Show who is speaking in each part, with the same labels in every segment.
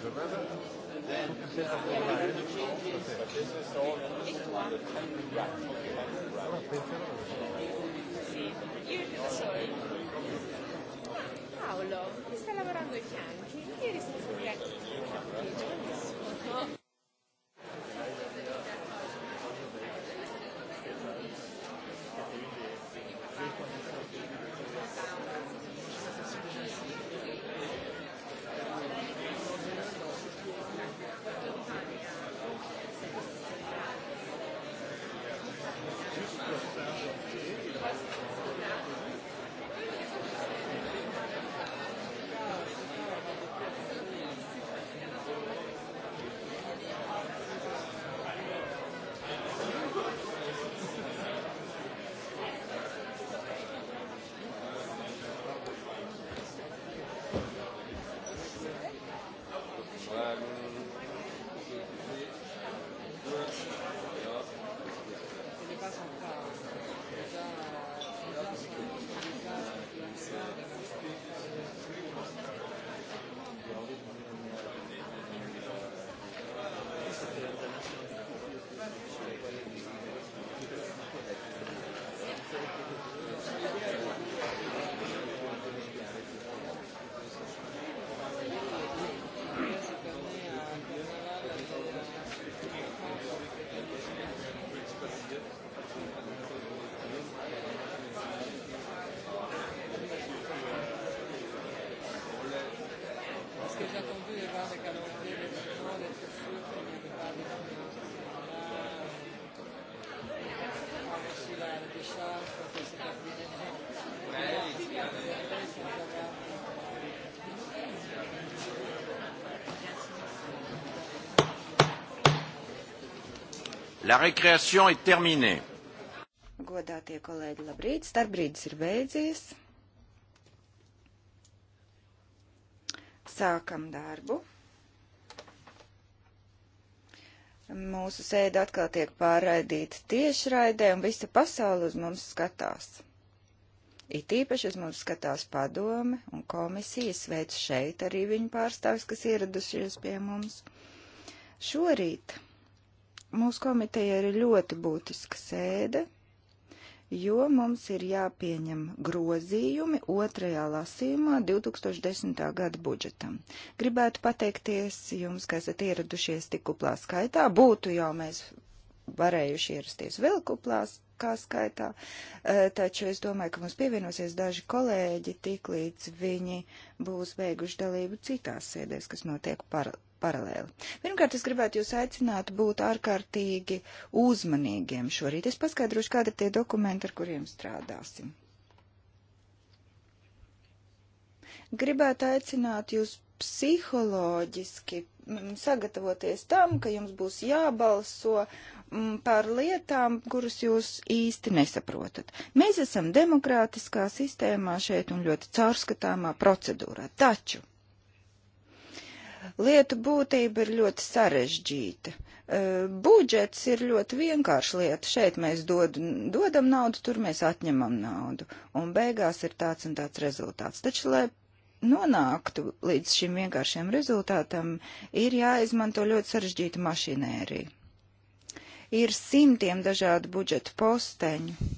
Speaker 1: Sì, io da soli. Paolo, mi sta lavorando ai fianchi, ieri si è svegliato.
Speaker 2: La récréation est terminée.
Speaker 3: Godātie kolēģi, labrīt! Starpbrīdis ir beidzies. Sākam darbu. Mūsu sēde atkal tiek pārraidīta tiešraidē, un visa pasaule uz mums skatās. It īpaši uz mums skatās padome un komisija, sveic šeit arī viņu pārstāvis, kas ieradušies pie mums. Šorīt Mūsu komiteja ir ļoti būtiska sēde, jo mums ir jāpieņem grozījumi otrajā lasījumā 2010. gada budžetam. Gribētu pateikties jums, ka esat ieradušies tik kuplā skaitā. Būtu jau mēs varējuši ierasties vēl kuplā kā skaitā, e, taču es domāju, ka mums pievienosies daži kolēģi tik līdz viņi būs beiguši dalību citās sēdēs, kas notiek par paralēli. Pirmkārt, es gribētu jūs aicināt būt ārkārtīgi uzmanīgiem šorīt. Es paskaidrošu, kādi ir tie dokumenti, ar kuriem strādāsim. Gribētu aicināt jūs psiholoģiski mm, sagatavoties tam, ka jums būs jābalso mm, par lietām, kuras jūs īsti nesaprotat. Mēs esam demokrātiskā sistēmā šeit un ļoti caurskatāmā procedūrā. Taču Lietu būtība ir ļoti sarežģīta. Budžets ir ļoti vienkārša lieta. Šeit mēs dod, dodam naudu, tur mēs atņemam naudu. Un beigās ir tāds un tāds rezultāts. Taču, lai nonāktu līdz šim vienkāršiem rezultātam, ir jāizmanto ļoti sarežģīta mašinērija. Ir simtiem dažādu budžetu posteņu,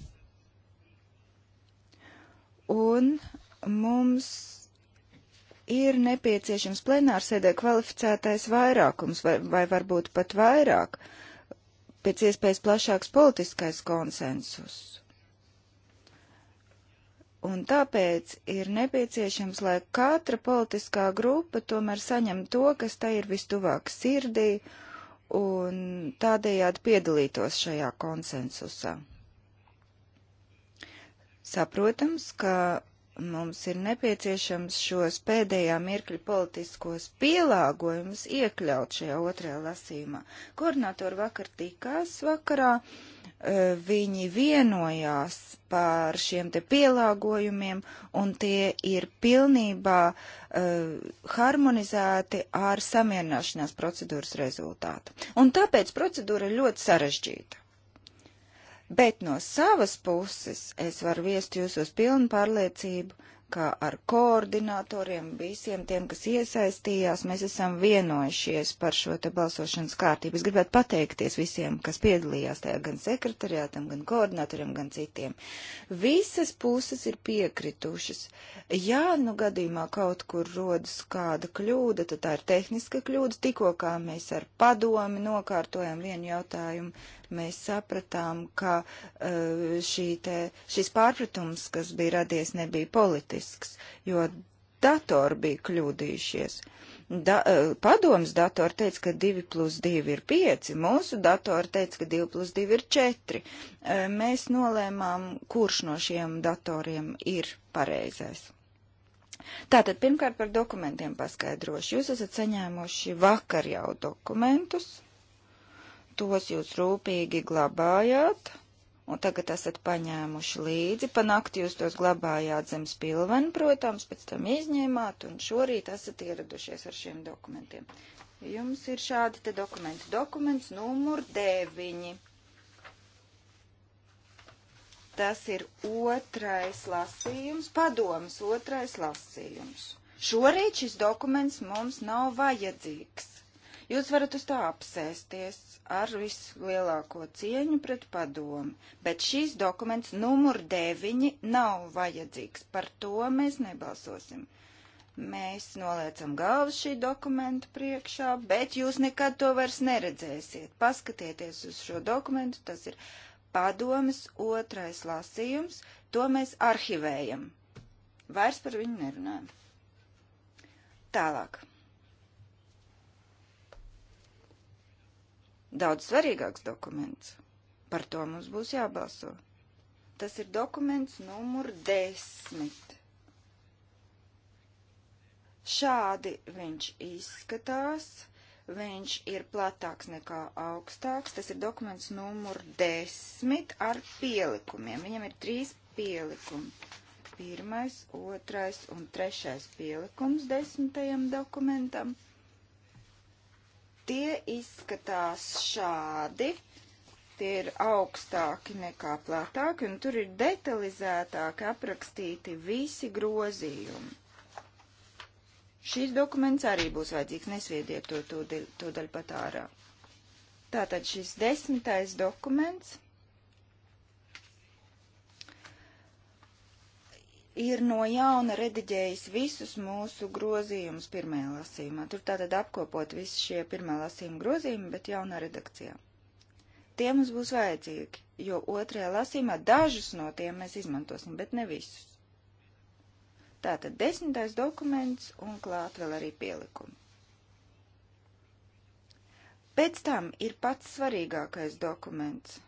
Speaker 3: un mums ir nepieciešams plenārsēdē kvalificētais vairākums vai, vai varbūt pat vairāk, pēc iespējas plašāks politiskais konsensus. Un tāpēc ir nepieciešams, lai katra politiskā grupa tomēr saņem to, kas tai ir vistuvāk sirdī, un tādējādi piedalītos šajā konsensusā. Saprotams, ka Mums ir nepieciešams šos pēdējā mirkļa politiskos pielāgojumus iekļaut šajā otrajā lasīmā. Koordinatori vakar tikās vakarā, e, viņi vienojās par šiem te pielāgojumiem, un tie ir pilnībā e, harmonizēti ar samierināšanās procedūras rezultātu. Un tāpēc procedūra ir ļoti sarežģīta. Bet no savas puses es varu viest jūs uz pilnu pārliecību, ka ar koordinatoriem, visiem tiem, kas iesaistījās, mēs esam vienojušies par šo te balsošanas kārtību. Es gribētu pateikties visiem, kas piedalījās tajā gan sekretariātam, gan koordinatoriem, gan citiem. Visas puses ir piekritušas. Jā, nu gadījumā kaut kur rodas kāda kļūda, tad tā ir tehniska kļūda. Tikko kā mēs ar padomi nokārtojam vienu jautājumu, Mēs sapratām, ka eh, šī te, šis pārpratums, kas bija radies, nebija politisks, jo datori bija kļūdījušies. Da, eh, padoms datori teica, ka 2 plus 2 ir 5, mūsu datori teica, ka 2 plus 2 ir 4. Eh, mēs nolēmām, kurš no šiem datoriem ir pareizais. Tātad pirmkārt par dokumentiem paskaidrošu. Jūs esat saņēmuši vakar jau dokumentus tos jūs rūpīgi glabājāt, un tagad esat paņēmuši līdzi. Panakti jūs tos glabājāt zem spilveni, protams, pēc tam izņēmāt, un šorīt esat ieradušies ar šiem dokumentiem. Jums ir šādi te dokumenti. Dokuments numur 9. Tas ir otrais lasījums, padomas otrais lasījums. Šorīt šis dokuments mums nav vajadzīgs. Jūs varat uz tā apsēsties ar vislielāko cieņu pret padomu, bet šīs dokuments numur 9 nav vajadzīgs. Par to mēs nebalsosim. Mēs noliecam galvu šī dokumentu priekšā, bet jūs nekad to vairs neredzēsiet. Paskatieties uz šo dokumentu, tas ir padomas otrais lasījums, to mēs arhivējam. Vairs par viņu nerunājam. Tālāk. daudz svarīgāks dokuments. Par to mums būs jābalso. Tas ir dokuments numur desmit. Šādi viņš izskatās. Viņš ir platāks nekā augstāks. Tas ir dokuments numur desmit ar pielikumiem. Viņam ir trīs pielikumi. Pirmais, otrais un trešais pielikums desmitajam dokumentam. Tie izskatās šādi. Tie ir augstāki nekā platāki, un tur ir detalizētāk aprakstīti visi grozījumi. Šīs dokuments arī būs vajadzīgs, nesviediet to tūdaļ pat ārā. Tātad šis desmitais dokuments ir no jauna rediģējis visus mūsu grozījumus pirmajā lasījumā. Tur tātad apkopot visi šie pirmā lasījuma grozījumi, bet jaunā redakcijā. Tie mums būs vajadzīgi, jo otrajā lasījumā dažus no tiem mēs izmantosim, bet ne visus. Tātad desmitais dokuments un klāt vēl arī pielikumi. Pēc tam ir pats svarīgākais dokuments.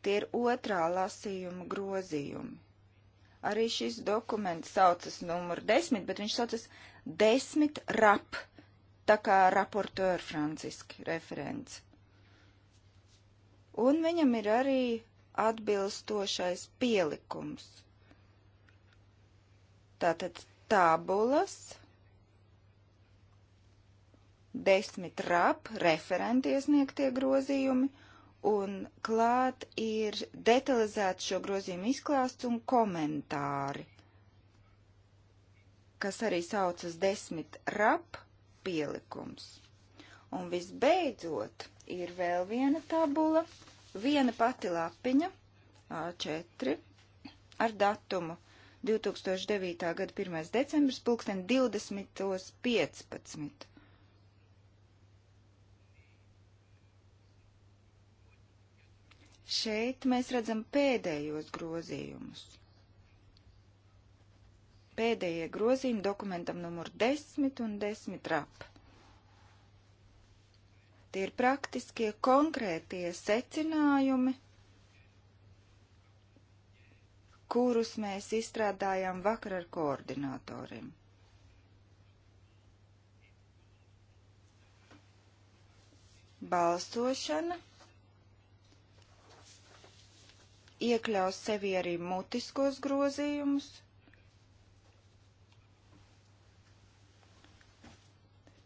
Speaker 3: Tie ir otrā lasījuma grozījumi Arī šis dokuments saucas numur desmit, bet viņš saucas desmit rap, tā kā raportēra franciski referents. Un viņam ir arī atbilstošais pielikums. Tātad tabulas, desmit rap, referenti iesniegtie grozījumi un klāt ir detalizēts šo grozījumu izklāsts un komentāri, kas arī saucas desmit rap pielikums. Un visbeidzot ir vēl viena tabula, viena pati lapiņa, A4, ar datumu 2009. gada 1. decembris, pulksten 20.15 Šeit mēs redzam pēdējos grozījumus. Pēdējie grozījumi dokumentam numur 10 un 10 rap. Tie ir praktiskie konkrētie secinājumi, kurus mēs izstrādājām vakar ar koordinatoriem. Balsošana iekļaus sevi arī mutiskos grozījumus.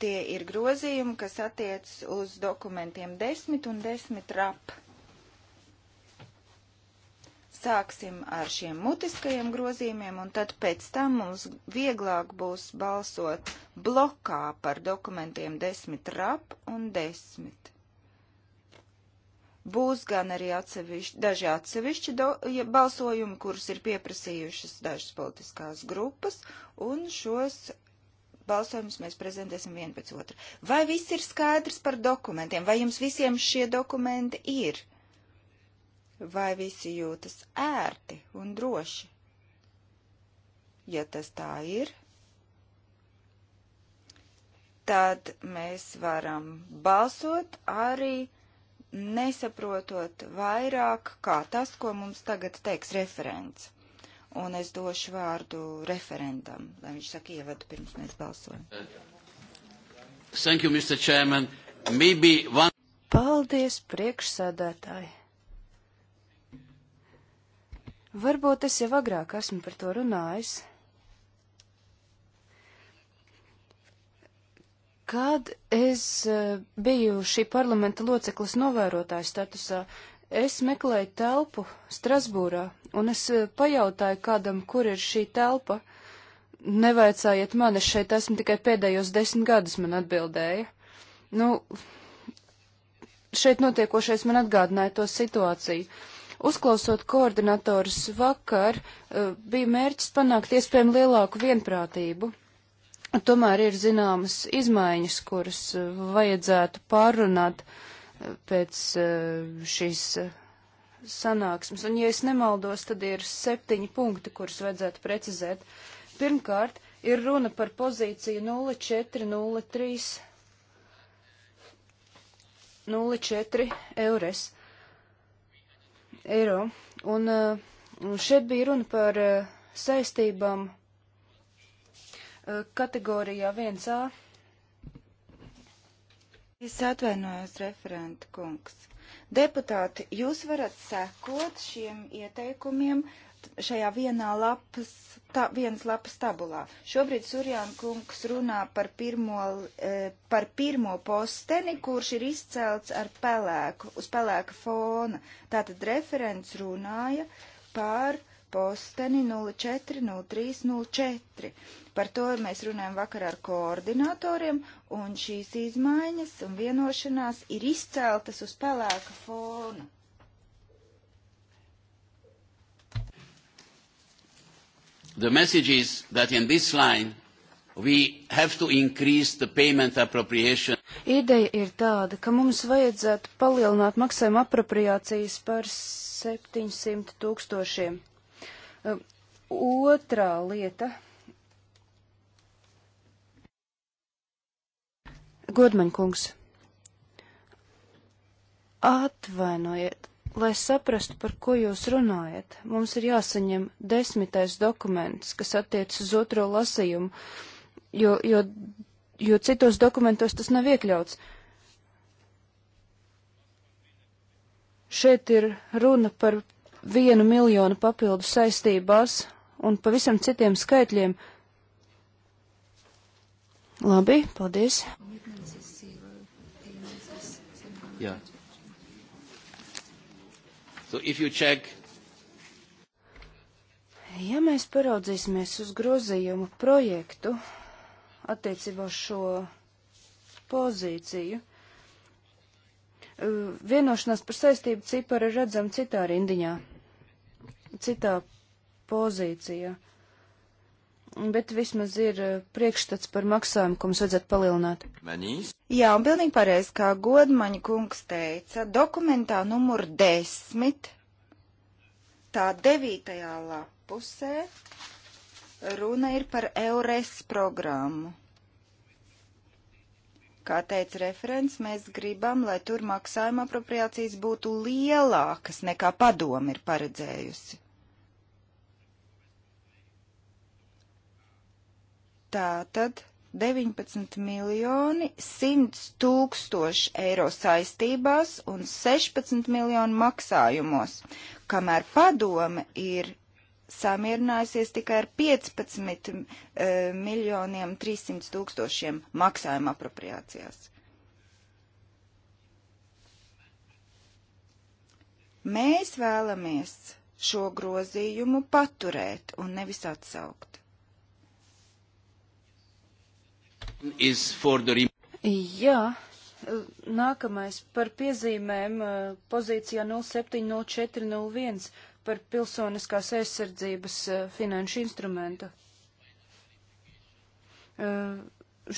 Speaker 3: Tie ir grozījumi, kas attiecas uz dokumentiem 10 un 10 rap. Sāksim ar šiem mutiskajiem grozījumiem, un tad pēc tam mums vieglāk būs balsot blokā par dokumentiem 10 rap un 10. Būs gan arī atsevišķi, daži atsevišķi do, ja, balsojumi, kurus ir pieprasījušas dažas politiskās grupas, un šos balsojumus mēs prezentēsim vien pēc otra. Vai viss ir skaidrs par dokumentiem? Vai jums visiem šie dokumenti ir? Vai visi jūtas ērti un droši? Ja tas tā ir, tad mēs varam balsot arī nesaprotot vairāk kā tas, ko mums tagad teiks referents. Un es došu vārdu referendam, lai viņš saka ievadu pirms mēs balsojam.
Speaker 2: Thank you, Mr. Chairman. Maybe one...
Speaker 1: Paldies, priekšsādātāji. Varbūt es jau agrāk esmu par to runājis. Kad es eh, biju šī parlamenta loceklis novērotāju statusā, es meklēju telpu Strasbūrā, un es eh, pajautāju kādam, kur ir šī telpa. Nevaicājiet mani, es šeit esmu tikai pēdējos desmit gadus, man atbildēja. Nu, šeit notiekošais man atgādināja to situāciju. Uzklausot koordinatorus vakar, eh, bija mērķis panākt iespējami lielāku vienprātību Tomēr ir zināmas izmaiņas, kuras uh, vajadzētu pārunāt uh, pēc uh, šīs sanāksmes. Un, ja es nemaldos, tad ir septiņi punkti, kurus vajadzētu precizēt. Pirmkārt, ir runa par pozīciju 0403 04 eures eiro. Un, un šeit bija runa par saistībām Eh, kategorijā 1A. Es
Speaker 3: atvainojos, referenta kungs. Deputāti, jūs varat sekot šiem ieteikumiem šajā vienā lapas, tā, vienas lapas tabulā. Šobrīd Surjāna kungs runā par pirmo, e, par pirmo posteni, kurš ir izcelts ar pelēku, uz pelēka fona. Tātad referents runāja par e, posteni 040304. Par to mēs runājam vakar ar koordinatoriem, un šīs izmaiņas un vienošanās ir izceltas uz pelēka fona.
Speaker 2: The message is that in this line we have to increase the payment appropriation.
Speaker 1: Ideja ir tāda, ka mums vajadzētu palielināt maksājuma apropriācijas par 700 tūkstošiem. Otrā lieta. Godmaņkungs, atvainojiet, lai saprastu, par ko jūs runājat. Mums ir jāsaņem desmitais dokuments, kas attiecas uz otro lasījumu, jo, jo, jo citos dokumentos tas nav iekļauts. Šeit ir runa par vienu miljonu papildu saistībās un pavisam citiem skaitļiem. Labi, paldies.
Speaker 2: Yeah. So if you check
Speaker 1: Ja mēs paraudzīsimies uz grozījumu projektu attiecībā uz šo pozīciju, uh, vienošanās par saistību ciparu redzam citā rindiņā citā pozīcijā. Bet vismaz ir eh, priekšstats par maksājumu, ko mums vajadzētu palielināt. Manīs? Jā, un pilnīgi pareizi, kā
Speaker 3: godmaņa kungs teica, dokumentā numur desmit, tā devītajā lapusē, runa ir par EURES programmu. Kā teica referents, mēs gribam, lai tur maksājuma apropriācijas būtu lielākas nekā padoma ir paredzējusi. Tātad 19 miljoni 100 tūkstoši eiro saistībās un 16 miljonu maksājumos, kamēr padome ir samierinājusies tikai ar 15 e, eh, miljoniem 300 tūkstošiem maksājuma apropriācijās. Mēs vēlamies šo grozījumu paturēt un nevis atsaukt.
Speaker 2: The...
Speaker 1: Jā, nākamais par piezīmēm eh, pozīcijā 070401 par pilsoniskās aizsardzības eh, finanšu instrumentu. Eh,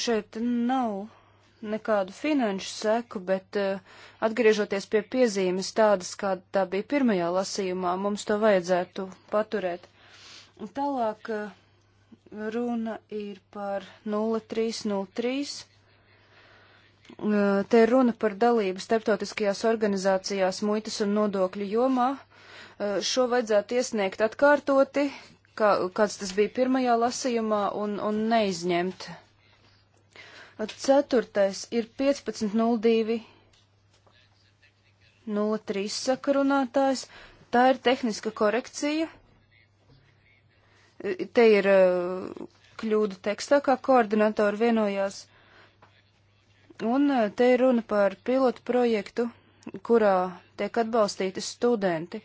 Speaker 1: šeit nav nekādu finanšu seku, bet atgriežoties pie piezīmes tādas, kāda tā bija pirmajā lasījumā, mums to vajadzētu paturēt. Tālāk Runa ir par 0303. Te ir runa par dalību starptautiskajās organizācijās muitas un nodokļu jomā. Šo vajadzētu iesniegt atkārtoti, kā, kāds tas bija pirmajā lasījumā, un, un neizņemt. Ceturtais ir 15.02. 03 sakarunātājs. Tā ir tehniska korekcija. Te ir uh, kļūda tekstā, kā koordinatori vienojās. Un uh, te ir runa par pilotu projektu, kurā tiek atbalstīti studenti.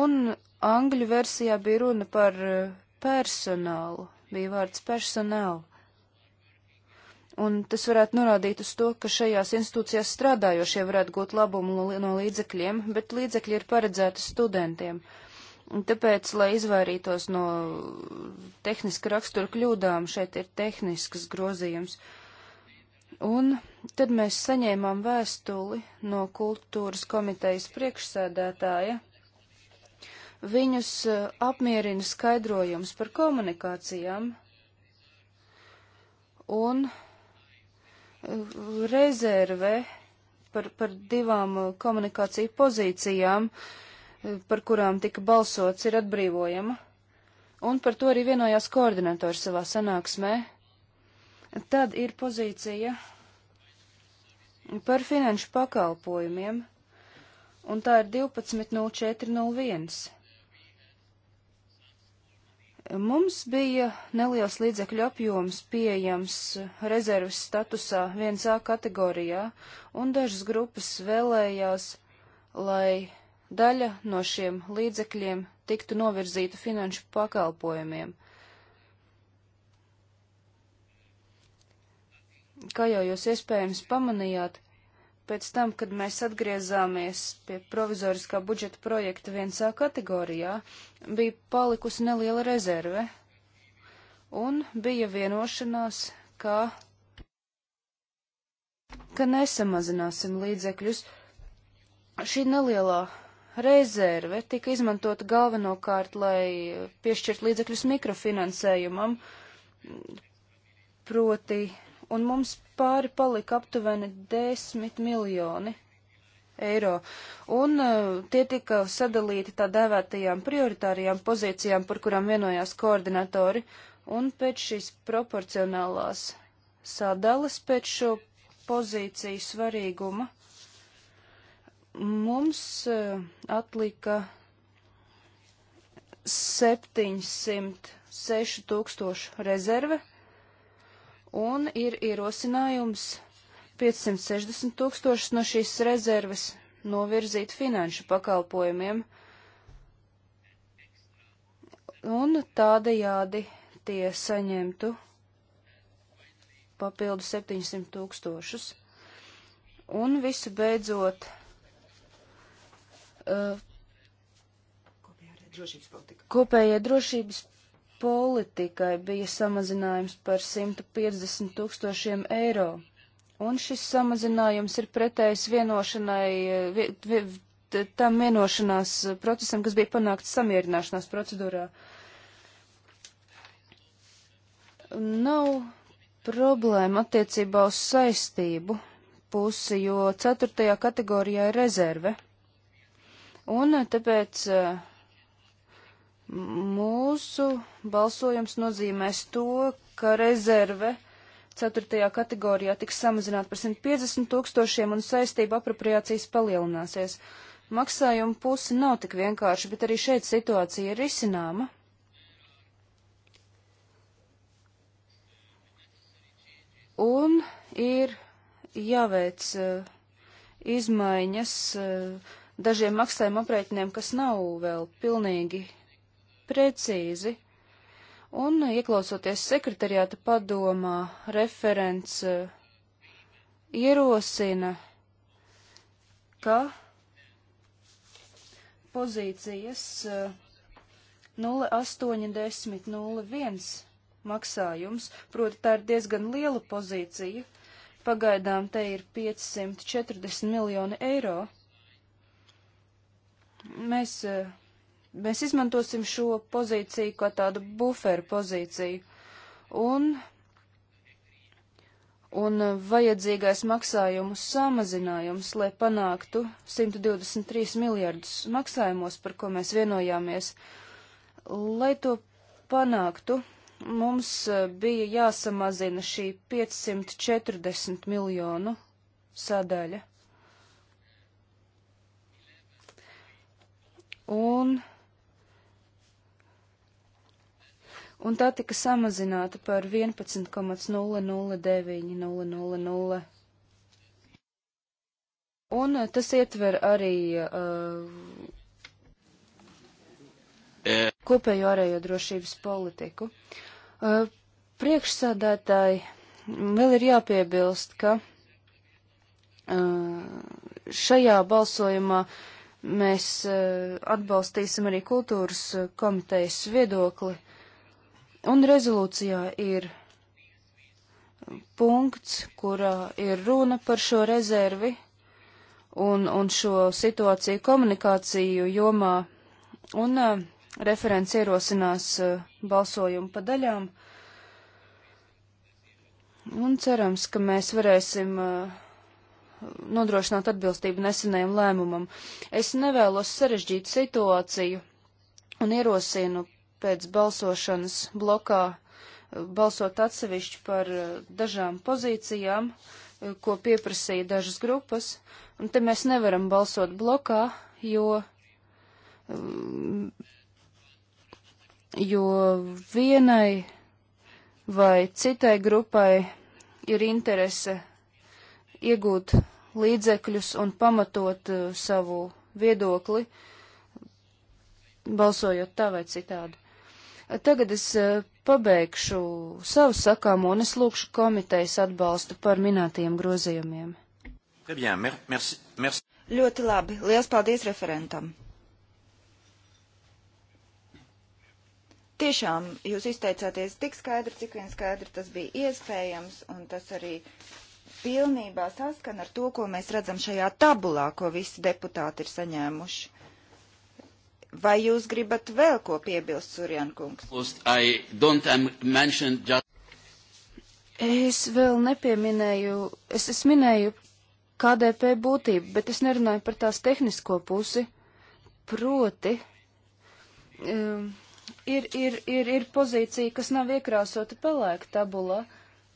Speaker 1: Un angļu versijā bija runa par uh, personālu, bija vārds personālu. Un tas varētu norādīt uz to, ka šajās institūcijās strādājošie varētu gūt labumu no līdzekļiem, bet līdzekļi ir paredzēti studentiem. Uh, Tāpēc, lai izvairītos no tehniska rakstura kļūdām, šeit ir tehnisks grozījums. Un tad mēs saņēmām vēstuli no kultūras komitejas priekšsēdētāja. Viņus eh, apmierina skaidrojums par komunikācijām un eh, rezerve par, par divām eh, komunikāciju pozīcijām. Uh, par kurām tika balsots, ir atbrīvojama, un par to arī vienojās koordinatori savā sanāksmē. Tad ir pozīcija par finanšu pakalpojumiem, un tā ir 12.04.01. Mums bija neliels līdzekļu apjoms pieejams rezerves statusā 1A kategorijā, un dažas grupas vēlējās, lai daļa no šiem līdzekļiem tiktu novirzīta finanšu pakalpojumiem. Kā jau jūs iespējams pamanījāt, pēc tam, kad mēs atgriezāmies pie provizoriskā budžeta projekta 1A kategorijā, bija palikusi neliela rezerve, un bija vienošanās, ka, ka nesamazināsim līdzekļus. Šī nelielā rezerve tika izmantota galvenokārt, lai piešķirt līdzekļus mikrofinansējumam, proti, un mums pāri palika aptuveni 10 miljoni eiro, un uh, tie tika sadalīti tā dēvētajām prioritārajām pozīcijām, par kurām vienojās koordinatori, un pēc šīs proporcionālās sadalas, pēc šo pozīciju svarīguma Mums eh, atlika 706 tūkstošu rezerve un ir ierosinājums 560 tūkstošus no šīs rezerves novirzīt finanšu pakalpojumiem. Un tādējādi tie saņemtu papildu 700 tūkstošus. Un visu beidzot Kopējai drošības politikai. Kopējai drošības politikai bija samazinājums par 150 tūkstošiem eiro. Un šis samazinājums ir pretējs vienošanai, uh, vi, vi, tam vienošanās procesam, kas bija panākts samierināšanās procedūrā. Nav problēma attiecībā uz saistību pusi, jo ceturtajā kategorijā ir rezerve. Un eh, tāpēc eh, mūsu balsojums nozīmēs to, ka rezerve ceturtajā kategorijā tiks samazināta par 150 tūkstošiem un saistība apropriācijas palielināsies. Maksājuma puse nav tik vienkārši, bet arī šeit situācija ir izcināma. Un ir jāveic uh, izmaiņas uh, dažiem maksājuma aprēķiniem, kas nav vēl pilnīgi precīzi. Un, ieklausoties sekretariāta padomā, referents eh, ierosina, ka pozīcijas 0,8,10,01 eh, maksājums, proti tā ir diezgan liela pozīcija, pagaidām te ir 540 miljoni eiro. Mēs, eh, mēs izmantosim šo pozīciju kā tādu buferu pozīciju. Un, un vajadzīgais maksājumu samazinājums, lai panāktu 123 miljardus maksājumos, par ko mēs vienojāmies, lai to panāktu, mums eh, bija jāsamazina šī 540 miljonu sadaļa. un, un tā tika samazināta par 11,009000. Un eh, tas ietver arī uh, kopējo ārējo drošības politiku. Uh, priekšsādātāji vēl ir jāpiebilst, ka uh, šajā balsojumā uh, Mēs eh, atbalstīsim arī kultūras eh, komitejas viedokli, un rezolūcijā ir punkts, kurā ir runa par šo rezervi un, un šo situāciju komunikāciju jomā, un uh, referents ierosinās uh, balsojumu pa daļām, un cerams, ka mēs varēsim uh, nodrošināt atbilstību nesenajam lēmumam. Es nevēlos sarežģīt situāciju un ierosinu pēc balsošanas blokā eh, balsot atsevišķi par eh, dažām pozīcijām, eh, ko pieprasīja dažas grupas, un te mēs nevaram balsot blokā, jo, mm, jo vienai vai citai grupai ir interese iegūt līdzekļus un pamatot uh, savu viedokli, balsojot tā vai citādi. Tagad es uh, pabeigšu savu sakāmu un es lūkšu komitejas atbalstu par minētajiem grozījumiem.
Speaker 2: Bien, mer merci, merci.
Speaker 1: Ļoti labi. Lielas paldies referentam.
Speaker 3: Tiešām jūs izteicāties tik skaidri, cik vien skaidri tas bija iespējams, un tas arī pilnībā saskan ar to, ko mēs redzam šajā tabulā, ko visi deputāti ir saņēmuši. Vai jūs gribat vēl ko piebilst, Surjankungs?
Speaker 1: Es vēl nepieminēju, es, es minēju KDP būtību, bet es nerunāju par tās tehnisko pusi. Proti, um, ir, ir, ir, ir pozīcija, kas nav iekrāsota pelēka tabulā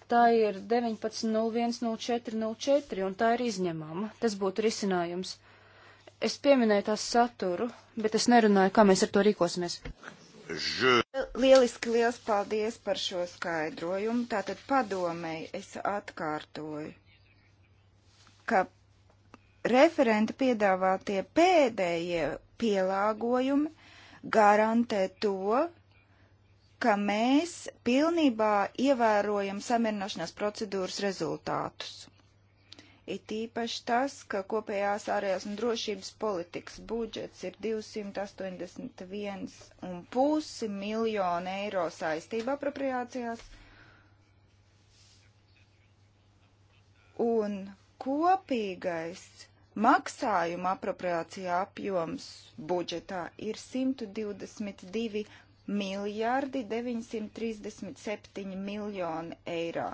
Speaker 1: tā ir 19.01.04.04, un tā ir izņemama. Tas būtu risinājums. Es pieminēju tās saturu, bet es nerunāju, kā mēs ar to rīkosimies. Lieliski liels paldies par šo skaidrojumu. Tātad
Speaker 3: padomēji es atkārtoju, ka referenta piedāvātie pēdējie pielāgojumi garantē to, ka mēs pilnībā ievērojam samierināšanās procedūras rezultātus. It īpaši tas, ka kopējās ārējās un drošības politikas budžets ir 281,5 miljonu eiro saistību apropriācijās. Un kopīgais maksājuma apropriācijā apjoms budžetā ir 122 miljardi 937 miljoni eiro.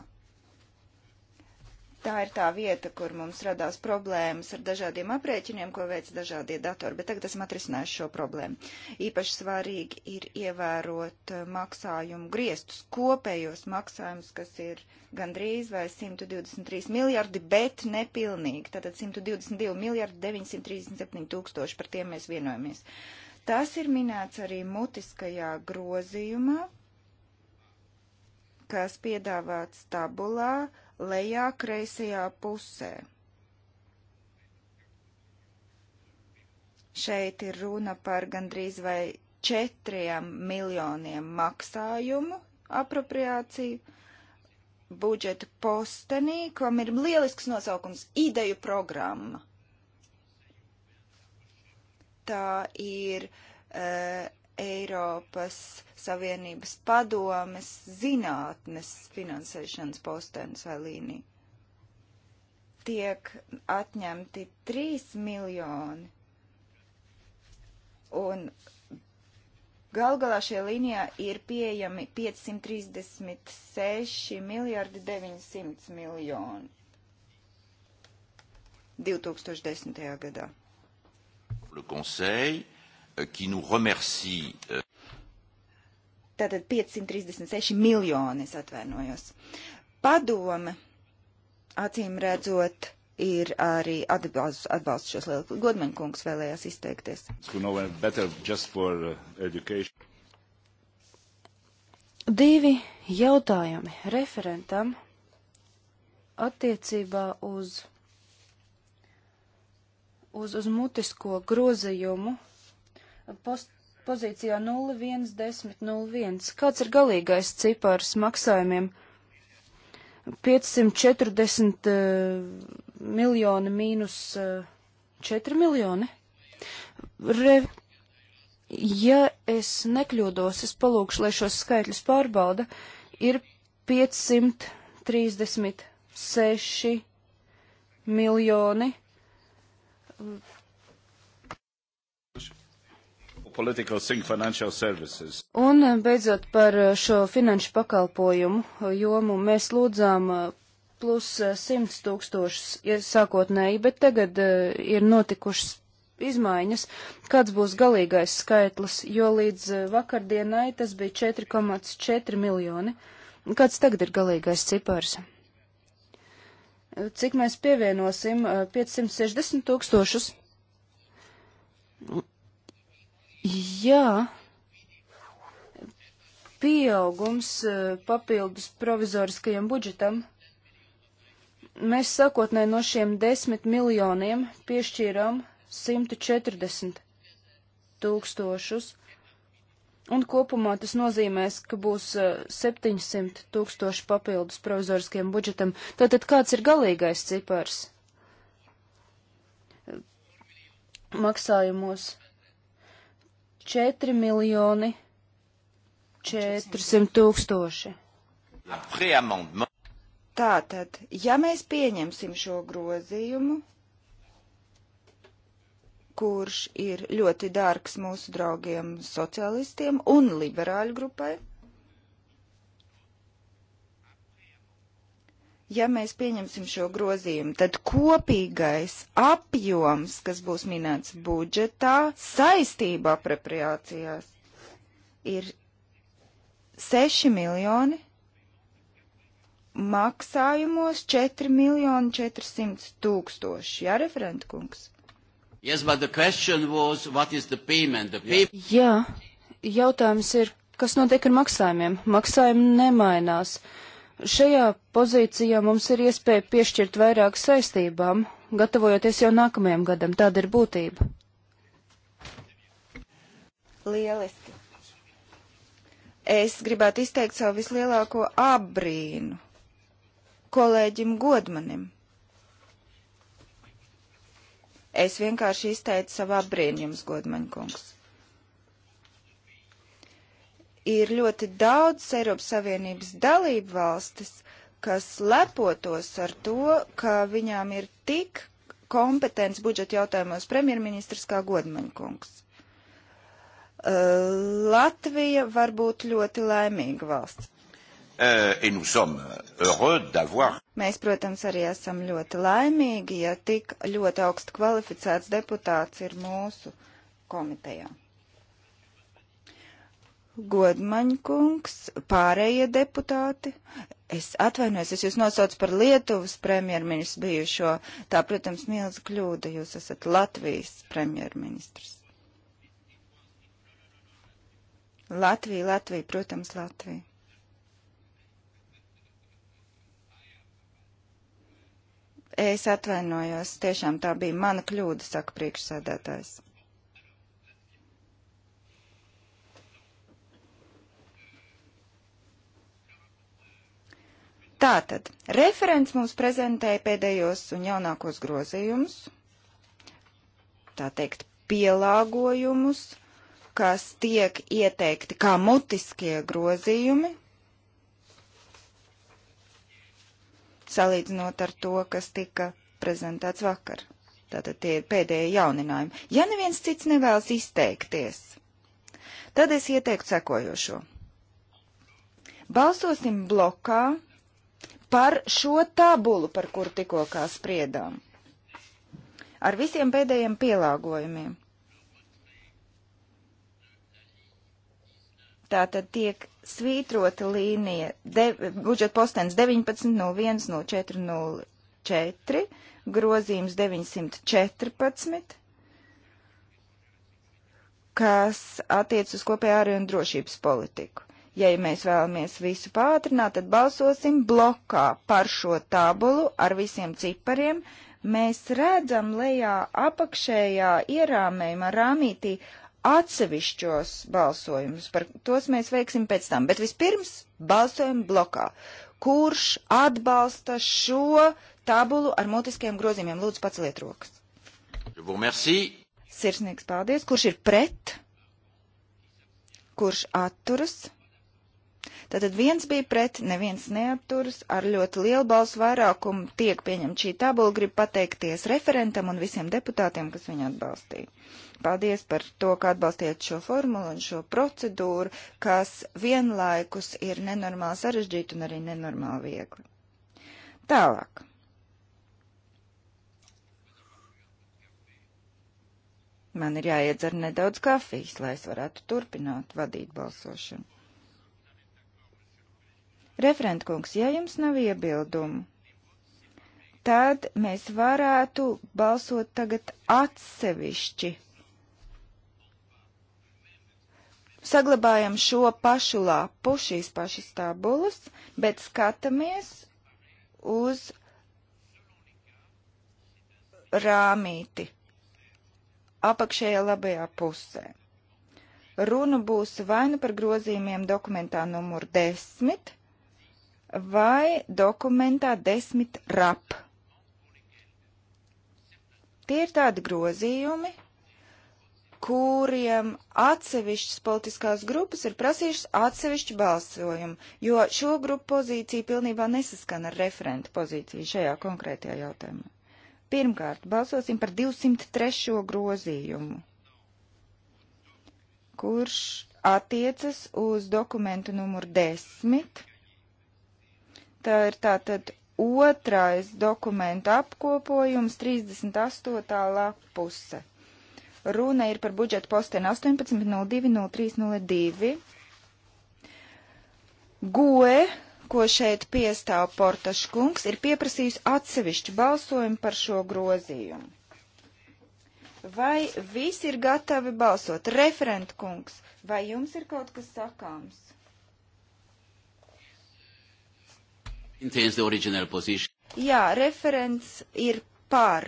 Speaker 3: Tā ir tā vieta, kur mums radās problēmas ar dažādiem aprēķiniem, ko veic dažādie datori, bet tagad esam atrisinājuši šo problēmu. Īpaši svarīgi ir ievērot eh, maksājumu griestus, kopējos maksājumus, kas ir gandrīz vai 123 miljardi, bet nepilnīgi. Tātad 122 miljardi 937 tūkstoši, par tiem mēs vienojamies. Uh, Tas ir minēts arī mutiskajā grozījumā, kas piedāvāts tabulā lejā kreisajā pusē. Šeit ir runa par gandrīz vai četriem miljoniem maksājumu apropriāciju budžeta postenī, kam ir lielisks nosaukums - ideju programma tā ir uh, Eiropas Savienības padomes zinātnes finansēšanas postenis vai līnija. Tiek atņemti 3 miljoni un gal galā šajā līnijā ir pieejami 536 miljardi 900 miljoni 2010. gadā
Speaker 2: le Conseil, euh, qui nous remercie. Euh,
Speaker 3: Tātad 536 miljoni, es atvainojos. Padome, acīm redzot, ir arī atbalsts, atbalsts šos lielākos. Godmaņkungs vēlējās izteikties.
Speaker 2: Uh,
Speaker 1: Divi jautājumi referentam attiecībā uz uz, uz mutisko grozījumu post, pozīcijā 011001. Kāds ir galīgais cipars maksājumiem? 540 uh, eh, miljoni mīnus uh, eh, 4 miljoni? Re, ja es nekļūdos, es palūkšu, lai šos skaitļus pārbauda, ir 536 miljoni Un eh, beidzot par eh, šo finanšu pakalpojumu eh, jomu mēs lūdzām plus 100 tūkstošus sākotnēji, bet tagad ir notikušas izmaiņas, kāds būs galīgais skaitlis, jo līdz vakardienai tas bija 4,4 miljoni. Kāds tagad ir galīgais cipars? cik mēs pievienosim 560 tūkstošus. Jā, pieaugums papildus provizoriskajam budžetam. Mēs sākotnē no šiem 10 miljoniem piešķīrām 140 tūkstošus un kopumā tas nozīmēs, ka būs 700 eh, tūkstoši papildus provizoriskiem budžetam. Tātad kāds ir galīgais cipars eh, maksājumos? 4 miljoni 400 tūkstoši.
Speaker 3: Tātad, ja mēs pieņemsim šo grozījumu, kurš ir ļoti dārgs mūsu draugiem socialistiem un liberāļu grupai. Ja mēs pieņemsim šo grozījumu, tad kopīgais apjoms, kas būs minēts budžetā, saistība apropriācijās ir 6 miljoni, maksājumos 4 miljoni 400 tūkstoši. Jā, referentkungs?
Speaker 2: Yes, but the question was, what is the payment? The pay
Speaker 1: Jā, jautājums ir, kas notiek ar maksājumiem? Maksājumi nemainās. Šajā pozīcijā mums ir iespēja piešķirt vairāk saistībām, gatavojoties jau nākamajam gadam. Tāda ir būtība.
Speaker 3: Lieliski. Es gribētu izteikt savu vislielāko apbrīnu kolēģim Godmanim Es vienkārši izteicu savu apbrīnījums, godmaņkungs. Ir ļoti daudz Eiropas Savienības dalību valstis, kas lepotos ar to, ka viņām ir tik kompetents budžeta jautājumos premjerministrs kā godmaņkungs. Uh, Latvija var būt ļoti laimīga valsts. Euh, Mēs, protams, arī esam ļoti laimīgi, ja tik ļoti augstu kvalificēts deputāts ir mūsu komitejā. Godmaņkungs, pārējie deputāti, es atvainojos, es jūs nosaucu par Lietuvas premjerministru bijušo, tā, protams, milza kļūda, jūs esat Latvijas premjerministrs. Latvija, Latvija, protams, Latvija. Es atvainojos, tiešām tā bija mana kļūda, saka priekšsēdētājs. Tātad, referents mums prezentēja pēdējos un jaunākos grozījumus, tā teikt, pielāgojumus, kas tiek ieteikti kā mutiskie grozījumi salīdzinot ar to, kas tika prezentēts vakar. Tātad tie ir pēdējie jauninājumi. Ja neviens cits nevēlas izteikties, tad es ieteiktu sekojošo. Balsosim blokā par šo tabulu, par kuru tikko kā spriedām. Ar visiem pēdējiem pielāgojumiem. Tātad tiek svītrota līnija de, budžeta postens 19.01.04, grozījums 914, kas attiec uz kopējā ārēju un drošības politiku. Ja, ja mēs vēlamies visu pātrināt, tad balsosim blokā par šo tabulu ar visiem cipariem. Mēs redzam lejā apakšējā ierāmējumā rāmītī atsevišķos balsojumus. Par tos mēs veiksim pēc tam. Bet vispirms balsojam blokā. Kurš atbalsta šo tabulu ar mutiskiem grozījumiem? Lūdzu, paceliet rokas. Sirsnīgs paldies. Kurš ir pret? Kurš atturas? Tātad viens bija pret, neviens neapturas, ar ļoti lielu balsu vairākumu tiek pieņemta šī tabula, grib pateikties referentam un visiem deputātiem, kas viņu atbalstīja. Paldies par to, ka atbalstījāt šo formulu un šo procedūru, kas vienlaikus ir nenormāli sarežģīta un arī nenormāli viegli. Tālāk. Man ir jāiedzer nedaudz kafijas, lai es varētu turpināt vadīt balsošanu. Referentkungs, ja jums nav iebildumu, tad mēs varētu balsot tagad atsevišķi. Saglabājam šo pašu lapu, šīs pašas tabulas, bet skatāmies uz rāmīti apakšējā labajā pusē. Runa būs vai nu par grozījumiem dokumentā numur 10, vai dokumentā desmit rap. Tie ir tādi grozījumi, kuriem atsevišķas politiskās grupas ir prasījušas atsevišķu balsojumu, jo šo grupu pozīcija pilnībā nesaskan ar referentu pozīciju šajā konkrētajā jautājumā. Pirmkārt, balsosim par 203. grozījumu, kurš attiecas uz dokumentu numuru 10 Tā ir tātad otrais dokumenta apkopojums, 38. lapuse. Runa ir par budžetu posteni 18.02.03.02. GOE, ko šeit piestāv Portaškungs, ir pieprasījusi atsevišķu balsojumu par šo grozījumu. Vai visi ir gatavi balsot? Referentkungs, vai jums ir kaut kas sakāms?
Speaker 2: Jā,
Speaker 3: referents ir par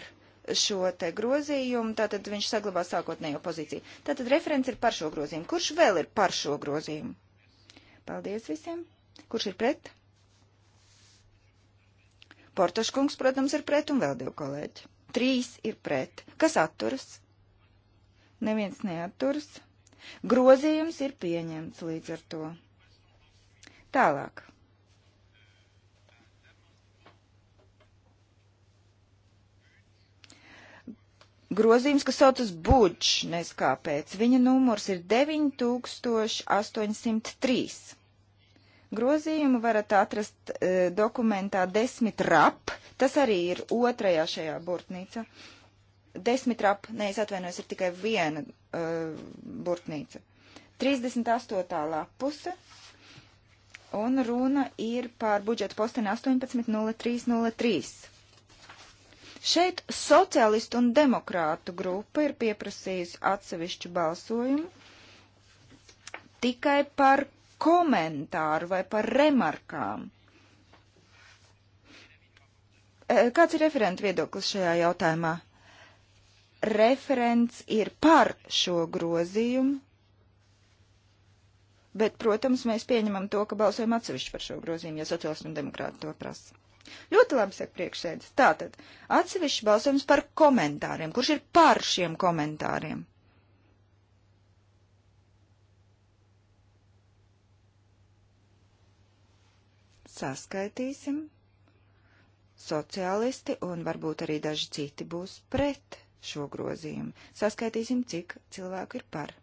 Speaker 3: šo te grozījumu, tātad viņš saglabā sākotnējo pozīciju. Tātad referents ir par šo grozījumu. Kurš vēl ir par šo grozījumu? Paldies visiem. Kurš ir pret? Portaškungs, protams, ir pret un vēl divi kolēģi. Trīs ir pret. Kas atturas? Neviens neatturas. Grozījums ir pieņemts līdz ar to. Tālāk. grozījums, kas saucas budž, nes kāpēc. Viņa numurs ir 9803. Grozījumu varat atrast e, dokumentā desmit rap, tas arī ir otrajā šajā burtnīcā. Desmit rap, nē, es atvainojos, ir tikai viena e, burtnīca. 38. lapuse, un runa ir par budžeta posteni 18.03.03. Šeit socialistu un demokrātu grupa ir pieprasījusi atsevišķu balsojumu tikai par komentāru vai par remarkām. E, kāds ir referenta viedoklis šajā jautājumā? Referents ir par šo grozījumu, bet, protams, mēs pieņemam to, ka balsojam atsevišķi par šo grozījumu, ja sociālisti un demokrāti to prasa. Ļoti labi, saka priekšsēdis. Tātad, atsevišķi balsojums par komentāriem. Kurš ir par šiem komentāriem? Saskaitīsim. Sociālisti un varbūt arī daži citi būs pret šo grozījumu. Saskaitīsim, cik cilvēku ir par.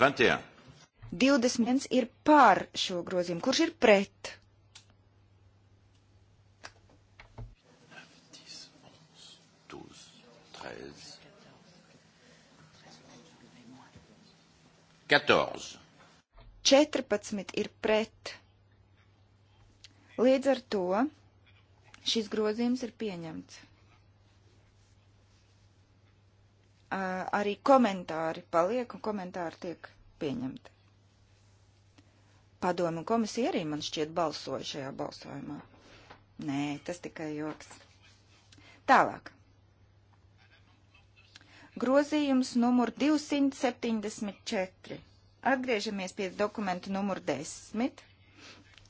Speaker 3: 21. 21 ir pār šo grozījumu. Kurš ir pret? Četrpadsmit ir pret. Līdz ar to šis grozījums ir pieņemts. arī komentāri paliek un komentāri tiek pieņemti. Padomu komisija arī man šķiet balsoja šajā balsojumā. Nē, tas tikai joks. Tālāk. Grozījums numur 274. Atgriežamies pie dokumentu numur 10.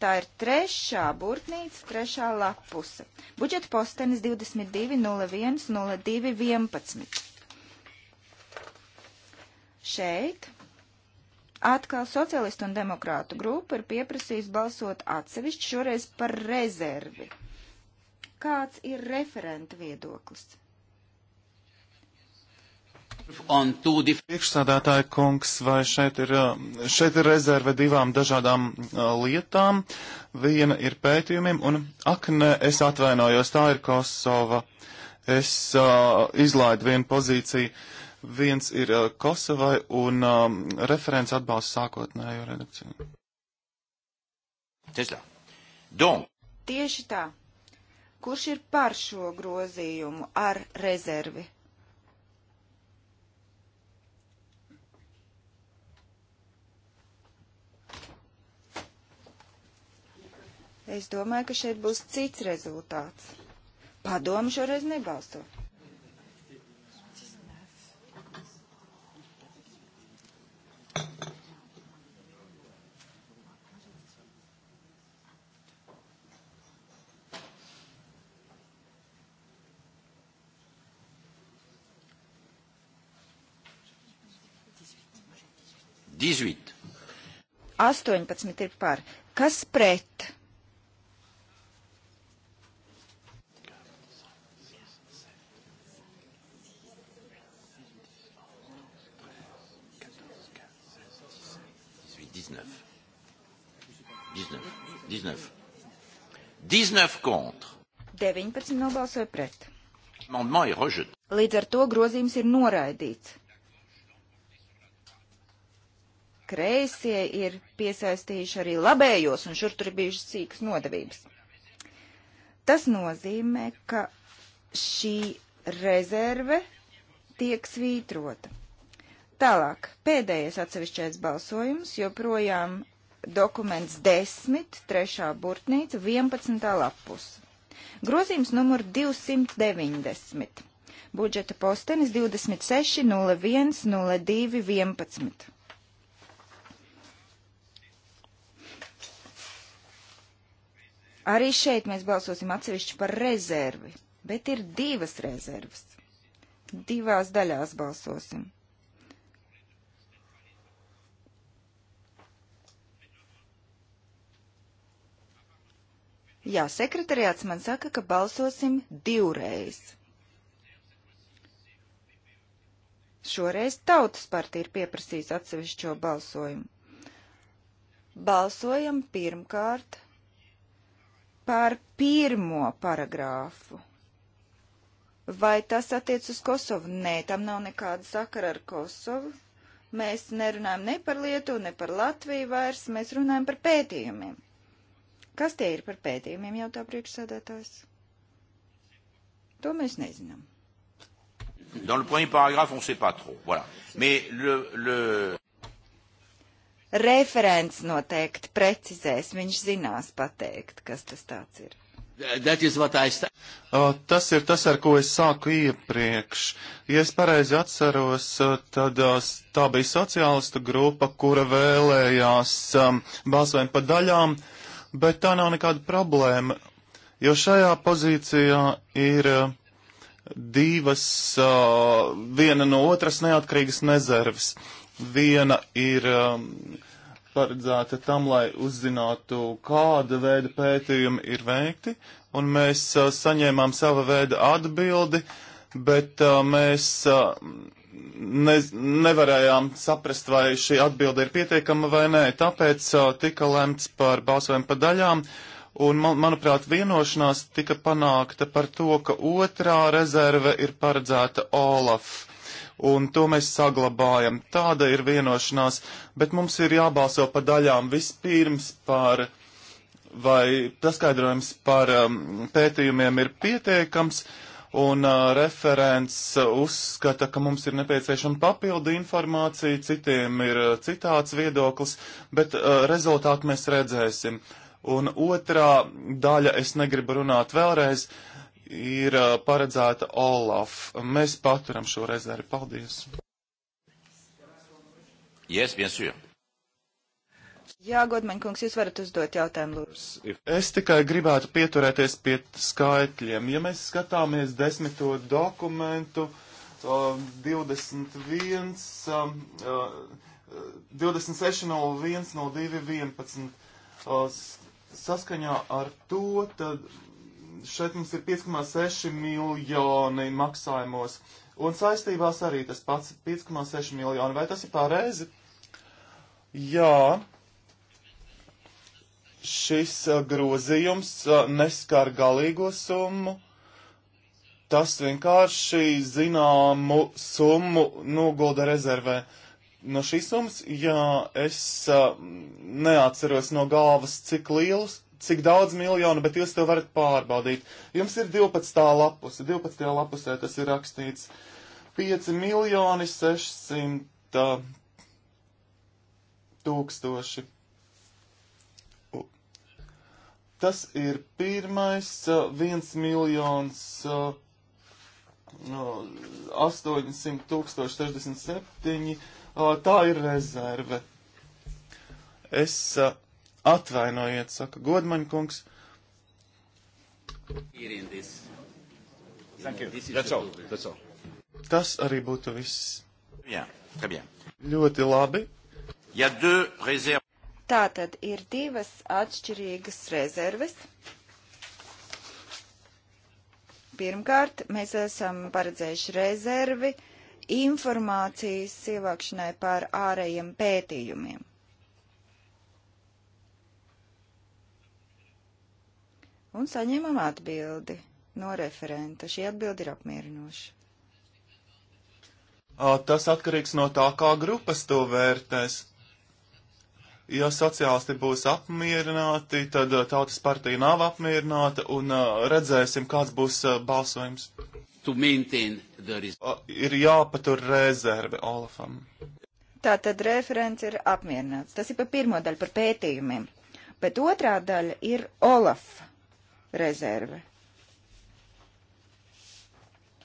Speaker 3: Tā ir trešā burtnīca, trešā lapuse. Budžeta postenis 22.01.02.11. Šeit atkal socialistu un demokrātu grupa ir pieprasījusi balsot atsevišķi šoreiz par rezervi. Kāds ir referenta viedoklis?
Speaker 4: Priekšsādātāja kungs, vai šeit ir, eh, šeit ir rezerve divām dažādām eh, lietām? Viena ir pētījumiem, un ak, nē, es atvainojos, tā ir Kosova. Es uh, izlaidu vienu pozīciju. Uh, Viens ir eh, Kosovai un um, referents atbalsta sākotnējo redakciju. Tesla. Don.
Speaker 3: Tieši tā. Kurš ir par šo grozījumu ar rezervi? Es domāju, ka šeit būs cits rezultāts. Padomu šoreiz nebalstot. 18. 18 ir par. Kas pret?
Speaker 1: dix neuf
Speaker 2: dix neuf contre
Speaker 3: 19 nobalsoja pret. Līdz ar to grozījums ir noraidīts kreisie ir piesaistījuši arī labējos, un šur tur ir bijušas sīkas nodevības. Tas nozīmē, ka šī rezerve tiek svītrota. Tālāk, pēdējais atsevišķais balsojums, joprojām dokuments 10, trešā burtnīca, 11. lapus. Grozījums numur 290. Budžeta postenis 26.01.02.11. Arī šeit mēs balsosim atsevišķi par rezervi, bet ir divas rezervas. Divās daļās balsosim. Jā, sekretariāts man saka, ka balsosim divreiz. Šoreiz tautas partija ir pieprasījusi atsevišķo balsojumu. Balsojam pirmkārt par pirmo paragrāfu. Vai tas attiec uz Kosovu? Nē, tam nav nekāda sakara ar Kosovu. Mēs nerunājam ne par Lietuvu, ne par Latviju vairs, mēs runājam par pētījumiem. Kas tie ir par pētījumiem, jautā priekšsēdētājs? To mēs nezinām.
Speaker 2: Dans le premier paragraphe, on ne sait pas trop. Voilà. Mais le, le
Speaker 3: referents noteikti precizēs, viņš zinās pateikt, kas tas tāds ir.
Speaker 4: Uh, tas ir tas, ar ko es sāku iepriekš. Ja es pareizi atceros, tad tā bija sociālistu grupa, kura vēlējās um, balsojumu pa daļām, bet tā nav nekāda problēma, jo šajā pozīcijā ir uh, divas, uh, viena no otras neatkarīgas nezerves. Uh, Viena ir um, paredzēta tam, lai uzzinātu, kāda veida pētījumi ir veikti, un mēs uh, saņēmām sava veida atbildi, bet uh, mēs uh, ne, nevarējām saprast, vai šī atbilde ir pietiekama vai nē. Tāpēc uh, tika lemts par balsojumu pa daļām, un, man, manuprāt, vienošanās tika panākta par to, ka otrā rezerve ir paredzēta Olaf un to mēs saglabājam. Tāda ir vienošanās, bet mums ir jābalso pa daļām vispirms par vai paskaidrojums par um, pētījumiem ir pietiekams, un uh, referents uzskata, ka mums ir nepieciešama papildu informācija, citiem ir uh, citāds viedoklis, bet uh, rezultātu mēs redzēsim. Un otrā daļa, es negribu runāt vēlreiz, uh, ir paredzēta Olaf. Mēs paturam šo rezervi. Paldies!
Speaker 2: Yes, bien sûr.
Speaker 3: Jā, Godmaņkungs, jūs varat uzdot jautājumu, lūdzu.
Speaker 4: Es tikai gribētu pieturēties pie skaitļiem. Ja mēs skatāmies desmito dokumentu, uh, 21, uh, 26.01.02.11, uh, saskaņā ar to, tad šeit mums ir 5,6 miljoni maksājumos, un saistībās arī tas pats 5,6 miljoni. Vai tas ir pareizi? Jā, šis eh, grozījums eh, neskar galīgo summu. Tas vienkārši zināmu summu nogulda rezervē. No šīs summas, jā, es eh, neatceros no galvas, cik liels cik daudz miljonu, bet jūs to varat pārbaudīt. Jums ir 12. lapuse, 12. lapusē tas ir rakstīts 5 miljoni 600 tūkstoši. Tas ir pirmais 1 miljons 800 tūkstoši 67. Tā ir rezerve. Es uh, Atvainojiet, saka Godmaņkungs. Tas arī būtu viss. Jā, yeah, ļoti labi.
Speaker 2: Ja
Speaker 3: Tātad ir divas atšķirīgas rezerves. Pirmkārt, mēs esam paredzējuši rezervi informācijas ievākšanai par ārējiem pētījumiem. un saņemam atbildi no referenta. Šī atbildi ir apmierinoša.
Speaker 4: Tas atkarīgs no tā, kā grupas to vērtēs. Ja sociālisti būs apmierināti, tad uh, tautas partija nav apmierināta un uh, redzēsim, kāds būs uh, balsojums. Ir jāpatur rezerve Olafam.
Speaker 3: Tā tad referents ir apmierināts. Tas ir par pirmo daļu, par pētījumiem. Bet otrā daļa ir Olafa rezerve.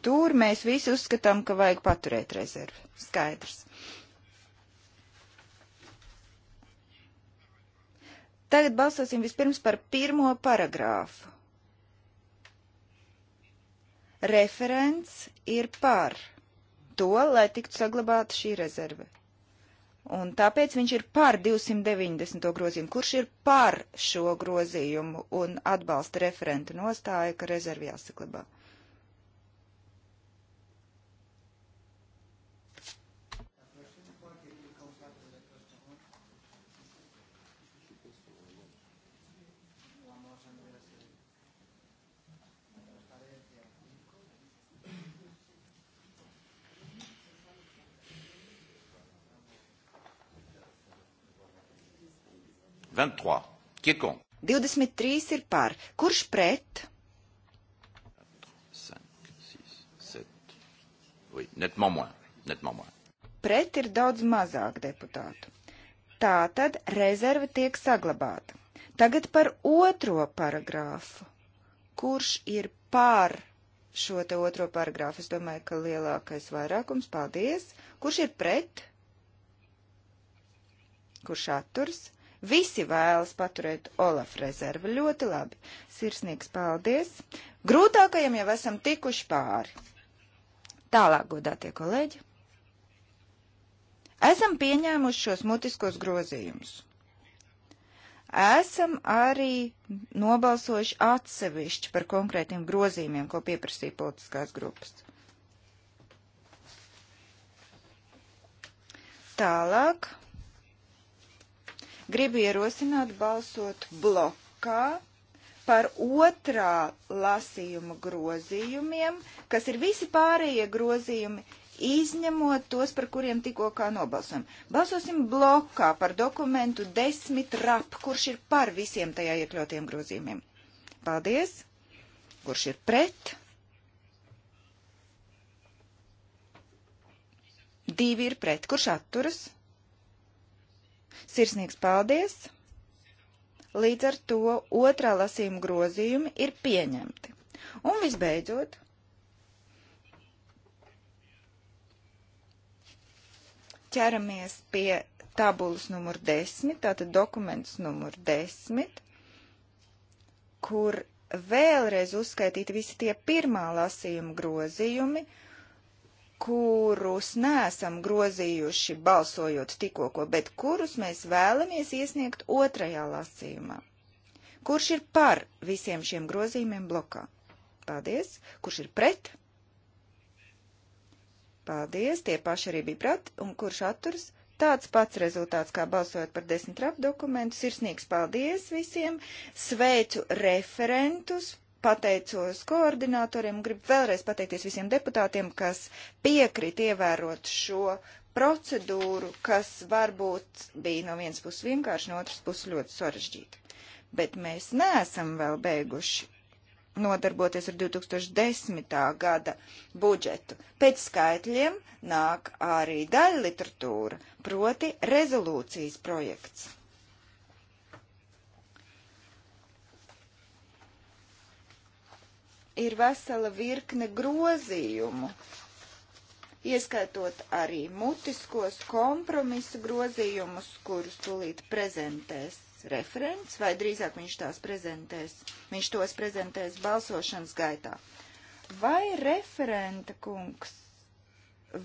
Speaker 3: Tur mēs visi uzskatām, ka vajag paturēt rezervi. Skaidrs. Tagad balsosim vispirms par pirmo paragrāfu. Referents ir par to, lai tiktu saglabāta šī rezerve. Un tāpēc viņš ir pār 290. grozījumu, kurš ir pār šo grozījumu un atbalsta referenta nostāju, ka rezervi jāsaklabā.
Speaker 2: 23. Qui est contre?
Speaker 3: 23 ir par. Kurš pret?
Speaker 2: 5, 6, 7. Oui, nettement moins. Nettement moins.
Speaker 3: Pret ir daudz mazāk deputātu. Tā tad rezerve tiek saglabāta. Tagad par otro paragrāfu. Kurš ir par šo te otro paragrāfu? Es domāju, ka lielākais vairākums. Paldies. Kurš ir pret? Kurš atturs? Visi vēlas paturēt Olaf rezervu. Ļoti labi. Sirsnīgs paldies. Grūtākajam jau esam tikuši pāri. Tālāk, godātie kolēģi. Esam pieņēmuši šos mutiskos grozījumus esam arī nobalsojuši atsevišķi par konkrētiem grozījumiem, ko pieprasīja politiskās grupas. Tālāk Gribu ierosināt balsot blokā par otrā lasījuma grozījumiem, kas ir visi pārējie grozījumi, izņemot tos, par kuriem tikko kā nobalsam. Balsosim blokā par dokumentu desmit rap, kurš ir par visiem tajā iekļautiem grozījumiem. Paldies! Kurš ir pret? Divi ir pret. Kurš atturas? Sirsnīgs paldies! Līdz ar to otrā lasījuma grozījumi ir pieņemti. Un visbeidzot, ķeramies pie tabulas numur 10, tātad dokuments numur 10, kur vēlreiz uzskaitīti visi tie pirmā lasījuma grozījumi, uh, kurus neesam grozījuši balsojot tikko, bet kurus mēs vēlamies iesniegt otrajā lasījumā. Kurš ir par visiem šiem grozījumiem blokā? Paldies. Kurš ir pret? Paldies. Tie paši arī bija pret. Un kurš atturs? Tāds pats rezultāts, kā balsojot par desmit rap dokumentu. Sirsnīgs paldies visiem. Sveicu referentus pateicos koordinatoriem, gribu vēlreiz pateikties visiem deputātiem, kas piekrit ievērot šo procedūru, kas varbūt bija no vienas puses vienkārši, no otras puses ļoti sarežģīta. Bet mēs neesam vēl beiguši nodarboties ar 2010. gada budžetu. Pēc skaitļiem nāk arī daļa literatūra, proti rezolūcijas projekts. ir vesela virkne grozījumu, ieskaitot arī mutiskos kompromisu grozījumus, kurus tūlīt prezentēs referents, vai drīzāk viņš tās prezentēs, viņš tos prezentēs balsošanas gaitā. Vai referenta kungs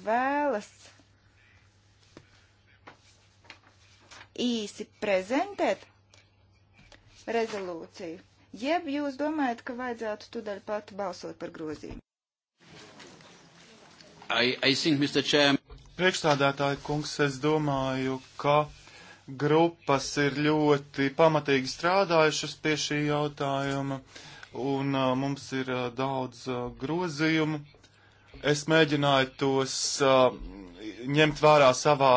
Speaker 3: vēlas īsi prezentēt rezolūciju? jeb jūs domājat, ka vajadzētu tūdaļ pat balsot par grozījumu?
Speaker 4: I, I think, Mr. Chair... Priekšstādātāji kungs, es domāju, ka grupas ir ļoti pamatīgi strādājušas pie šī jautājuma, un uh, mums ir uh, daudz uh, grozījumu. Es mēģināju tos uh, ņemt vērā savā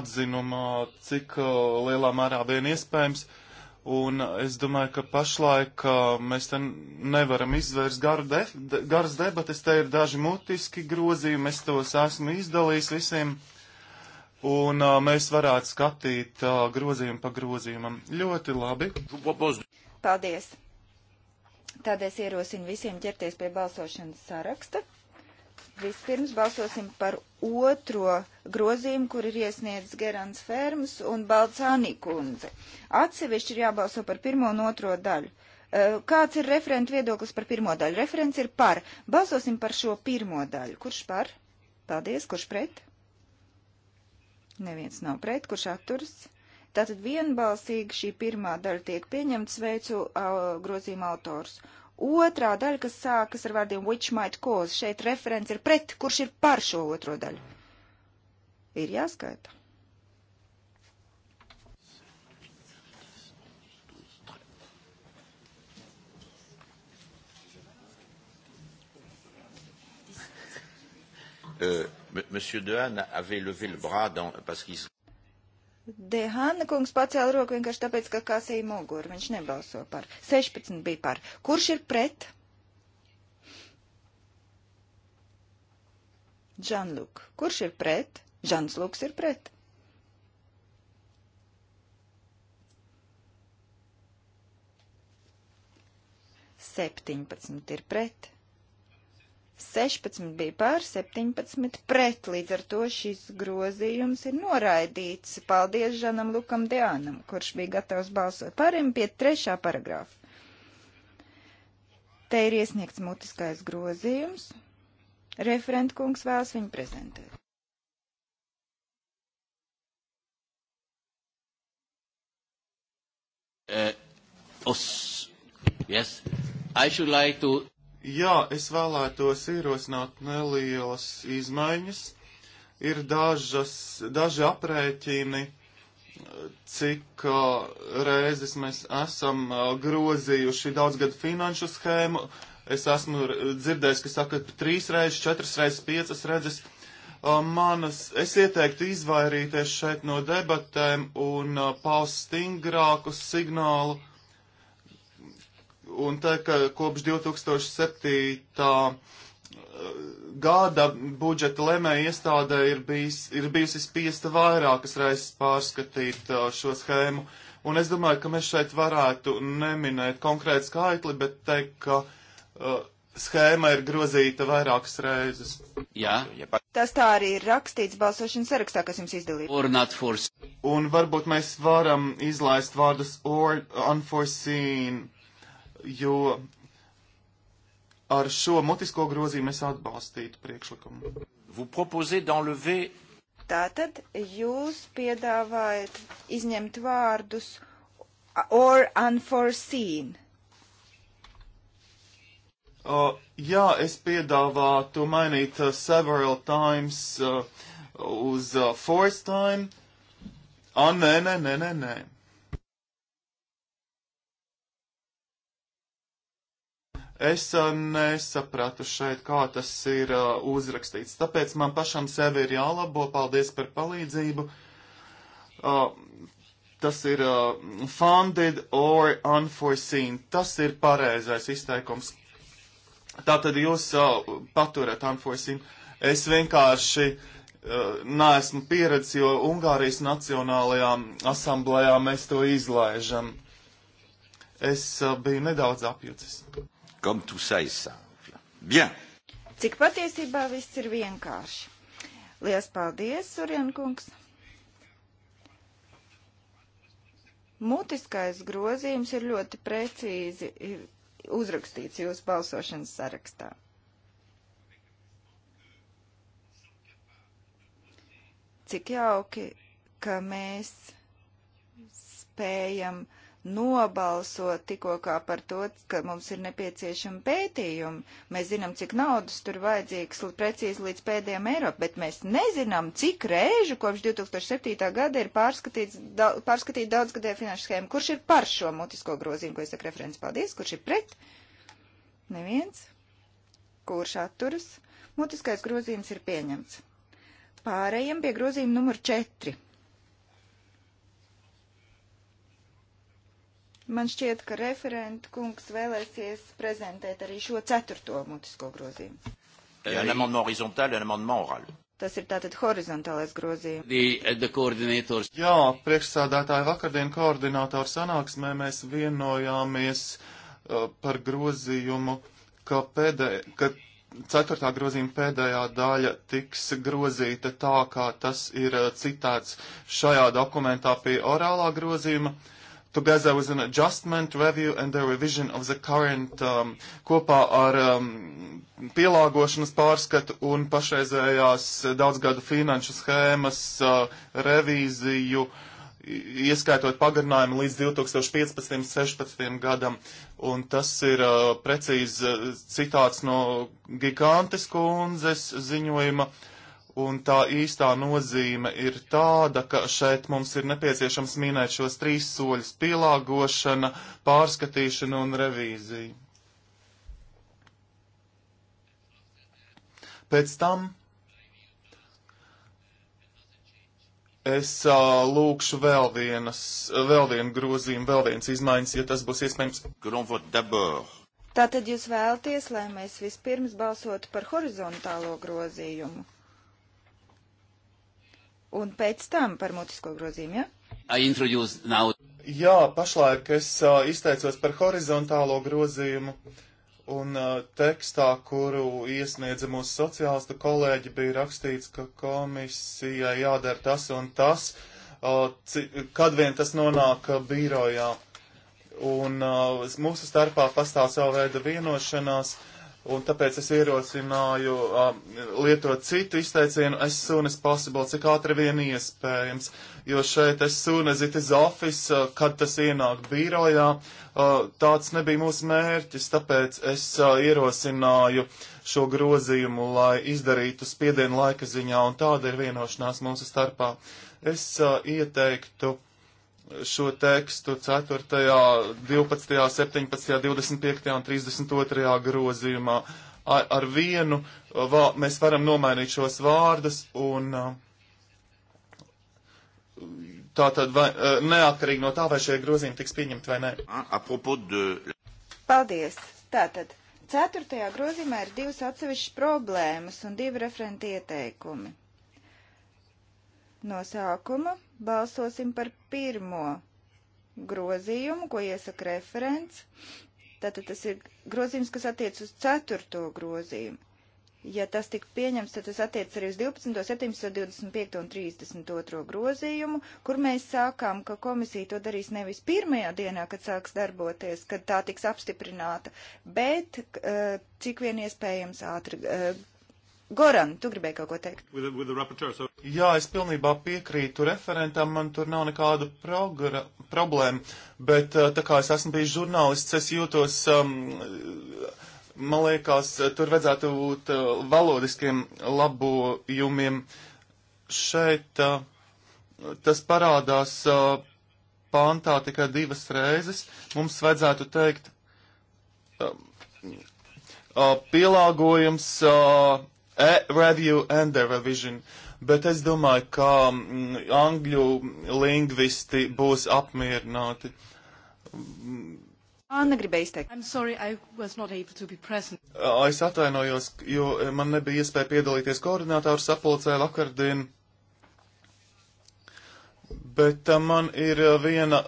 Speaker 4: atzinumā, cik uh, lielā mērā vien iespējams. Uh, Un es domāju, ka pašlaik uh, mēs te nevaram izvērst garu de, de, garas debatas, te ir daži mutiski grozījumi, es tos esmu izdalījis visiem, un uh, mēs varētu skatīt uh, grozījumu pa grozījumam. Ļoti labi.
Speaker 3: Paldies. Tādēļ ierosinu visiem ķerties pie balsošanas saraksta. Vispirms balsosim par otro grozījumu, kur ir iesniedzis Gerants Ferms un Balcāni kundze. Atsevišķi ir jābalso par pirmo un otro daļu. Eh, kāds ir referenta viedoklis par pirmo daļu? Referents ir par. Balsosim par šo pirmo daļu. Kurš par? Paldies. Kurš pret? Neviens nav pret. Kurš atturs? Tātad vienbalsīgi šī pirmā daļa tiek pieņemta sveicu grozījuma autors. Otrā daļa, kas sākas ar vārdiem which might cause, šeit referents ir pret, kurš ir par šo otro daļu. Ir jāskaita.
Speaker 2: Euh, Monsieur Dehaene avait levé le bras dans, parce qu'il
Speaker 3: Dehāna kungs pacēla roku vienkārši tāpēc, ka kāsīja muguru. Viņš nebalso par. 16 bija par. Kurš ir pret? Žanluk. Kurš ir pret? Žans Luks ir pret. Septiņpadsmit ir pret. 16 bija pār, 17 pret, līdz ar to šis grozījums ir noraidīts. Paldies Žanam Lukam Deānam, kurš bija gatavs balsot. Pārim pie trešā paragrāfa. Te ir iesniegts mutiskais grozījums. Referentkungs vēlas viņu prezentēt.
Speaker 4: Uh, os, yes. I should like to Jā, es vēlētos ierosināt nelielas izmaiņas. Ir dažas, daži aprēķini, cik uh, reizes mēs esam uh, grozījuši daudzgadu finanšu schēmu. Es esmu dzirdējis, ka saka trīs reizes, četras reizes, piecas reizes. Uh, manas, es ieteiktu izvairīties šeit no debatēm un uh, paust stingrāku signālu Un tā kā kopš 2007. Eh, gada budžeta lemēja iestādē ir, bijis, ir bijusi spiesta vairākas reizes pārskatīt eh, šo schēmu. Un es domāju, ka mēs šeit varētu neminēt konkrētu skaitli, bet teikt, ka uh, schēma ir grozīta vairākas reizes. Jā.
Speaker 3: Tas tā arī ir rakstīts balsošanas sarakstā, kas jums
Speaker 4: izdalīts. Un varbūt mēs varam izlaist vārdus or unforeseen jo ar šo mutisko grozīmu es atbalstītu priekšlikumu. Tātad jūs piedāvājat
Speaker 3: izņemt vārdus or unforeseen.
Speaker 4: Uh, jā, es piedāvātu mainīt uh, several times uh, uz uh, force time. Ah, nē, nē, nē, nē, nē. Es uh, nesapratu šeit, kā tas ir uh, uzrakstīts. Tāpēc man pašam sevi ir jālabo. Paldies par palīdzību. Uh, tas ir uh, funded or unforeseen. Tas ir pareizais izteikums. Tātad jūs uh, paturat unforeseen. Es vienkārši uh, neesmu pieredzis, jo Ungārijas Nacionālajā asamblējā mēs to izlaižam. Es biju nedaudz apjucis.
Speaker 2: Comme tout ça est simple.
Speaker 4: Bien.
Speaker 3: Cik patiesībā viss ir vienkārši. Lielas paldies, Surjankungs. Mutiskais grozījums ir ļoti precīzi uzrakstīts jūsu balsošanas sarakstā. Cik jauki, ka mēs spējam uh, nobalsot tikko kā par to, ka mums ir nepieciešama pētījuma. Mēs zinām, cik naudas tur vajadzīgs precīzi līdz pēdējiem eiro, bet mēs nezinām, cik reižu kopš 2007. gada ir da, pārskatīt daudzgadē finanšu schēmu. Kurš ir par šo mutisko grozījumu, ko es saku referents? Paldies. Kurš ir pret? Neviens. Kurš atturas? Mutiskais grozījums ir pieņemts. Pārējiem pie grozījuma numur 4. Man šķiet, ka referenta kungs vēlēsies prezentēt arī šo ceturto mutisko grozījumu.
Speaker 2: Un amendement horizontal,
Speaker 4: un amendement oral.
Speaker 3: Tas ir tātad horizontālais grozījums.
Speaker 2: Eh,
Speaker 4: Jā, priekšsādātāja vakardien koordinātoru sanāksmē mēs vienojāmies uh, par grozījumu, ka, pēdē, ka ceturtā grozījuma pēdējā daļa tiks grozīta tā, kā tas ir eh, citēts šajā dokumentā pie orālā grozījuma. Uh, together with an adjustment review and a revision of the current um, kopā ar um, pielāgošanas pārskatu un pašreizējās daudzgadu finanšu schēmas uh, revīziju, ieskaitot pagarinājumu līdz 2015-16 gadam. Un tas ir uh, precīzi uh, citāts no gigantiskundzes ziņojuma. Uh, un tā īstā nozīme ir tāda, ka šeit mums ir nepieciešams minēt šos trīs soļus - pielāgošana, pārskatīšana un revīzija. Pēc tam es uh, lūkšu vēl, vienas, vēl vienu grozījumu, vēl vienas izmaiņas, ja tas būs iespējams.
Speaker 3: Tātad jūs vēlties, lai mēs vispirms balsotu par horizontālo grozījumu? un pēc tam par mutisko grozījumu,
Speaker 4: ja? Jā, pašlaik es uh, izteicos par horizontālo grozījumu, un uh, tekstā, kuru iesniedza mūsu sociālistu kolēģi, bija rakstīts, ka komisijai jādara tas un tas, uh, kad vien tas nonāk uh, birojā. Un uh, mūsu starpā pastāv savu veidu vienošanās. Uh, Un tāpēc es ierosināju um, lietot citu izteicienu as soon as possible, cik ātri vien iespējams, jo šeit as soon as it is office, uh, kad tas ienāk birojā, uh, tāds nebija mūsu mērķis, tāpēc es uh, ierosināju šo grozījumu, lai izdarītu spiedienu laika ziņā, un tāda ir vienošanās mūsu starpā. Es uh, ieteiktu šo tekstu 4., 12., 17., 25. un 32. grozījumā. Ar, ar vienu vā, mēs varam nomainīt šos vārdus un tā tad vai, neatkarīgi no tā, vai šie grozījumi tiks pieņemti vai nē.
Speaker 3: Paldies. Tātad. Ceturtajā grozījumā ir divas atsevišķas problēmas un divi referenti ieteikumi. No sākuma balsosim par pirmo grozījumu, ko iesaka referents. Tātad tas ir grozījums, kas attiec uz ceturto grozījumu. Ja tas tika pieņems, tad tas attiec arī uz 12, 17, 25 un 32 grozījumu, kur mēs sākām, ka komisija to darīs nevis pirmajā dienā, kad sāks darboties, kad tā tiks apstiprināta, bet eh, cik vien iespējams ātri eh, Goran, tu gribēji kaut ko teikt?
Speaker 4: With the, with the rapporteur, so... Jā, es pilnībā piekrītu referentam, man tur nav nekādu progra, problēmu, bet eh, tā kā es esmu bijis žurnālists, es jūtos, um, man liekas, tur vajadzētu būt uh, valodiskiem labojumiem. Šeit uh, tas parādās uh, pāntā tikai divas reizes. Mums vajadzētu teikt. Uh, pielāgojums uh, e review and a revision. Bet es domāju, ka mm, angļu lingvisti būs apmierināti.
Speaker 3: Anna gribēja izteikt. I'm sorry, I was not able to be present.
Speaker 4: Es atvainojos, jo man nebija iespēja piedalīties koordinātāru sapulcē vakardien. Bet man ir viena,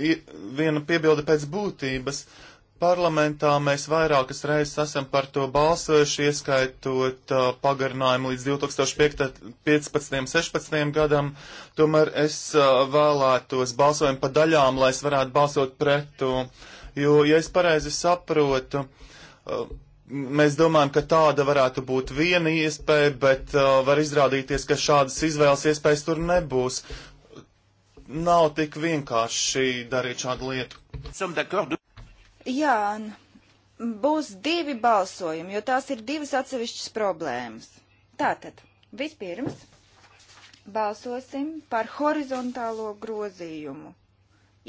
Speaker 4: viena piebilde pēc būtības. Uh, Parlamentā mēs vairākas reizes esam par to balsojuši, ieskaitot uh, pagarinājumu līdz 2015.16. gadam. Tomēr es uh, vēlētos balsojumu pa daļām, lai es varētu balsot pret to. Jo, ja es pareizi saprotu, uh, mēs domājam, ka tāda varētu būt viena iespēja, bet uh, var izrādīties, ka šādas izvēles iespējas tur nebūs. Nav tik vienkārši darīt šādu lietu.
Speaker 3: Jā, būs divi balsojumi, jo tās ir divas atsevišķas problēmas. Tātad, vispirms balsosim par horizontālo grozījumu.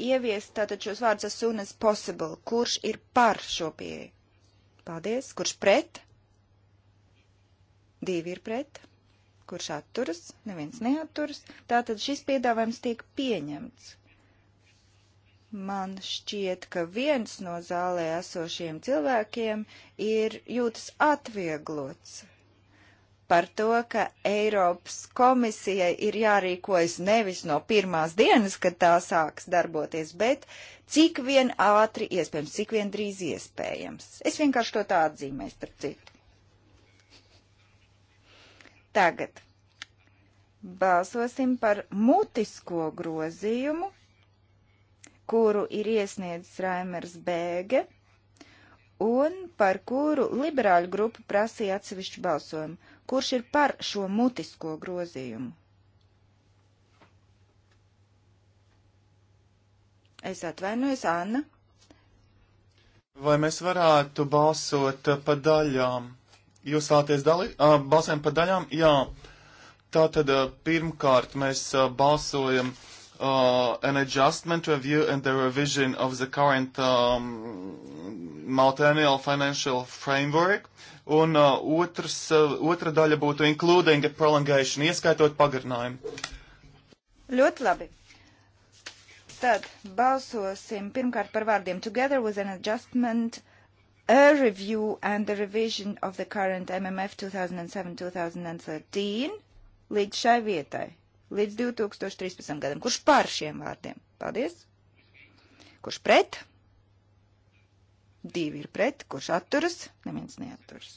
Speaker 3: Ieviest tātad šos vārdus as soon as possible. Kurš ir par šo pieeju? Paldies. Kurš pret? Divi ir pret. Kurš atturas? Neviens neatturas. Tātad šis piedāvājums tiek pieņemts. Man šķiet, ka viens no zālē esošiem cilvēkiem ir jūtas atvieglots par to, ka Eiropas komisijai ir jārīkojas nevis no pirmās dienas, kad tā sāks darboties, bet cik vien ātri iespējams, cik vien drīz iespējams. Es vienkārši to tā atzīmēju, starp citu. Tagad balsosim par mutisko grozījumu kuru ir iesniedzis Raimers Bēge un par kuru liberāļu grupa prasīja atsevišķu balsojumu. Kurš ir par šo mutisko grozījumu? Es atvainojos, Anna.
Speaker 4: Vai mēs varētu balsot pa daļām? Jūs vēlaties dali, uh, balsēm pa daļām? Jā. Tātad uh, pirmkārt mēs uh, balsojam uh, uh, an adjustment review and the revision of the current um, multi-annual financial framework. Un uh, otrs, uh, otra daļa būtu including a prolongation, ieskaitot pagarinājumu.
Speaker 3: Ļoti labi. Tad balsosim pirmkārt par vārdiem together with an adjustment, a review and the revision of the current MMF 2007-2013 līdz šai vietai līdz 2013. gadam. Kurš par šiem vārdiem? Paldies! Kurš pret? Divi ir pret, kurš atturas? Neviens neatturas.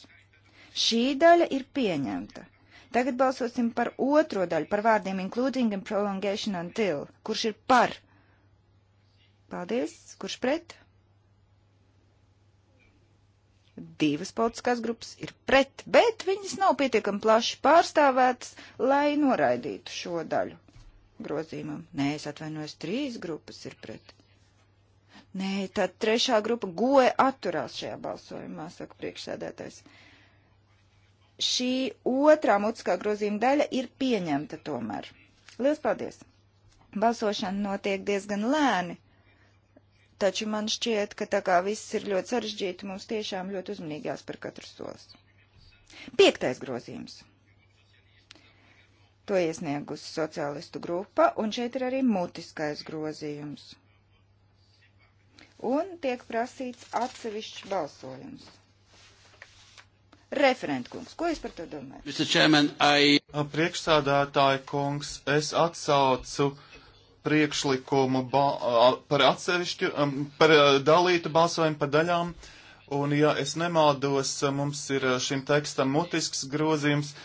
Speaker 3: Šī daļa ir pieņemta. Tagad balsosim par otro daļu, par vārdiem including and prolongation until. Kurš ir par? Paldies! Kurš pret? divas politiskās grupas ir pret, bet viņas nav pietiekami plaši pārstāvētas, lai noraidītu šo daļu grozījumam. Nē, es atvainojos, trīs grupas ir pret. Nē, tad trešā grupa goja atturās šajā balsojumā, saka priekšsēdētājs. Šī otrā mutiskā grozījuma daļa ir pieņemta tomēr. Lielas paldies! Balsošana notiek diezgan lēni, Taču man šķiet, ka tā kā viss ir ļoti sarežģīti, mums tiešām ļoti uzmanīgi jāspēr katrs solis. Piektais grozījums. To iesniegusi sociālistu grupa, un šeit ir arī mutiskais grozījums. Un tiek prasīts atsevišķs balsojums. Referentkungs, ko jūs par to
Speaker 4: domājat? I... Priekšsādātāja kungs, es atsaucu priekšlikumu par atsevišķu, um, par uh, dalītu balsojumu pa daļām. Un, ja es nemaldos, uh, mums ir uh, šim tekstam mutisks grozījums.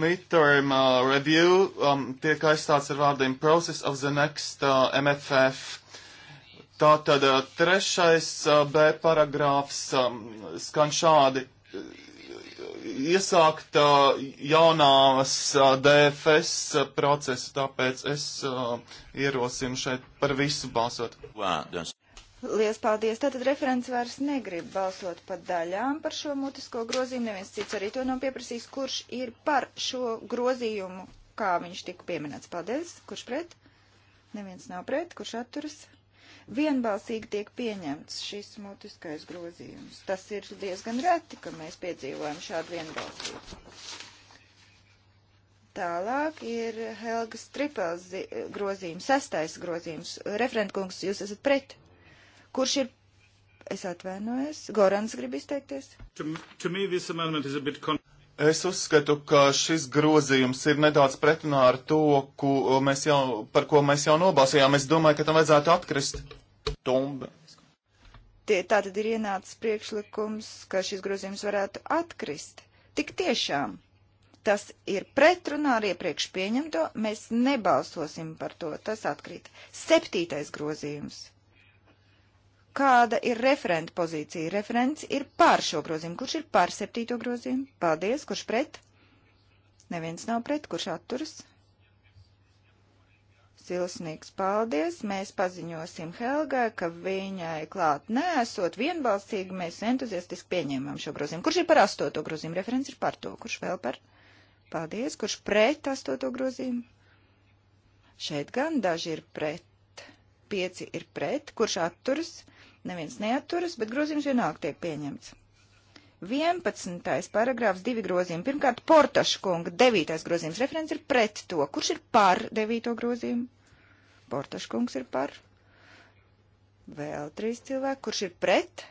Speaker 4: Midterm uh, review um, tiek aizstāts ar vārdiem process of the next uh, MFF. Tātad uh, trešais uh, B paragrāfs um, skan šādi iesākt uh, jaunās uh, DFS procesu, tāpēc es uh, ierosinu šeit par visu balsot.
Speaker 3: Lielas paldies. Tātad referents vairs negrib balsot pa daļām par šo mutisko grozījumu. Neviens cits arī to nav pieprasījis, kurš ir par šo grozījumu, kā viņš tika pieminēts. Paldies. Kurš pret? Neviens nav pret. Kurš atturas? vienbalsīgi tiek pieņemts šis mutiskais grozījums. Tas ir diezgan reti, ka mēs piedzīvojam šādu vienbalsību. Tālāk ir Helgas Tripels grozījums, sestais grozījums. Referentkungs, jūs esat pret. Kurš ir Es atvainojos. Gorans grib izteikties.
Speaker 4: To, to me, Es uzskatu, ka šis grozījums ir nedaudz pretrunā ar to, ko mēs jau, par ko mēs jau nobalsījām. Es domāju, ka tam vajadzētu atkrist. Tumba.
Speaker 3: Tie, tā tad ir ienācis priekšlikums, ka šis grozījums varētu atkrist. Tik tiešām. Tas ir pretrunā ar iepriekš pieņemto. Mēs nebalsosim par to. Tas atkrīt. Septītais grozījums. Kāda ir referenta pozīcija? Referents ir pār šo grozījumu. Kurš ir pār septīto grozījumu? Paldies. Kurš pret? Neviens nav pret. Kurš atturas? Silsnīgs paldies. Mēs paziņosim Helgai, ka viņai klāt nesot vienbalsīgi. Mēs entuziastiski pieņēmām šo grozījumu. Kurš ir par astoto grozījumu? Referents ir par to. Kurš vēl par? Paldies. Kurš pret astoto grozījumu? Šeit gan daži ir pret. Pieci ir pret. Kurš atturas? neviens neaturas, bet grozījums vienalga tiek pieņemts. 11. paragrāfs, divi grozījumi. Pirmkārt, Portaškunga 9. grozījums referents ir pret to. Kurš ir par 9. grozījumu? Portaškungs ir par. Vēl trīs cilvēki. Kurš ir pret?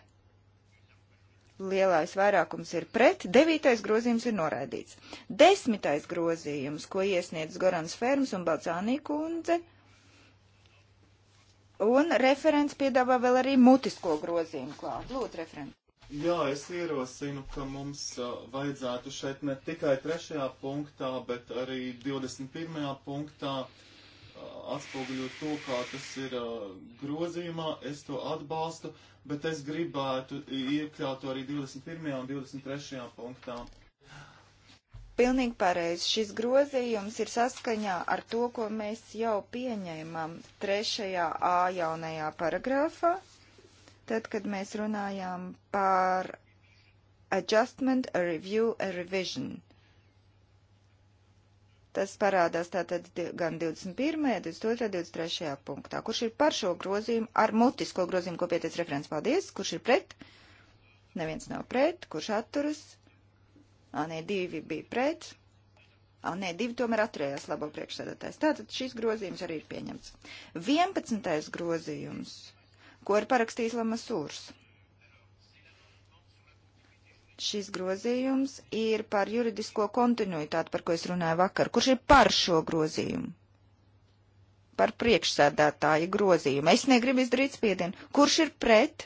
Speaker 3: Lielais vairākums ir pret. 9. grozījums ir noraidīts. 10. grozījums, ko iesniedz Gorans Ferms un Balcānī kundze Un referents piedāvā vēl arī mutisko grozījumu klāt. Lūdzu, referents.
Speaker 4: Jā, es ierosinu, ka mums vajadzētu šeit ne tikai trešajā punktā, bet arī 21. punktā atspoguļot to, kā tas ir grozījumā. Es to atbalstu, bet es gribētu iekļaut to arī 21. un 23. punktā.
Speaker 3: Pilnīgi pareizi. Šis grozījums ir saskaņā ar to, ko mēs jau pieņēmām trešajā A jaunajā paragrāfā, tad, kad mēs runājām par adjustment, a review, a revision. Tas parādās tātad gan 21., 22., 23. punktā. Kurš ir par šo grozījumu ar mutisko grozījumu, ko pieteicis referents? Paldies. Kurš ir pret? Neviens nav pret. Kurš atturas? Ā, nē, divi bija pret. Ā, nē, divi tomēr atturējās labo priekšsēdētājs. Tātad šis grozījums arī ir pieņemts. 11. grozījums, ko ir parakstījis Lamasūrs. Šis grozījums ir par juridisko kontinuitāti, par ko es runāju vakar. Kurš ir par šo grozījumu? Par priekšsēdētāja grozījumu. Es negribu izdarīt spiedienu. Kurš ir pret?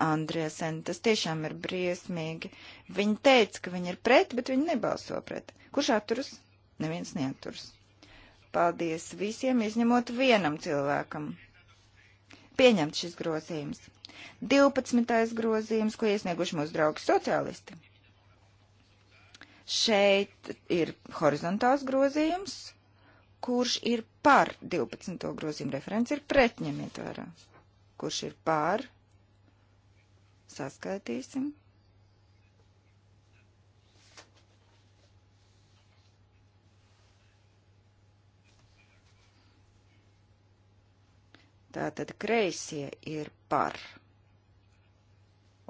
Speaker 3: Andriesen, tas tiešām ir briesmīgi. Viņa teica, ka viņa ir pret, bet viņa nebalso pret. Kurš atturas? Neviens neaturas. Paldies visiem, izņemot vienam cilvēkam. Pieņemt šis grozījums. 12. grozījums, ko iesnieguši mūsu draugi sociālisti. Šeit ir horizontāls grozījums, kurš ir par 12. grozījumu referents, ir pretņemiet vērā. Kurš ir par Saskaitīsim. Tātad kreisie ir par.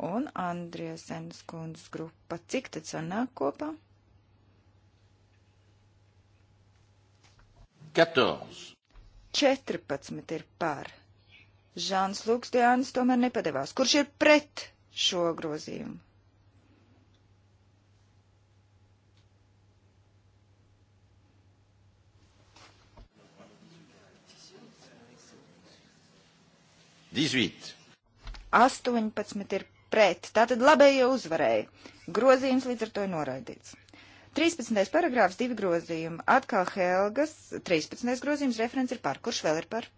Speaker 3: Un Andriesenas kundzes grupa. Cik tad sanāk kopā?
Speaker 2: 14.
Speaker 3: 14 ir par. Žāns Lūks Diānis tomēr nepadevās. Kurš ir pret šo grozījumu? Dizvīt. 18 ir pret. Tātad labējie uzvarēja. Grozījums līdz ar to ir noraidīts. 13. paragrāfs, divi grozījumi. Atkal Helgas, 13. grozījums, referents ir par. Kurš vēl ir par?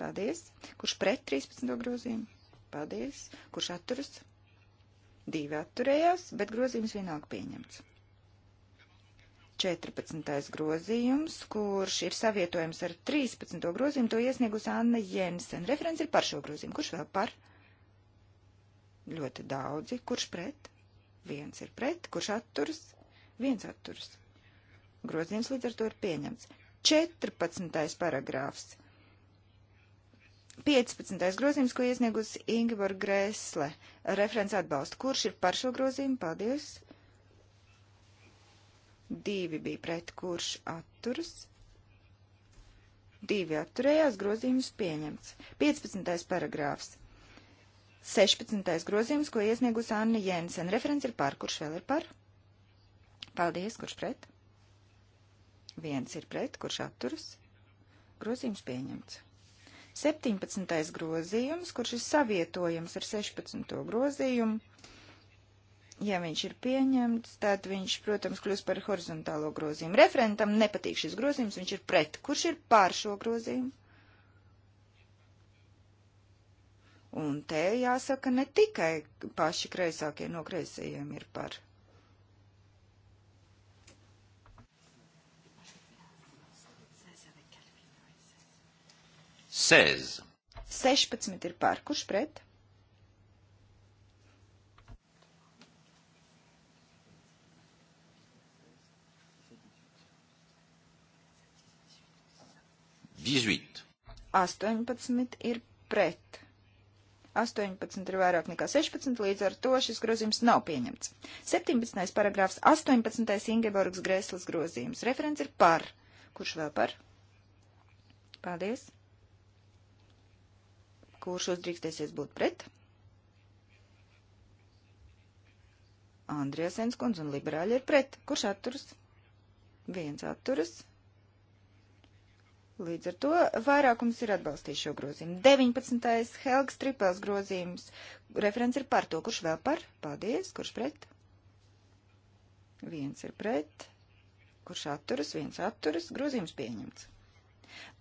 Speaker 3: Paldies. Kurš pret 13. grozījumu? Paldies. Kurš atturas? Divi atturējās, bet grozījums vienalga pieņemts. 14. grozījums, kurš ir savietojams ar 13. grozījumu, to iesniegus Anna Jensen. Referents ir par šo grozījumu. Kurš vēl par? Ļoti daudzi. Kurš pret? Viens ir pret. Kurš atturs? Viens atturs. Grozījums līdz ar to ir pieņemts. 14. paragrāfs. 15. grozījums, ko iesniegusi Ingeborg Gresle. Referents atbalsta. Kurš ir par šo grozījumu? Paldies. Divi bija pret, kurš atturas. Divi atturējās, grozījums pieņemts. 15. paragrāfs. 16. grozījums, ko iesniegusi Anna Jensen. Referents ir par, kurš vēl ir par? Paldies, kurš pret? Viens ir pret, kurš atturas. Grozījums pieņemts. 17. grozījums, kurš ir savietojams ar 16. grozījumu. Ja viņš ir pieņemts, tad viņš, protams, kļūs par horizontālo grozījumu. Referentam nepatīk šis grozījums, viņš ir pret. Kurš ir pār šo grozījumu? Un te jāsaka, ne tikai paši kreisākie no kreisajiem ir par 16. 16 ir par, kurš pret?
Speaker 2: Dizvīt.
Speaker 3: 18 ir pret. 18 ir vairāk nekā 16, līdz ar to šis grozījums nav pieņemts. 17. paragrāfs, 18. Ingeborgs Grēslas grozījums. Referents ir par. Kurš vēl par? Paldies! Kurš uzdrīkstēsies būt pret? Andrijas Enskundz un liberāļi ir pret. Kurš atturas? Viens atturas. Līdz ar to vairākums ir atbalstījis šo grozījumu. 19. Helga Stripels grozījums. Referents ir par to, kurš vēl par. Paldies. Kurš pret? Viens ir pret. Kurš atturas? Viens atturas. Grozījums pieņemts.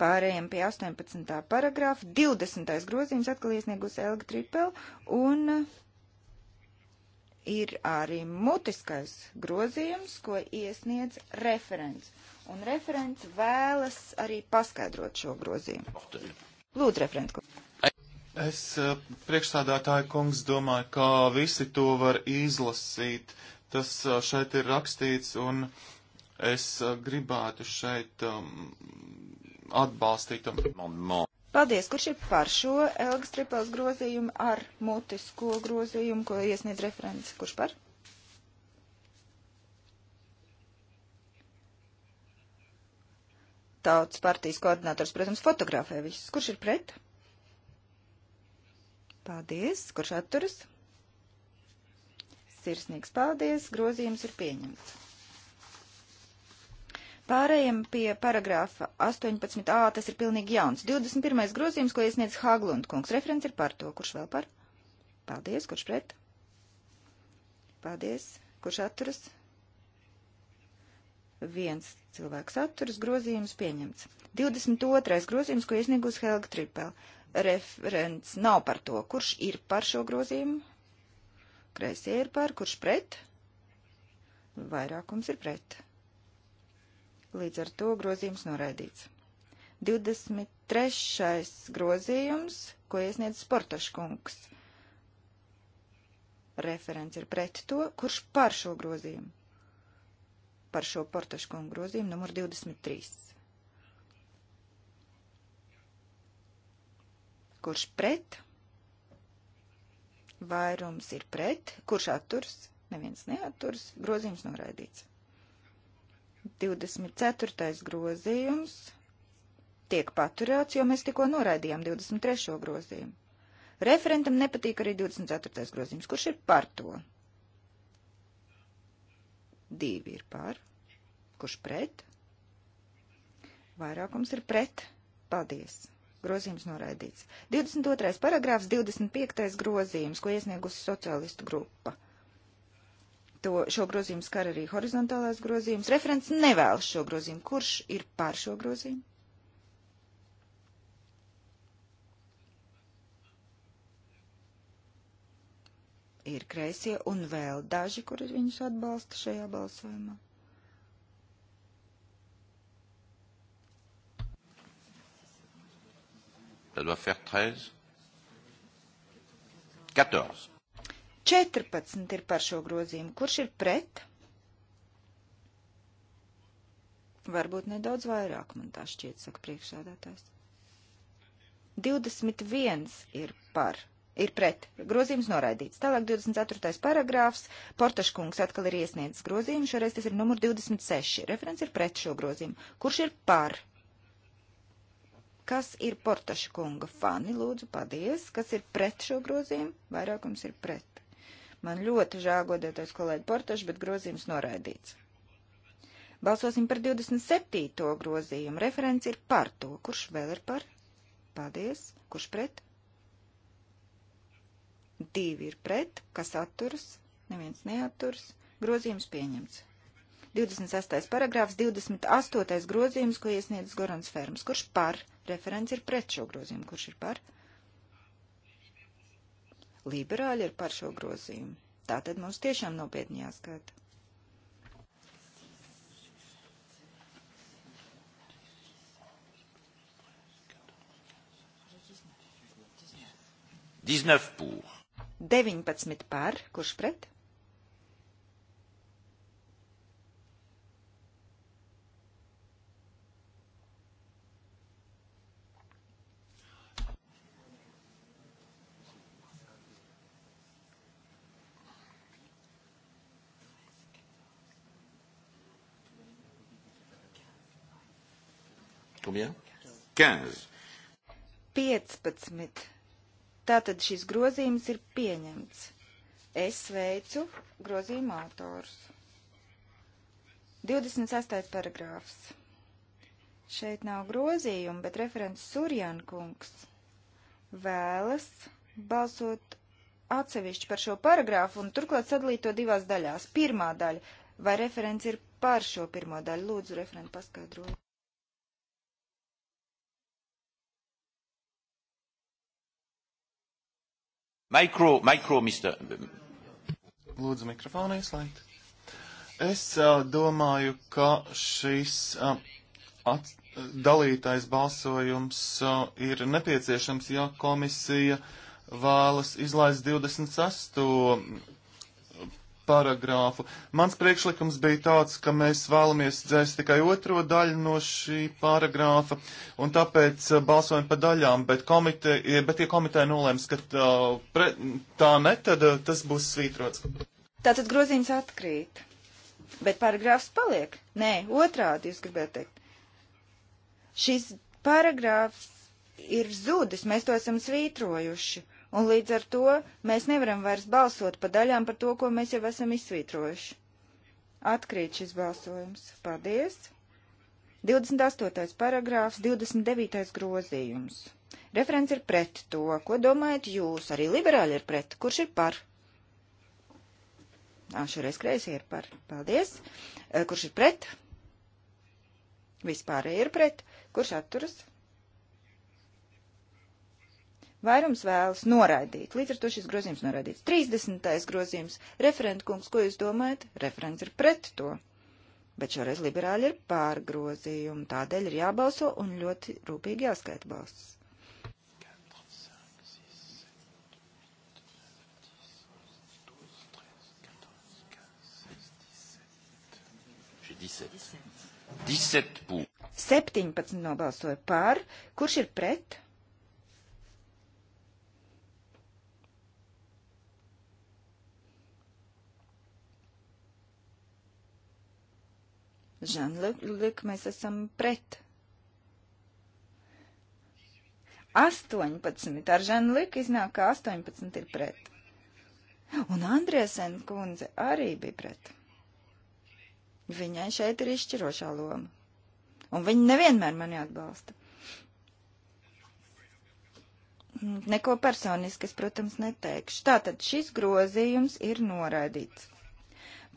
Speaker 3: Pārējiem pie 18. paragrāfa, 20. grozījums atkal iesniegus Elga Tripel un ir arī mutiskais grozījums, ko iesniedz referents. Un referents vēlas arī paskaidrot šo grozījumu. Lūdzu, referents.
Speaker 4: Es eh, priekšstādātāju kungs domāju, ka visi to var izlasīt. Tas eh, šeit ir rakstīts, un es eh, gribētu šeit um, atbalstītu.
Speaker 3: Paldies, kurš ir par šo Elgas Tripels grozījumu ar mutisko grozījumu, ko iesniedz referents. Kurš par? Tautas partijas koordinators, protams, fotografē visus. Kurš ir pret? Paldies, kurš atturas? Sirsnīgs paldies, grozījums ir pieņemts. Pārējiem pie paragrāfa 18a, tas ir pilnīgi jauns. 21. grozījums, ko iesniedz Haglund kungs. Referents ir par to, kurš vēl par. Paldies, kurš pret. Paldies, kurš atturas. Viens cilvēks atturas, grozījums pieņemts. 22. grozījums, ko iesniegus Helga Tripel. Referents nav par to, kurš ir par šo grozījumu. Kreisie ir par, kurš pret. Vairākums ir pret. Līdz ar to grozījums noraidīts. 23. grozījums, ko iesniedz Sportaškungs. Referents ir pret to, kurš par šo grozījumu. Par šo Sportaškungu grozījumu numur 23. kurš pret, vairums ir pret, kurš atturs, neviens neatturs, grozījums noraidīts. 24. grozījums tiek paturēts, jo mēs tikko noraidījām 23. grozījumu. Referentam nepatīk arī 24. grozījums. Kurš ir par to? Divi ir par. Kurš pret? Vairākums ir pret. Paldies. Grozījums noraidīts. 22. paragrāfs, 25. grozījums, ko iesniegusi socialistu grupa to, šo grozījumu skar arī horizontālās grozījumus. Referents nevēlas šo grozījumu. Kurš ir pār šo grozījumu? Ir kreisie un vēl daži, kuri viņus atbalsta šajā balsojumā.
Speaker 2: Ça doit faire 13. 14.
Speaker 3: 14 ir par šo grozījumu. Kurš ir pret? Varbūt nedaudz vairāk, man tā šķiet, saka priekšsādātājs. 21 ir par, ir pret, grozījums noraidīts. Tālāk 24. paragrāfs, Portaškungs atkal ir iesniedzis grozījumu, šoreiz tas ir numur 26. Referents ir pret šo grozījumu. Kurš ir par? Kas ir Portaškunga fani, lūdzu, paldies. Kas ir pret šo grozījumu? Vairākums ir pret. Man ļoti žēl, godētais kolēģi Portašs, bet grozījums noraidīts. Balsosim par 27. grozījumu. Referents ir par to. Kurš vēl ir par? Paldies. Kurš pret? Divi ir pret. Kas atturas? Neviens neatturas. Grozījums pieņemts. 26. paragrāfs, 28. grozījums, ko iesniedz Gorans Ferms. Kurš par? Referents ir pret šo grozījumu. Kurš ir par? Par. Liberāļi ir par šo grozījumu. Tā tad mums tiešām nopietni jāskata. Deviņpadsmit par, kurš pret?
Speaker 2: Combien 15.
Speaker 3: 15. Tātad šis grozījums ir pieņemts. Es sveicu grozījuma autors. 26. paragrāfs. Šeit nav grozījuma, bet referents Surjankungs vēlas balsot atsevišķi par šo paragrāfu un turklāt sadalīt to divās daļās. Pirmā daļa. Vai referents ir par šo pirmo daļu? Lūdzu, referentu paskaidroju.
Speaker 2: Micro, micro, mister.
Speaker 4: Lūdzu, mikrofonu ieslēgt. Es uh, domāju, ka šis uh, at, dalītais balsojums uh, ir nepieciešams, ja komisija vēlas izlaist 26 paragrāfu. Mans priekšlikums bija tāds, ka mēs vēlamies dzēst tikai otro daļu no šī paragrāfa, un tāpēc uh, balsojam pa daļām, bet, komite, bet ja komiteja nolēms, ka tā, uh, pre, tā ne, tad uh, tas būs svītrots.
Speaker 3: Tātad grozījums atkrīt, bet paragrāfs paliek. Nē, otrādi jūs gribētu teikt. Šis paragrāfs ir zudis, mēs to esam svītrojuši un līdz ar to mēs nevaram vairs balsot pa daļām par to, ko mēs jau esam izsvītrojuši. Atkrīt šis balsojums. Paldies! 28. paragrāfs, 29. grozījums. Referents ir pret to. Ko domājat jūs? Arī liberāļi ir pret. Kurš ir par? Ā, šoreiz kreisie ir par. Paldies. Kurš ir pret? Vispārēji ir pret. Kurš atturas? Vairums vēlas noraidīt. Līdz ar to šis grozījums noraidīts. 30. grozījums. Referentkungs, ko jūs domājat? Referents ir pret to. Bet šoreiz liberāļi ir pār grozījumu, tādēļ ir jābalso un ļoti rūpīgi jāskaita balsis. Septiņpadsmit nobalsoja pār, kurš ir pret? Žanluk, mēs esam pret. 18. Ar Žanliku iznāk, ka 18 ir pret. Un Andriesen kundze arī bija pret. Viņai šeit ir izšķirošā loma. Un viņa nevienmēr mani atbalsta. Neko personiski es, protams, neteikšu. Tātad šis grozījums ir noraidīts.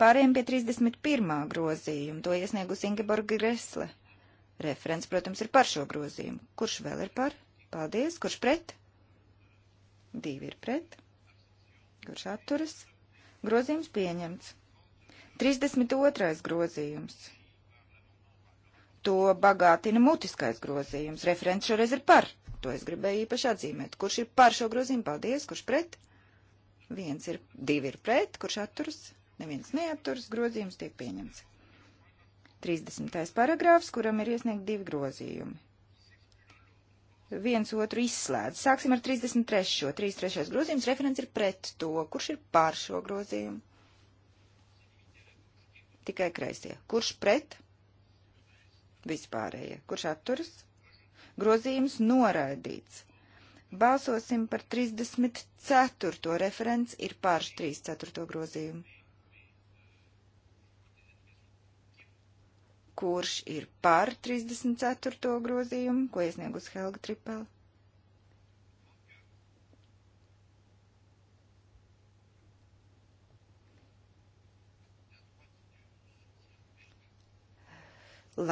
Speaker 3: Pāriem pie 31. grozījuma, to iesniegus Ingeborga Gresle. Referents, protams, ir par šo grozījumu. Kurš vēl ir par? Paldies. Kurš pret? Divi ir pret. Kurš atturas? Grozījums pieņemts. 32. grozījums. To bagātina mutiskais grozījums. Referents šoreiz ir par. To es gribēju īpaši atzīmēt. Kurš ir par šo grozījumu? Paldies. Kurš pret? Viens ir, divi ir pret. Kurš atturas? Neviens neaturas, grozījums tiek pieņemts. 30. paragrāfs, kuram ir iesniegt divi grozījumi. Viens otru izslēdz. Sāksim ar 33. 33. grozījums. Referents ir pret to, kurš ir pār šo grozījumu. Tikai kreisie. Kurš pret? Vispārējie. Kurš atturas? Grozījums noraidīts. Balsosim par 34. referents ir pār 34. grozījumu. kurš ir par 34. grozījumu, ko iesniegus Helga Tripela.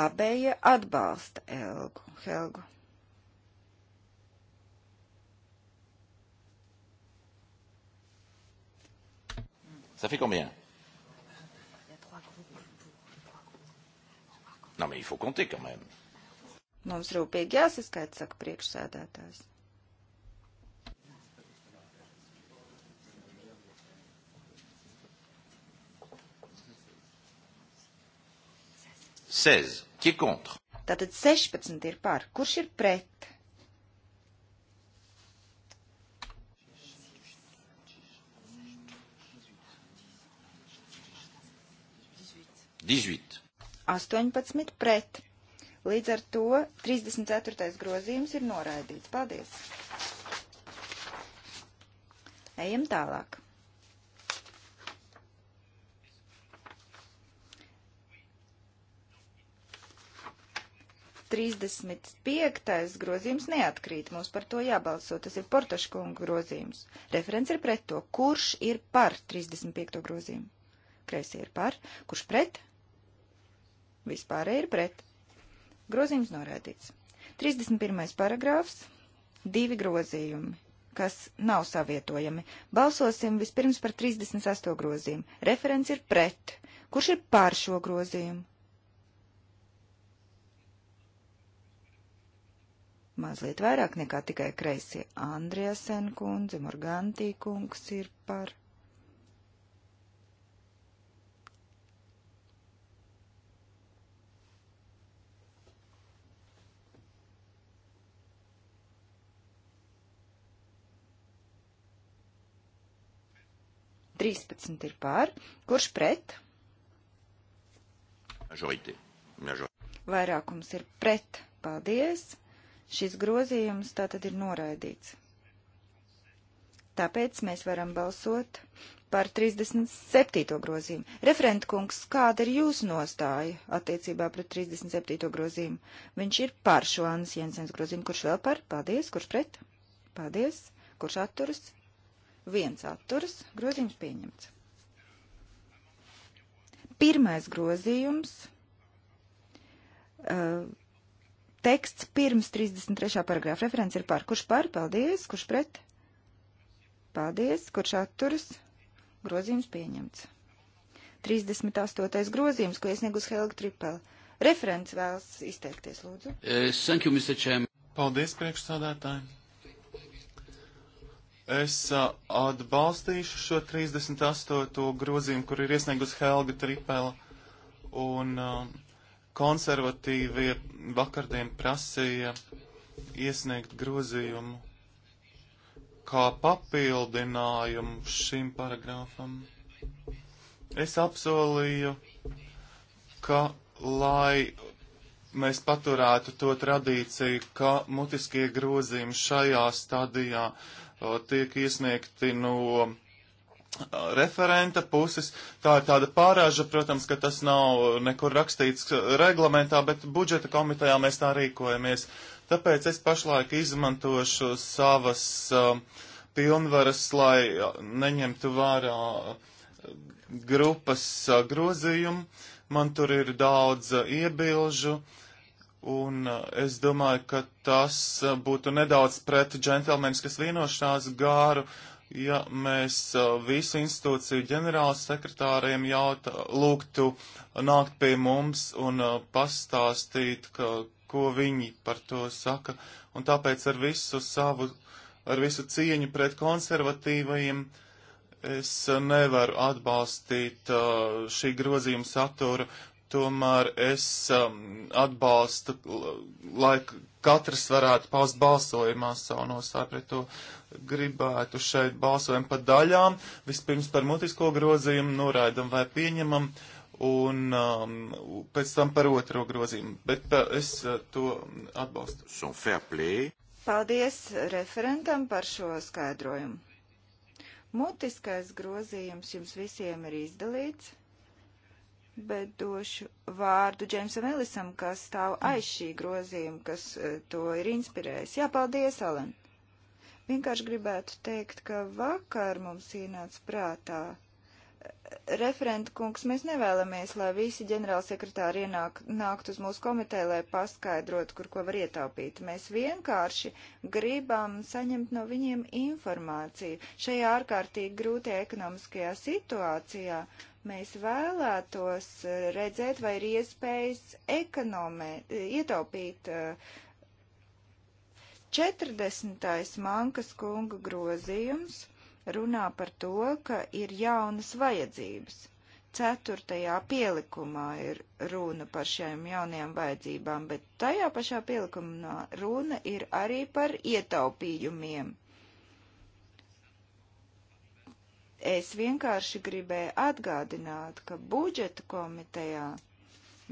Speaker 3: Labējie atbalsta Elgu, Helgu.
Speaker 2: Ça fait combien Non, nu, mais il faut compter quand même.
Speaker 3: Mums rūpīgi jāsaskaita, saka priekšsēdētājs. Tātad 16 ir par. Kurš ir pret? Dix-huit. 18 pret. Līdz ar to 34. grozījums ir noraidīts. Paldies! Ejam tālāk. Trīsdesmit piektais grozījums neatkrīt. Mums par to jābalso. Tas ir Portaškunga grozījums. Referents ir pret to. Kurš ir par 35. grozījumu? Kreisī ir par. Kurš pret? Vispārēji ir pret. Grozījums norādīts. 31. paragrāfs. Divi grozījumi, kas nav savietojami. Balsosim vispirms par 38. grozījumu. Referents ir pret. Kurš ir pār šo grozījumu? Mazliet vairāk nekā tikai kreisie. Andriasen kundze, Morgantī kungs ir par. 13 ir pār. Kurš pret? Vairākums ir pret. Paldies. Šis grozījums tātad ir noraidīts. Tāpēc mēs varam balsot par 37. grozījumu. Referent kungs, kāda ir jūsu nostāja attiecībā pret 37. grozījumu? Viņš ir par šo Annas Jensens grozījumu. Kurš vēl par? Paldies. Kurš pret? Paldies. Kurš atturas? viens atturas, grozījums pieņemts. Pirmais grozījums, uh, teksts pirms 33. paragrāfa referents ir par, kurš par, paldies, kurš pret, paldies, kurš atturas, grozījums pieņemts. 38. grozījums, ko iesniegus Helga Tripel. Referents vēlas izteikties, lūdzu.
Speaker 4: Thank you, Mr. Chairman. Paldies, priekšsādātāji. Es atbalstīšu šo 38. grozījumu, kur ir iesniegusi Helga Tripela, un konservatīvie vakardien prasīja iesniegt grozījumu kā papildinājumu šim paragrāfam. Es apsolīju, ka lai mēs paturētu to tradīciju, ka mutiskie grozījumi šajā stadijā Uh, tiek iesniegti no uh, referenta puses. Tā ir tāda pārāža, protams, ka tas nav nekur rakstīts uh, reglamentā, bet budžeta komitejā mēs tā rīkojamies. Tāpēc es pašlaik izmantošu savas uh, pilnvaras, lai neņemtu vērā uh, grupas uh, grozījumu. Man tur ir daudz iebilžu. Uh, Un eh, es domāju, ka tas eh, būtu nedaudz pret džentelmeniskas vienošanās gāru, ja mēs eh, visu institūciju ģenerāls sekretāriem jautā, lūgtu nākt pie mums un pastāstīt, ka, ko viņi par to saka. Un tāpēc ar visu savu, ar visu cieņu pret konservatīvajiem es nevaru atbalstīt šī grozījuma saturu tomēr es um, atbalstu, lai katrs varētu paust balsojumā savu nostāju pret to. Gribētu šeit balsojumu pa daļām. Vispirms par mutisko grozījumu noraidam vai pieņemam, un um, pēc tam par otro grozījumu. Bet uh, es uh, to atbalstu.
Speaker 3: Paldies referentam par šo skaidrojumu. Mutiskais grozījums jums visiem ir izdalīts bet došu vārdu Džeimsam Ellisam, kas stāv aiz šī grozījuma, kas e, to ir inspirējis. Jā, paldies, Alan! Vienkārši gribētu teikt, ka vakar mums ienāca prātā. E, referenta kungs, mēs nevēlamies, lai visi ģenerālsekretāri ienāk, nākt uz mūsu komiteju, lai paskaidrotu, kur ko var ietaupīt. Mēs vienkārši gribam saņemt no viņiem informāciju šajā ārkārtīgi grūtajā ekonomiskajā situācijā Mēs vēlētos eh, redzēt, vai ir iespējas ekonomē, eh, ietaupīt 40. Eh, mankas kunga grozījums runā par to, ka ir jaunas vajadzības ceturtajā pielikumā ir runa par šiem jaunajām vajadzībām, bet tajā pašā pielikumā runa ir arī par ietaupījumiem. Es vienkārši gribēju atgādināt, ka budžeta komitejā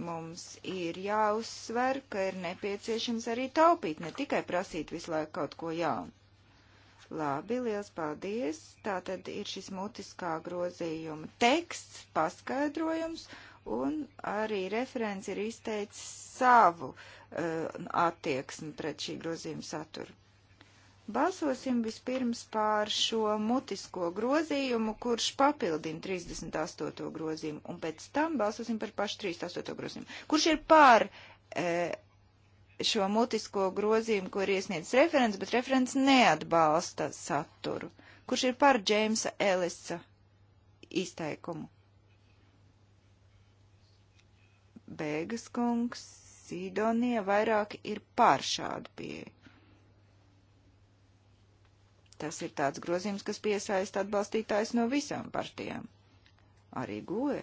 Speaker 3: mums ir jāuzsver, ka ir nepieciešams arī taupīt, ne tikai prasīt visu laiku kaut ko jaunu. Labi, liels paldies. Tā tad ir šis mutiskā grozījuma teksts, paskaidrojums, un arī referents ir izteicis savu uh, attieksmi pret šī grozījuma saturu. Balsosim vispirms pār šo mutisko grozījumu, kurš papildina 38. grozījumu, un pēc tam balsosim par pašu 38. grozījumu. Kurš ir pār e, šo mutisko grozījumu, kur iesniedz referents, bet referents neatbalsta saturu? Kurš ir pār Džeimsa Ellisa izteikumu? Bēgas kungs, Sidonija vairāk ir pār šādu pieeju. Tas ir tāds grozījums, kas piesaista atbalstītājs no visām partijām. Arī goja.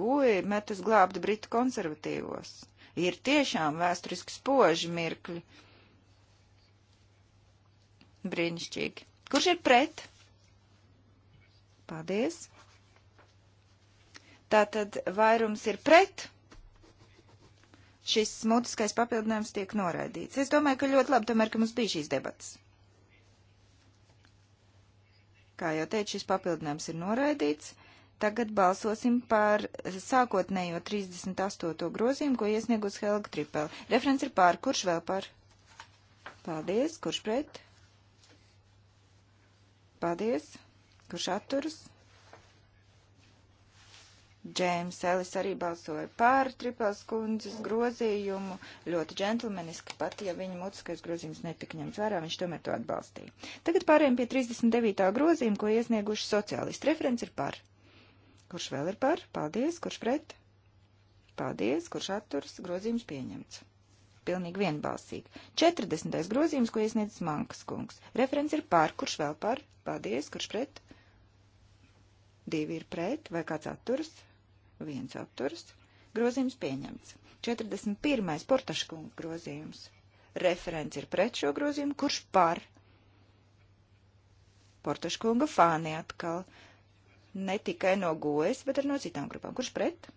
Speaker 3: Goja metas glābt britu konservatīvos. Ir tiešām vēsturiski spoži mirkļi. Brīnišķīgi. Kurš ir pret? Paldies. Tātad vairums ir pret šis mutiskais papildinājums tiek noraidīts. Es domāju, ka ļoti labi tomēr, ka mums bija šīs debatas. Kā jau teicu, šis papildinājums ir noraidīts. Tagad balsosim par sākotnējo 38. grozījumu, ko iesniegus Helga Tripel. Referents ir pār, kurš vēl par? Paldies, kurš pret? Paldies, kurš atturas? Džēms Ellis arī balsoja pār Tripels kundzes grozījumu ļoti džentlmeniski, pat ja viņa mutiskais grozījums netika ņemts vērā, viņš tomēr to atbalstīja. Tagad pārējiem pie 39. grozījuma, ko iesnieguši sociālisti. Referents ir par. Kurš vēl ir par? Paldies, kurš pret? Paldies, kurš atturas? Grozījums pieņemts pilnīgi vienbalsīgi. 40. grozījums, ko iesniedz Mankas kungs. Referents ir pār, kurš vēl pār? Paldies, kurš pret? Divi ir pret, vai kāds atturas? viens atturs. Grozījums pieņemts. 41. portaškunga grozījums. Referents ir pret šo grozījumu, kurš par. Portaškunga fāni atkal. Ne tikai no gojas, bet arī no citām grupām. Kurš pret?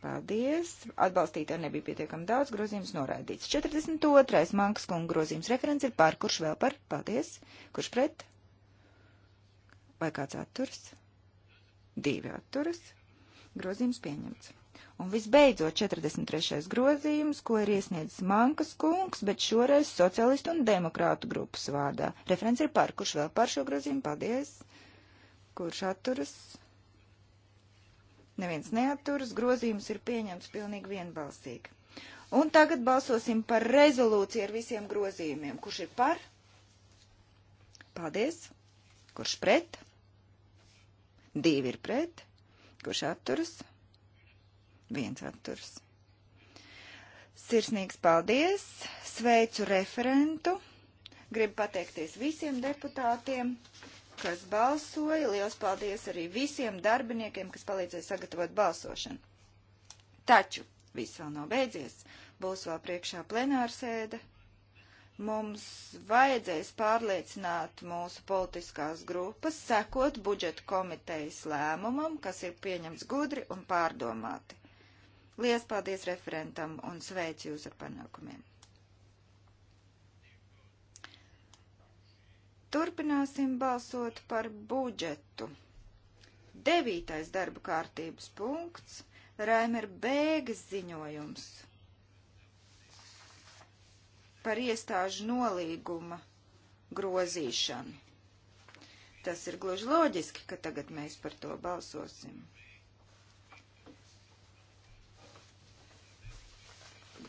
Speaker 3: Paldies. Atbalstītāji nebija pietiekami daudz, grozījums noraidīts. 42. mankas kunga grozījums referents ir par. Kurš vēl par? Paldies. Kurš pret? Vai kāds atturas? Divi atturas. Grozījums pieņemts. Un visbeidzot 43. grozījums, ko ir iesniedzis Mankas kungs, bet šoreiz socialistu un demokrātu grupas vārdā. Referents ir par, kurš vēl par šo grozījumu, paldies, kurš atturas. Neviens neatturas, grozījums ir pieņemts pilnīgi vienbalsīgi. Un tagad balsosim par rezolūciju ar visiem grozījumiem. Kurš ir par? Paldies. Kurš pret? Divi ir pret. Kurš atturas? Viens atturas. Sirsnīgs paldies! Sveicu referentu! Gribu pateikties visiem deputātiem, kas balsoja. Liels paldies arī visiem darbiniekiem, kas palīdzēja sagatavot balsošanu. Taču viss vēl nav beidzies. Būs vēl priekšā plenārsēde. Mums vajadzēs pārliecināt mūsu politiskās grupas, sekot budžeta komitejas lēmumam, kas ir pieņemts gudri un pārdomāti. Lies paldies referentam un sveicu jūs ar panākumiem. Turpināsim balsot par budžetu. Devītais darba kārtības punkts - Raimer Bēgas ziņojums par iestāžu nolīguma grozīšanu. Tas ir gluži loģiski, ka tagad mēs par to balsosim.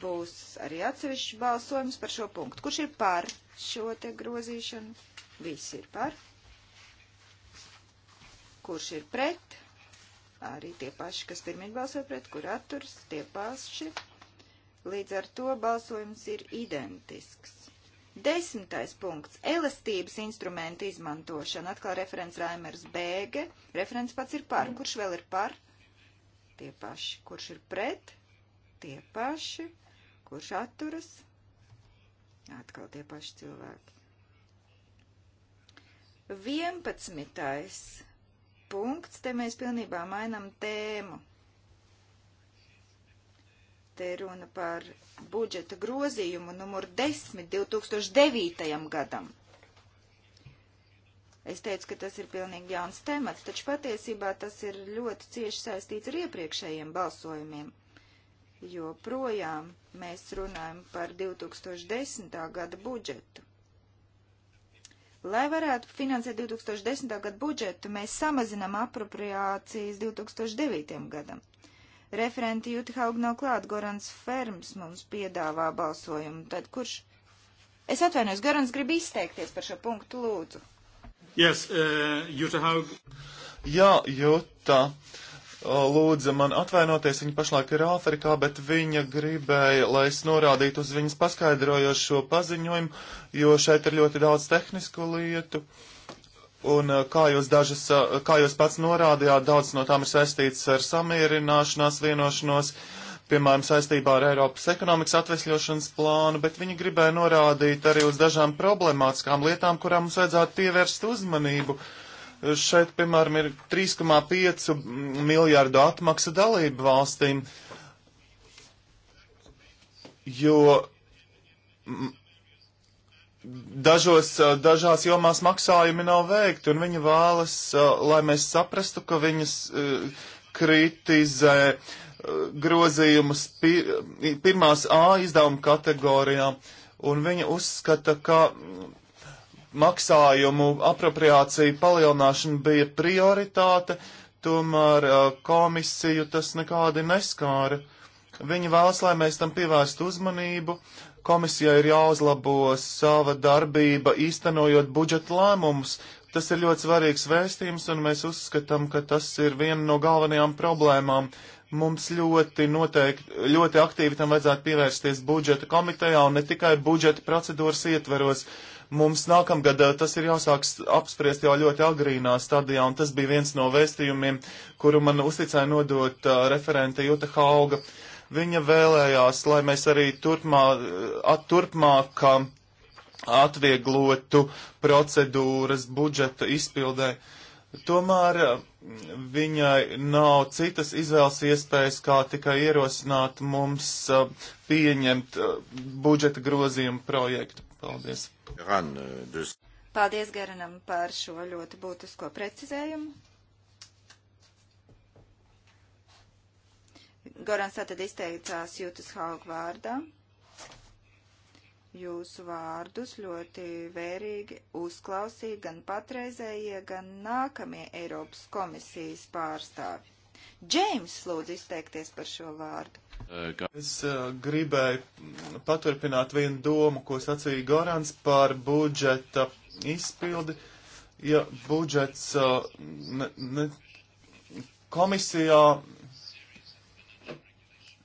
Speaker 3: Būs arī atsevišķi balsojums par šo punktu. Kurš ir par šo te grozīšanu? Visi ir par. Kurš ir pret? Arī tie paši, kas pirmie balsoja pret, kur atturs, tie paši Līdz ar to balsojums ir identisks. Desmitais punkts - elastības instrumenta izmantošana. Atkal referents Raimers Bēge. Referents pats ir par. Kurš vēl ir par? Tie paši. Kurš ir pret? Tie paši. Kurš atturas? Atkal tie paši cilvēki. 11. punkts. Te mēs pilnībā mainam tēmu. Te ir runa par budžeta grozījumu numur 10 2009. gadam. Es teicu, ka tas ir pilnīgi jauns temats, taču patiesībā tas ir ļoti cieši saistīts ar iepriekšējiem balsojumiem, jo projām mēs runājam par 2010. gada budžetu. Lai varētu finansēt 2010. gada budžetu, mēs samazinām apropriācijas 2009. gadam. Referenti Juthaug nav klāt, Gorans Ferms mums piedāvā balsojumu. Tad kurš? Es atvainojos, Gorans grib izteikties par šo punktu, lūdzu.
Speaker 4: Yes, uh, Juthaug. Jā, Juta. Uh, lūdza man atvainoties, viņa pašlaik ir Āfrikā, bet viņa gribēja, lai es norādītu uz viņas paskaidrojošo paziņojumu, jo šeit ir ļoti daudz tehnisku lietu. Uh, Un uh, kā jūs, dažas, uh, kā jūs pats norādījāt, daudz no tām ir saistīts ar samierināšanās vienošanos, piemēram, saistībā ar Eiropas ekonomikas atvesļošanas plānu, bet viņi gribēja norādīt arī uz dažām problemātiskām lietām, kurām mums vajadzētu pievērst uzmanību. Šeit, piemēram, ir 3,5 miljārdu atmaksa dalību valstīm, jo dažos, dažās jomās maksājumi nav veikti, un viņa vēlas, lai mēs saprastu, ka viņas kritizē grozījumus pirmās A izdevuma kategorijā, un viņa uzskata, ka maksājumu apropriācija palielināšana bija prioritāte, tomēr komisiju tas nekādi neskāra. Viņa vēlas, lai mēs tam pievērstu uzmanību, uh, Komisijai ir jāuzlabo sava darbība, īstenojot budžeta lēmumus. Tas ir ļoti svarīgs vēstījums, un mēs uzskatām, ka tas ir viena no galvenajām problēmām. Mums ļoti noteikti, ļoti aktīvi tam vajadzētu pievērsties budžeta komitejā un ne tikai budžeta procedūras ietveros mums nākamgad eh, tas ir jāsāk apspriest jau ļoti agrīnā stadijā, un tas bija viens no vēstījumiem, kuru man uzticēja nodot uh, referente Juta Hauga. Uh, Viņa vēlējās, lai mēs arī turpmā, at, turpmāk atvieglotu procedūras budžeta izpildē. Tomēr viņai nav citas izvēles iespējas, kā tikai ierosināt mums pieņemt budžeta grozījumu projektu. Paldies. Uh,
Speaker 3: Paldies Garanam par šo ļoti būtisko precizējumu. Gorans tātad izteicās Jūtas Hauga vārdā. Jūsu vārdus ļoti vērīgi uzklausīja gan patreizējie, gan nākamie Eiropas komisijas pārstāvi. Džeims lūdzu izteikties par šo vārdu.
Speaker 4: Es uh, gribēju paturpināt vienu domu, ko sacīja Gorans par budžeta izpildi. Ja budžets uh, ne, ne, komisijā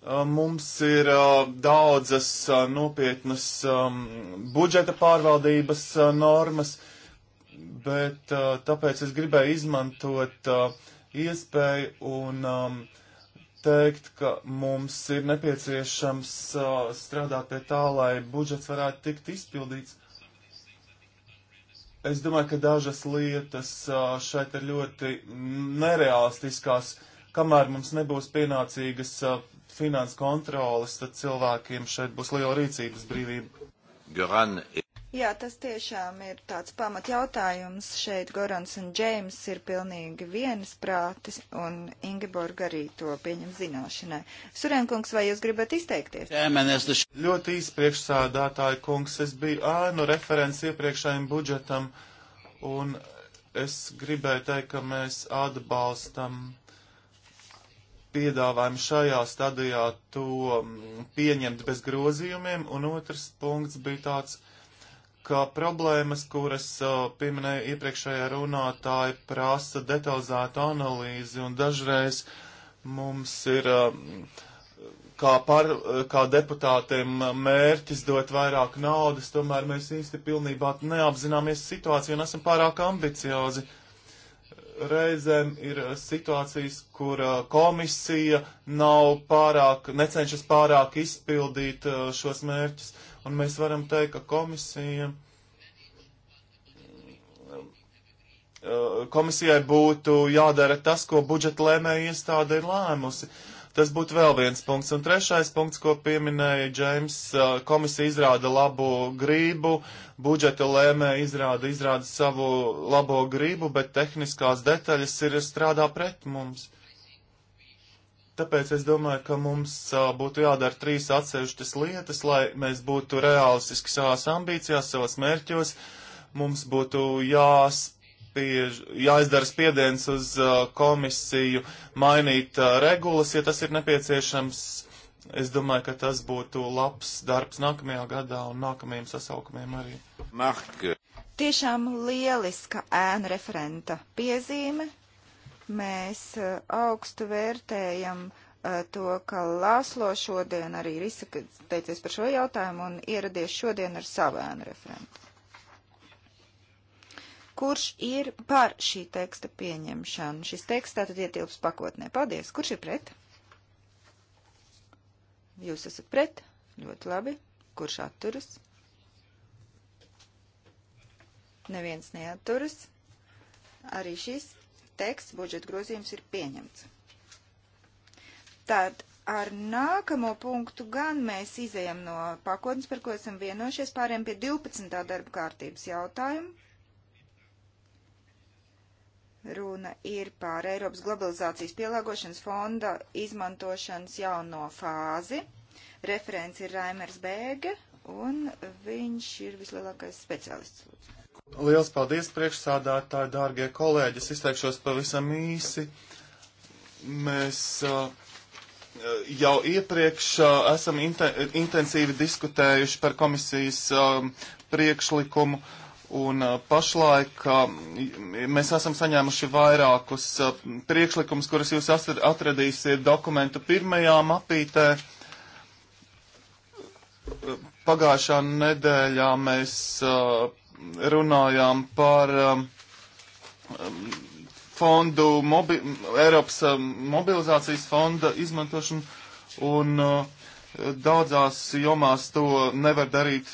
Speaker 4: Uh, mums ir uh, daudzas uh, nopietnas um, budžeta pārvaldības normas, bet tāpēc es gribēju izmantot iespēju un um, teikt, ka mums ir nepieciešams strādāt pie tā, lai budžets varētu tikt izpildīts. Es domāju, ka dažas lietas šeit ir ļoti nereālistiskas, kamēr mums nebūs pienācīgas finanses kontrolas, tad cilvēkiem šeit būs liela rīcības brīvība. Goran.
Speaker 3: Jā, tas tiešām ir tāds pamatjautājums. Šeit Gorans un Džeims ir pilnīgi vienas prātis, un Ingeborg arī to pieņem zināšanai. Surenkungs, vai jūs gribat izteikties?
Speaker 4: Jā, man es taču. Ļoti īsti priekšsādātāji kungs, es biju ānu referents iepriekšējiem budžetam, un es gribēju teikt, ka mēs atbalstam piedāvājam šajā stadijā to mm, pieņemt bez grozījumiem, un otrs punkts bija tāds, ka problēmas, kuras pieminēja iepriekšējā runātāja, prasa detalizētu analīzi, un dažreiz mums ir kā, par, kā deputātiem mērķis dot vairāk naudas, tomēr mēs īsti pilnībā neapzināmies situāciju un esam pārāk ambiciozi. Uh, reizēm ir eh, situācijas, kur eh, komisija nav pārāk, necenšas pārāk izpildīt eh, šos mērķus, un mēs varam teikt, ka komisija. Komisijai būtu jādara tas, ko budžeta lēmēja iestāde ir lēmusi. Uh, Tas būtu vēl viens punkts. Un trešais punkts, ko pieminēja Džeims, komisija izrāda labo grību, budžeta lēmē izrāda, izrāda savu labo grību, bet tehniskās detaļas ir strādā pret mums. Tāpēc es domāju, ka mums būtu jādara trīs atsevišķas lietas, lai mēs būtu realistiski savās ambīcijās, savās mērķos. Mums būtu jās jāspiež, jāizdara spiediens uz uh, komisiju mainīt uh, regulas, ja tas ir nepieciešams. Es domāju, ka tas būtu labs darbs nākamajā gadā un nākamajiem sasaukumiem arī. Mahtka.
Speaker 3: Tiešām lieliska ēnu referenta piezīme. Mēs uh, augstu vērtējam to, ka Lāslo šodien arī ir izteicies par šo jautājumu un ieradies šodien ar savu ēnu referentu. Kurš ir par šī teksta pieņemšanu? Šis teksts tātad ietilps pakotnē. Paldies. Kurš ir pret? Jūs esat pret? Ļoti labi. Kurš atturas? Neviens neatturas. Arī šis teksts budžeta grozījums ir pieņemts. Tad ar nākamo punktu gan mēs izējam no pakotnes, par ko esam vienojušies, pāriem pie 12. darba kārtības jautājumu. Runa ir par Eiropas globalizācijas pielāgošanas fonda izmantošanas jauno fāzi. Referents ir Raimers Bēge, un viņš ir vislielākais speciālists.
Speaker 4: Liels paldies priekšsādātāji, dārgie kolēģi, es izteikšos pavisam īsi. Mēs uh, jau iepriekš uh, esam inten intensīvi diskutējuši par komisijas um, priekšlikumu. Uh, Un uh, pašlaik uh, mēs esam saņēmuši vairākus uh, priekšlikumus, kurus jūs atradīsiet dokumentu pirmajā mapītē. Pagājušā nedēļā mēs runājām par um, um, fondu, mobi, Eiropas um, mobilizācijas fonda izmantošanu un uh, daudzās jomās to nevar darīt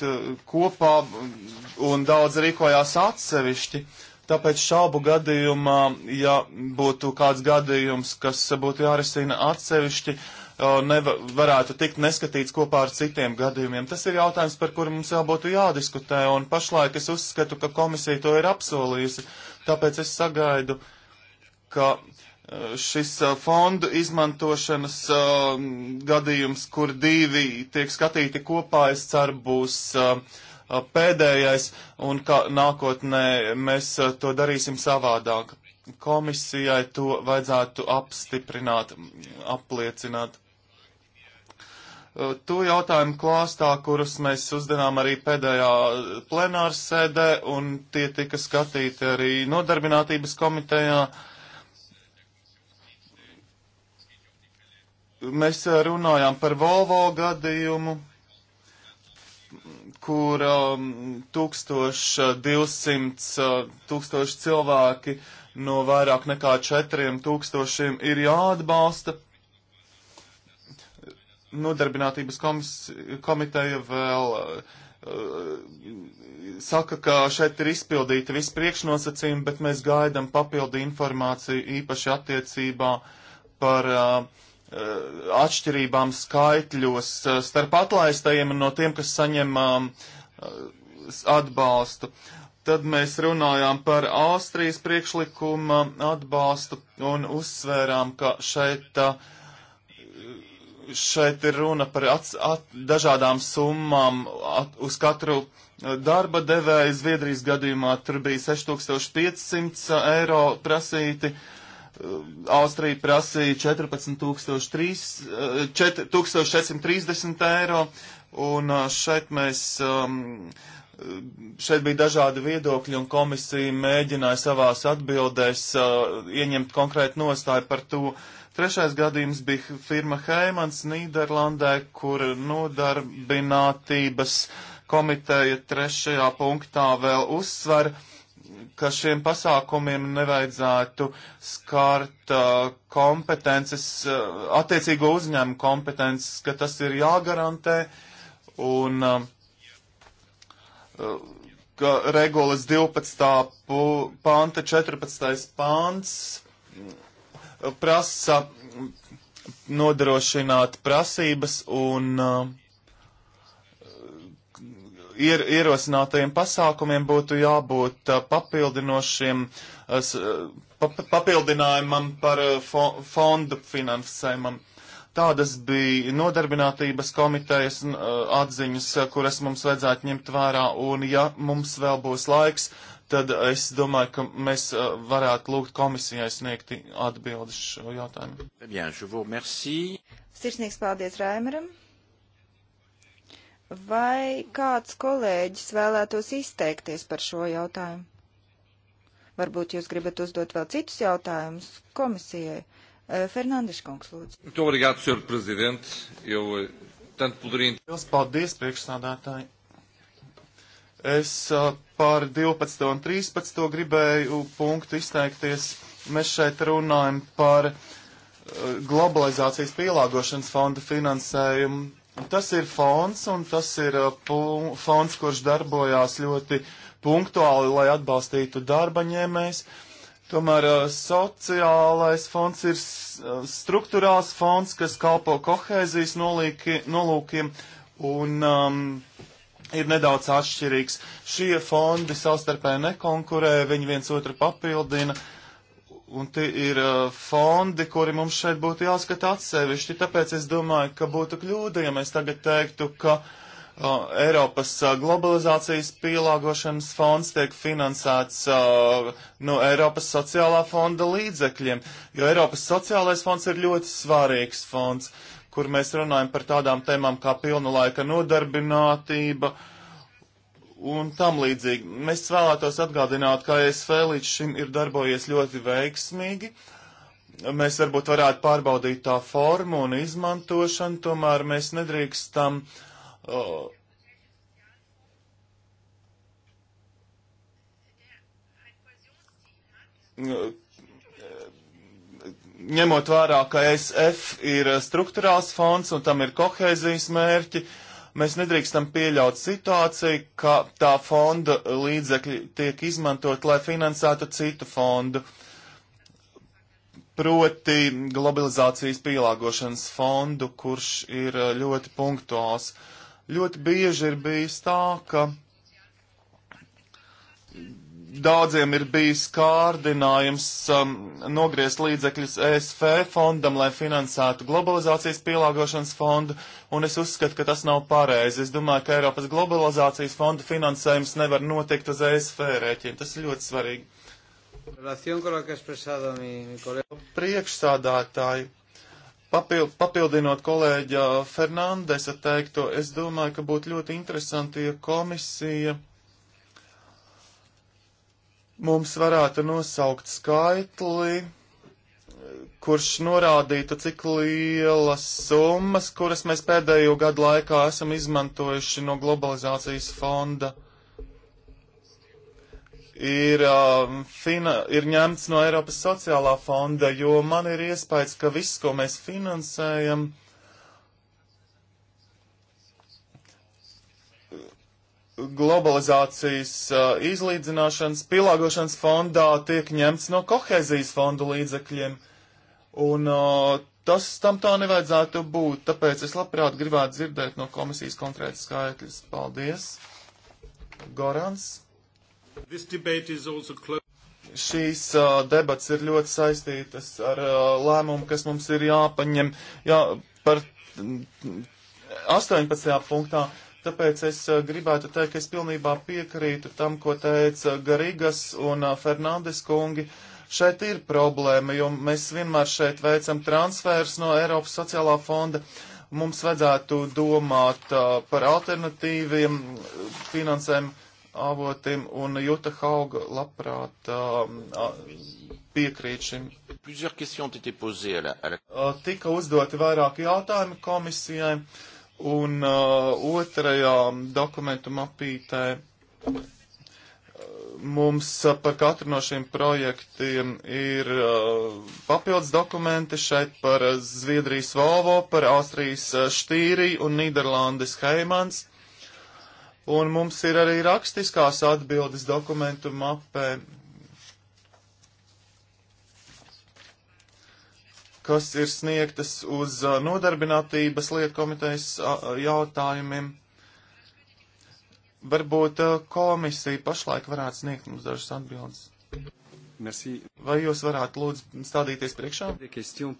Speaker 4: kopā, un daudz rīkojās atsevišķi. Tāpēc šaubu gadījumā, ja būtu kāds gadījums, kas būtu jārisina atsevišķi, nevarētu tikt neskatīts kopā ar citiem gadījumiem. Tas ir jautājums, par kuru mums vēl būtu jādiskutē, un pašlaik es uzskatu, ka komisija to ir apsolījusi. Tāpēc es sagaidu, ka šis fondu izmantošanas gadījums, kur divi tiek skatīti kopā, es ceru, būs pēdējais, un kā nākotnē mēs to darīsim savādāk. Komisijai to vajadzētu apstiprināt, apliecināt. To jautājumu klāstā, kurus mēs uzdevām arī pēdējā plenāras sēdē, un tie tika skatīti arī nodarbinātības komitejā. Mēs runājām par Volvo gadījumu kur um, 1200 uh, tūkstoši cilvēki no vairāk nekā 4000 ir jāatbalsta. Nodarbinātības komis, komiteja vēl uh, saka, ka šeit ir izpildīti visi priekšnosacījumi, bet mēs gaidam papildu informāciju īpaši attiecībā par uh, Eh, atšķirībām skaitļos eh, starp atlaistajiem un no tiem, kas saņem um, eh, atbalstu. Tad mēs runājām par Austrijas priekšlikuma atbalstu un uzsvērām, ka šeit, šeit ir runa par at, at, dažādām summām at, uz katru darba devēju. Zviedrijas gadījumā tur bija 6500 eiro prasīti. Uh, Eh, Austrija prasīja 14,630 eh, eiro, un eh, šeit mēs, ehm, šeit bija dažādi viedokļi, un komisija mēģināja savās atbildēs ieņemt konkrētu nostāju par to. Trešais gadījums bija firma Heimans Nīderlandē, kur nodarbinātības komiteja trešajā punktā vēl uzsver, uh, ka šiem pasākumiem nevajadzētu skārt uh, kompetences, uh, attiecīgo uzņēmumu kompetences, ka tas ir jāgarantē un um, uh, ka regulas 12. panta 14. pants uh, prasa mm, nodrošināt prasības un uh, ier, ierosinātajiem pasākumiem būtu jābūt uh, papildinošiem, uh, uh, papildinājumam par fondu finansējumam. Tādas bija nodarbinātības komitejas atziņas, kuras mums vajadzētu ņemt vērā, un ja mums vēl būs laiks, tad es domāju, ka mēs varētu lūgt komisijai sniegt atbildes šo jautājumu. Eh
Speaker 3: Sirsnīgs paldies Raimeram. Vai kāds kolēģis vēlētos izteikties par šo jautājumu? Varbūt jūs gribat uzdot vēl citus jautājumus komisijai. Eh, Fernandes
Speaker 4: kungs, lūdzu. Muito obrigado, senhor presidente. Eu eh, tanto poderia... Jūs paldies, priekšsādātāji. Es eh, par 12 un 13 gribēju punktu izteikties. Mēs šeit runājam par globalizācijas pielāgošanas fonda finansējumu Tas ir fonds, un tas ir uh, fonds, kurš darbojās ļoti punktuāli, lai atbalstītu darba ņēmējs. Tomēr uh, sociālais fonds ir uh, struktūrāls fonds, kas kalpo kohēzijas nolīki, nolūkiem un um, ir nedaudz atšķirīgs. Šie fondi savstarpēji nekonkurē, viņi viens otru papildina. Uh, Un tie ir uh, fondi, kuri mums šeit būtu jāskata atsevišķi, tāpēc es domāju, ka būtu kļūda, ja mēs tagad teiktu, ka uh, Eiropas uh, globalizācijas pielāgošanas fonds tiek finansēts uh, no Eiropas sociālā fonda līdzekļiem, jo Eiropas sociālais fonds ir ļoti svarīgs fonds, kur mēs runājam par tādām tēmām kā pilna laika nodarbinātība, uh, un tam līdzīgi. Mēs vēlētos atgādināt, ka ASV līdz šim ir darbojies ļoti veiksmīgi. Mēs varbūt varētu pārbaudīt tā formu un izmantošanu, tomēr mēs nedrīkstam. Uh, ņemot vērā, ka SF ir struktūrāls fonds un tam ir kohēzijas mērķi, uh, Mēs nedrīkstam pieļaut situāciju, ka tā fonda līdzekļi tiek izmantot, lai finansētu citu fondu, proti globalizācijas pielāgošanas fondu, kurš ir eh, ļoti punktuāls. Ļoti bieži ir bijis tā, ka daudziem ir bijis kārdinājums um, nogriezt līdzekļus ESF fondam, lai finansētu globalizācijas pielāgošanas fondu, un es uzskatu, ka tas nav pareizi. Es domāju, ka Eiropas globalizācijas fonda finansējums nevar notikt uz ESF rēķina. Tas ir ļoti svarīgi. Priekšsādātāji, papild, papildinot kolēģa Fernandesa teikto, es domāju, ka būtu ļoti interesanti, ja komisija mums varētu nosaukt skaitli, kurš norādītu, cik lielas summas, kuras mēs pēdējo gadu laikā esam izmantojuši no globalizācijas fonda, ir, uh, fina, ir ņemts no Eiropas sociālā fonda, jo man ir iespējas, ka viss, ko mēs finansējam, globalizācijas uh, izlīdzināšanas pielāgošanas fondā tiek ņemts no kohēzijas fondu līdzekļiem. Un uh, tas tam tā nevajadzētu būt, tāpēc es labprāt gribētu dzirdēt no komisijas konkrētas skaitļus. Paldies! Gorans. Šīs uh, debats ir ļoti saistītas ar uh, lēmumu, kas mums ir jāpaņem jā, par 18. Mm, punktā. Uh, Tāpēc es eh, gribētu teikt, ka es pilnībā piekrītu tam, ko teica Garīgas un eh, Fernandes kungi. Šeit ir problēma, jo mēs vienmēr šeit veicam transfers no Eiropas sociālā fonda. Mums vajadzētu domāt eh, par alternatīviem finansēm avotiem, un Juta Hauga labprāt
Speaker 2: piekrīt šim.
Speaker 4: Tika uzdoti vairāki jautājumi komisijai. Un uh, otrajā dokumentu mapītē uh, mums uh, par katru no šiem projektiem ir uh, papildus dokumenti šeit par uh, Zviedrijas Volvo, par Austrijas Štīrī un Nīderlandes Heimans. Un mums ir arī rakstiskās atbildes dokumentu mapē, kas ir sniegtas uz nodarbinātības lietu komitejas jautājumiem. Varbūt komisija pašlaik varētu sniegt mums dažas atbildes. Merci. Vai jūs varētu lūdzu stādīties priekšā?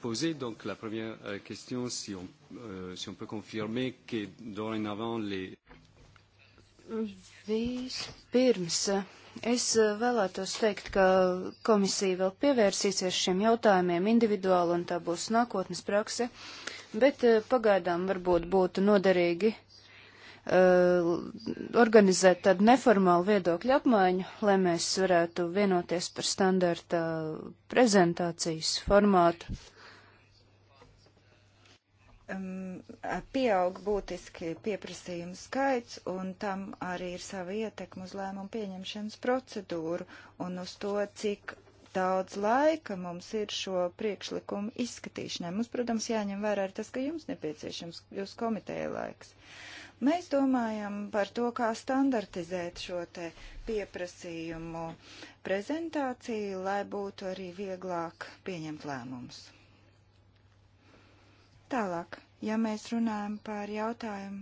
Speaker 4: Posées, donc la première euh, question, si on, euh, si on peut confirmer que dorénavant les...
Speaker 1: Vispirms es vēlētos teikt, ka komisija vēl pievērsīsies šiem jautājumiem individuāli un tā būs nākotnes prakse, bet eh, pagaidām varbūt būtu noderīgi uh, organizēt tādu neformālu viedokļu apmaiņu, lai mēs varētu vienoties par standarta prezentācijas formātu um, pieaug būtiski pieprasījumu skaits,
Speaker 3: un tam arī ir sava ietekma uz lēmumu pieņemšanas procedūru un uz to, cik daudz laika mums ir šo priekšlikumu izskatīšanai. Mums, protams, jāņem vērā arī tas, ka jums nepieciešams jūs komiteja laiks. Mēs domājam par to, kā standartizēt šo te pieprasījumu prezentāciju, lai būtu arī vieglāk pieņemt lēmumus. Tālāk, ja mēs runājam par jautājumu,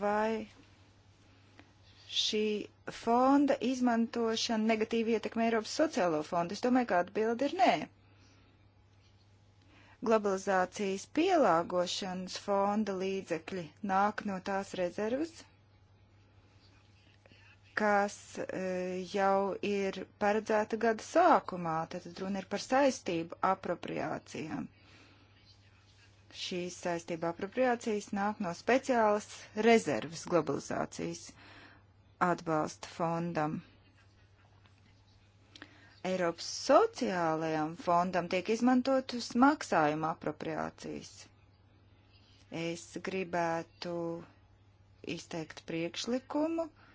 Speaker 3: vai šī fonda izmantošana negatīvi ietekmē Eiropas sociālo fondu, es domāju, ka atbildi ir nē. Globalizācijas pielāgošanas fonda līdzekļi nāk no tās rezervas, kas e, jau ir paredzēta gada sākumā, tad runa ir par saistību apropriācijām. Šīs saistība apropriācijas nāk no speciālas rezerves globalizācijas atbalsta fondam. Eiropas sociālajam fondam tiek izmantotas maksājuma apropriācijas. Es gribētu izteikt priekšlikumu, uh,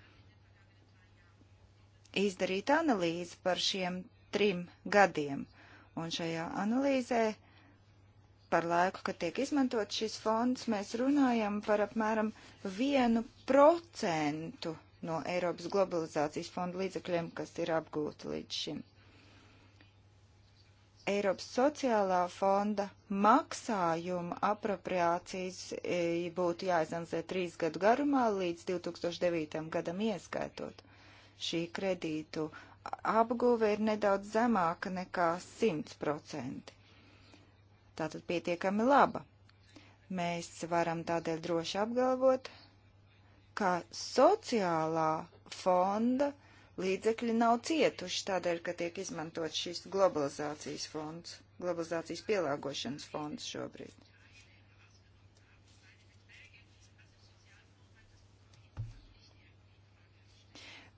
Speaker 3: izdarīt analīzi par šiem trim gadiem. Un šajā analīzē par laiku, kad tiek izmantot šis fonds, mēs runājam par apmēram vienu procentu no Eiropas globalizācijas fonda līdzekļiem, kas ir apgūti līdz šim. Eiropas sociālā fonda maksājuma apropriācijas eh, būtu jāizanalizē trīs gadu garumā līdz 2009. gadam ieskaitot šī kredītu apguve ir nedaudz zemāka nekā 100%. Tātad pietiekami laba. Mēs varam tādēļ droši apgalvot, ka sociālā fonda līdzekļi nav cietuši tādēļ, ka tiek izmantot šis globalizācijas fonds, globalizācijas pielāgošanas fonds šobrīd.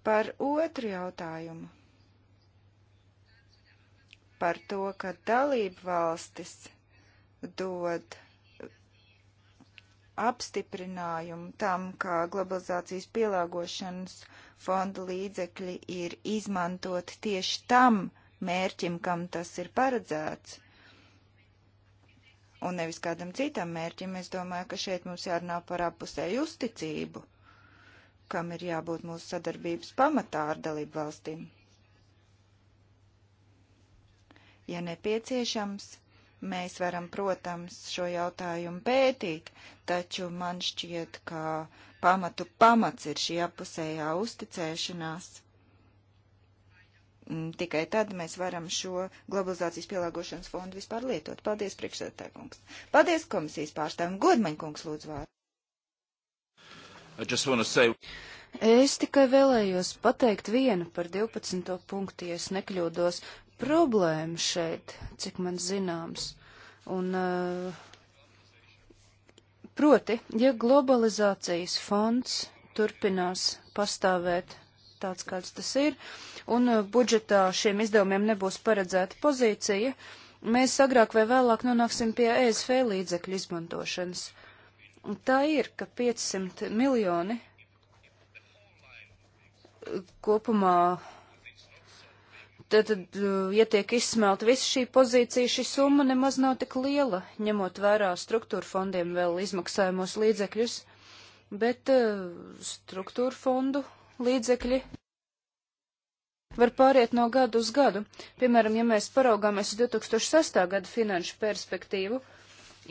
Speaker 3: Par otru jautājumu. Par to, ka dalību valstis dod apstiprinājumu tam, kā globalizācijas pielāgošanas fonda līdzekļi ir izmantoti tieši tam mērķim, kam tas ir paredzēts un nevis kādam citam mērķim, es domāju, ka šeit mums jārunā par apusēju uzticību kam ir jābūt mūsu sadarbības pamatā ar dalību valstīm. Ja nepieciešams, mēs varam, protams, šo jautājumu pētīt, taču man šķiet, ka pamatu pamats ir šī apusējā uzticēšanās. Mm, tikai tad mēs varam šo globalizācijas pielāgošanas fondu vispār lietot. Paldies, priekšsēdētāj kungs. Paldies komisijas pārstāvim. Godmaņ kungs lūdzu vārdu.
Speaker 2: Say...
Speaker 1: Es tikai vēlējos pateikt vienu par 12. punktu, ja es nekļūdos. Problēma šeit, cik man zināms, un uh, proti, ja globalizācijas fonds turpinās pastāvēt tāds, kāds tas ir, un eh, budžetā šiem izdevumiem nebūs paredzēta pozīcija, mēs agrāk vai vēlāk nonāksim pie ESF līdzekļu izmantošanas. Uh, Tā ir, ka 500 miljoni kopumā tad, ja tiek izsmelt visu šī pozīcija, šī summa nemaz nav tik liela, ņemot vērā struktūra fondiem vēl izmaksājumos līdzekļus, bet eh, struktūra fondu līdzekļi var pāriet no gadu uz gadu. Piemēram, ja mēs paraugāmies uz 2006. gada finanšu perspektīvu,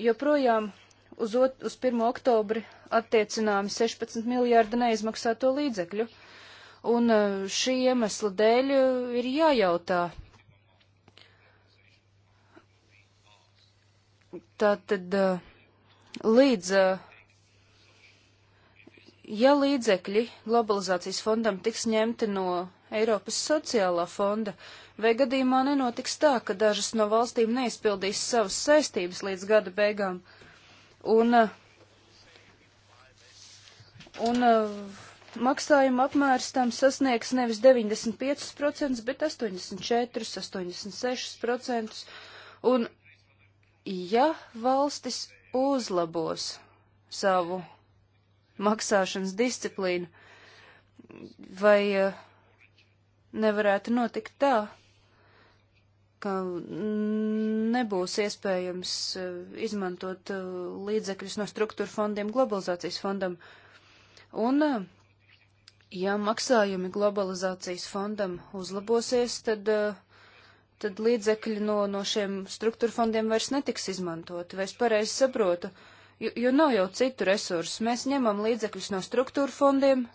Speaker 1: joprojām uz, ot, uz 1. oktobri attiecināmi 16 miljārdu neizmaksāto līdzekļu. Un e, šī iemesla dēļ e, ir jājautā. Tātad e, līdz, ja līdzekļi globalizācijas fondam tiks ņemti no Eiropas sociālā fonda, vai gadījumā nenotiks tā, ka dažas no valstīm neizpildīs savas saistības līdz gada beigām? Uh, Un, uh, un uh, maksājuma apmērs tam sasniegs nevis 95%, bet 84%, 86%. Un, ja valstis uzlabos savu maksāšanas disciplīnu, vai uh, nevarētu notikt tā, ka nebūs iespējams eh, izmantot eh, līdzekļus no struktūra fondiem globalizācijas fondam. Un, eh, ja maksājumi globalizācijas fondam uzlabosies, tad, tad līdzekļi no, no šiem struktūra fondiem vairs netiks izmantoti, vai es pareizi saprotu, jo, jo nav jau citu resursu. Mēs ņemam līdzekļus no struktūra fondiem,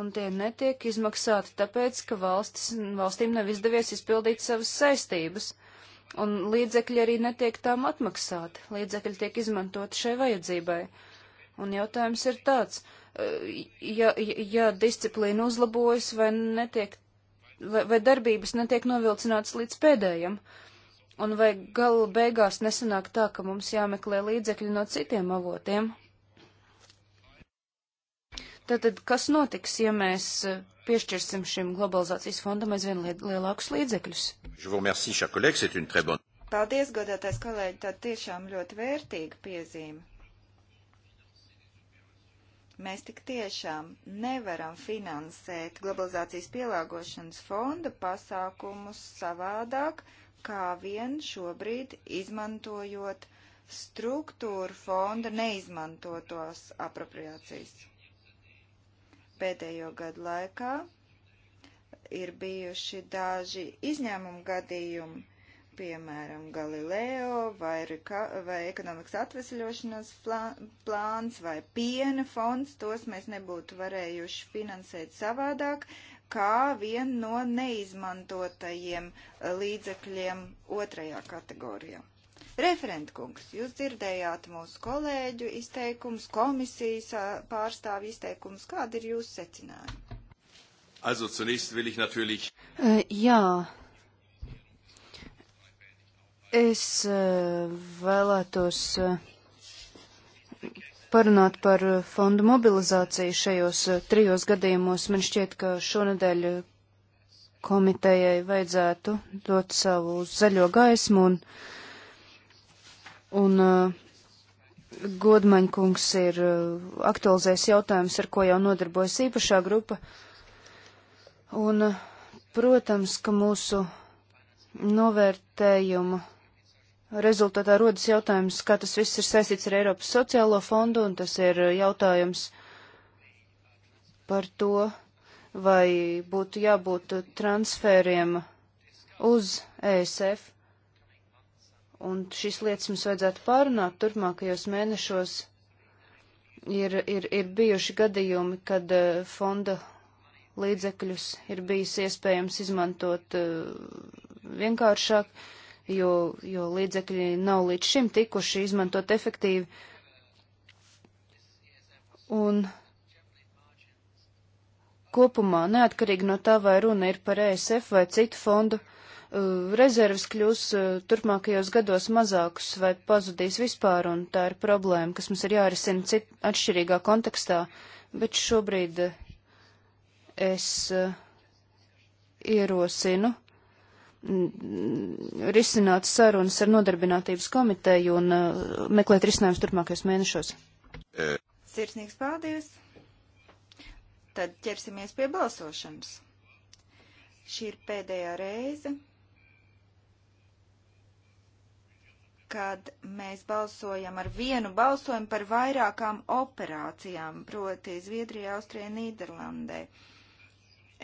Speaker 1: un tie netiek izmaksāti tāpēc, ka valstis, valstīm nav izdevies izpildīt savas saistības, un līdzekļi arī netiek tām atmaksāti, līdzekļi tiek izmantoti šai vajadzībai. Un jautājums ir tāds, eh, ja, ja disciplīna uzlabojas vai, netiek, vai, vai darbības netiek novilcinātas līdz pēdējiem, un vai gala beigās nesanāk tā, ka mums jāmeklē līdzekļi no citiem avotiem, Tātad, kas notiks, ja mēs eh, piešķirsim šim globalizācijas fondam aizvien lielākus līdzekļus?
Speaker 3: Paldies, godātais kolēģi, tā tiešām ļoti vērtīga piezīme. Mēs tik tiešām nevaram finansēt globalizācijas pielāgošanas fonda pasākumus savādāk, kā vien šobrīd izmantojot struktūru fonda neizmantotos apropriācijas. Pēdējo gadu laikā ir bijuši daži izņēmumu gadījumi, piemēram, Galileo vai, Rika, vai ekonomikas atvesļošanas plāns vai piena fonds, tos mēs nebūtu varējuši finansēt savādāk, kā vien no neizmantotajiem līdzekļiem otrajā kategorijā. Referent kungs, jūs dzirdējāt mūsu kolēģu izteikums, komisijas pārstāvju izteikums. Kāda ir jūsu secinājuma?
Speaker 2: Also zunächst will ich natürlich.
Speaker 1: Uh, jā. Es uh, vēlētos uh, parunāt par fondu mobilizāciju šajos trijos gadījumos. Man šķiet, ka šonadēļ komitejai vajadzētu dot savu zaļo gaismu un uh, Un uh, Godmaņkungs ir uh, aktualizējis jautājums, ar ko jau nodarbojas īpašā grupa. Un, uh, protams, ka mūsu novērtējuma rezultātā rodas jautājums, kā tas viss ir saistīts ar Eiropas sociālo fondu, un tas ir jautājums par to, vai būtu jābūt transfēriem uz ESF un šīs lietas mums vajadzētu pārunāt turpmākajos mēnešos. Ir, ir, ir bijuši gadījumi, kad uh, fonda līdzekļus ir bijis iespējams izmantot uh, vienkāršāk, jo, jo līdzekļi nav līdz šim tikuši izmantot efektīvi. Un kopumā, neatkarīgi no tā, vai runa ir par ESF vai citu fondu, uh, Eh, rezerves kļūs eh, turpmākajos gados mazākus vai pazudīs vispār, un tā ir problēma, kas mums ir jārisina cit, atšķirīgā kontekstā, bet šobrīd eh, es ierosinu mm, risināt sarunas ar nodarbinātības komiteju un meklēt risinājumus turpmākajos mēnešos.
Speaker 3: Sirsnīgs paldies! Tad ķersimies pie balsošanas. Šī ir pēdējā reize, kad mēs balsojam ar vienu balsojumu par vairākām operācijām, proti Zviedrijā, Austrijā, Nīderlandē.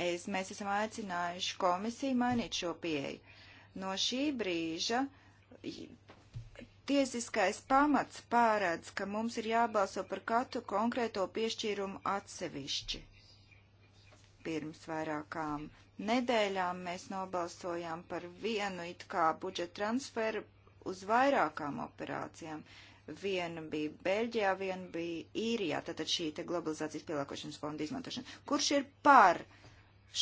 Speaker 3: Es, mēs esam aicinājuši komisiju mainīt šo pieeju. No šī brīža tiesiskais pamats pārēdz, ka mums ir jābalso par katru konkrēto piešķīrumu atsevišķi. Pirms vairākām nedēļām mēs nobalsojām par vienu it kā budžeta transferu uz vairākām operācijām. Viena bija Beļģijā, viena bija Īrijā, tātad šī te globalizācijas pielāgošanas fonda izmantošana. Kurš ir par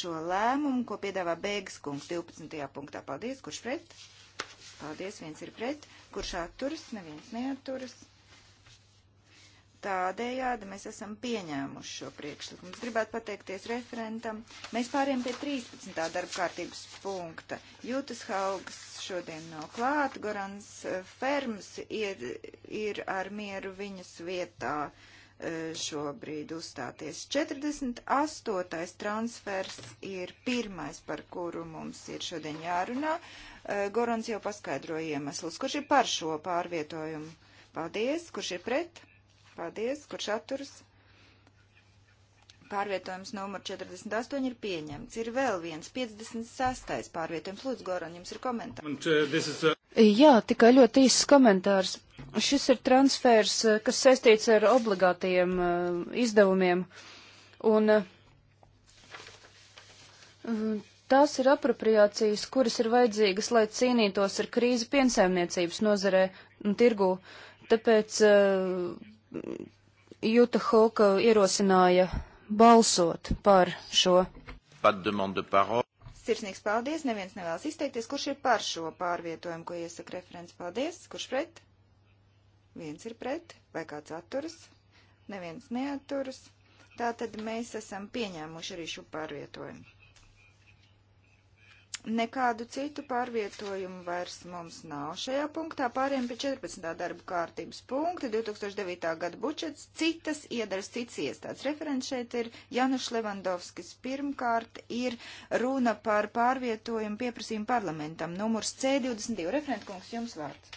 Speaker 3: šo lēmumu, ko piedāvā Bēgas kungs 12. punktā? Paldies, kurš pret? Paldies, viens ir pret. Kurš atturas? Neviens neatturas. Tādējādi mēs esam pieņēmuši šo priekšlikumu. Es gribētu pateikties referentam. Mēs pāriem pie 13. darba kārtības punkta. Jūtas Haugs šodien nav klāt, Gorans eh, Ferms ir, ir ar mieru viņas vietā eh, šobrīd uzstāties. 48. transfers ir pirmais, par kuru mums ir šodien jārunā. Eh, Gorans jau paskaidroja iemeslus. Kurš ir par šo pārvietojumu? Paldies. Kurš ir pret? Paldies, kurš atturas? Pārvietojums numur 48 ir pieņemts. Ir vēl viens 56. pārvietojums. Lūdzu, Goran, jums ir komentārs. Uh, uh,
Speaker 1: Jā, tikai ļoti īsts komentārs. Šis ir transfers, uh, kas saistīts ar obligātajiem izdevumiem. Un mm, tās ir apropriācijas, kuras ir vajadzīgas, lai cīnītos ar krīzi piensaimniecības nozarē un tirgū. Tāpēc uh, Juta Hulka ierosināja balsot par šo.
Speaker 2: Sirsnīgs
Speaker 3: paldies, neviens nevēlas izteikties, kurš ir par šo pārvietojumu, ko iesaka referents. Paldies, kurš pret? Viens ir pret, vai kāds atturas? Neviens neatturas. Tātad mēs esam pieņēmuši arī šo pārvietojumu. Nekādu citu pārvietojumu vairs mums nav. Šajā punktā pāriem pie 14. darba kārtības punkta 2009. gada budžets, citas iedaras, cits iestāds. Referents šeit ir Januš Levandovskis. Pirmkārt ir runa par pārvietojumu pieprasījumu parlamentam. Numurs C22. Referent kungs, jums vārds.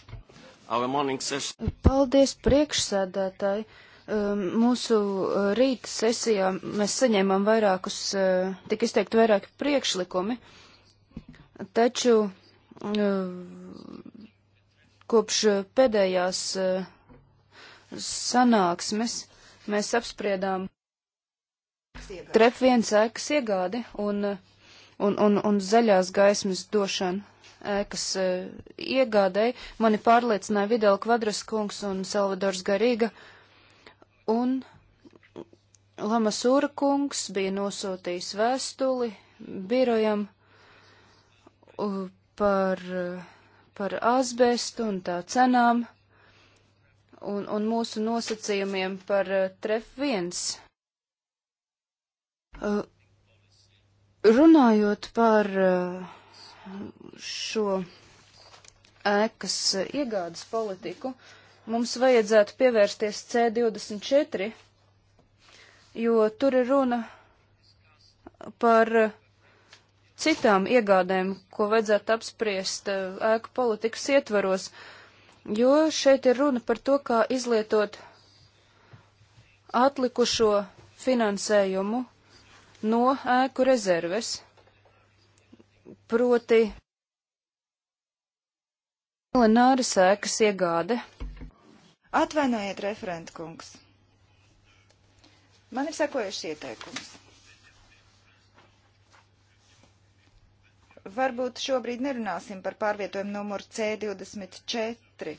Speaker 1: Paldies priekšsēdētāji. Um, mūsu uh, rīta sesijā mēs saņēmām vairākus, uh, tik izteikt vairāki priekšlikumi. Taču eh, kopš pēdējās eh, sanāksmes mēs apspriedām trefvienas ēkas iegādi un, un, un, un zaļās gaismas došanu ēkas eh, iegādēji. Mani pārliecināja Videla Kvadras kungs un Salvadors Garīga. Un Lamasūra kungs bija nosūtījis vēstuli birojam par, par asbestu un tā cenām un, un mūsu nosacījumiem par eh, tref viens. Eh, runājot par eh, šo ēkas iegādes politiku, mums vajadzētu pievērsties C24, jo tur ir runa par uh, citām iegādēm, ko vajadzētu apspriest eh, ēku politikas ietvaros, jo šeit ir runa par to, kā izlietot atlikušo finansējumu no ēku rezerves, proti Lenāra sēkas iegāde.
Speaker 3: Atvainojiet, referentkungs. Man ir sekojuši ieteikums. varbūt šobrīd nerunāsim par pārvietojumu numuru C24.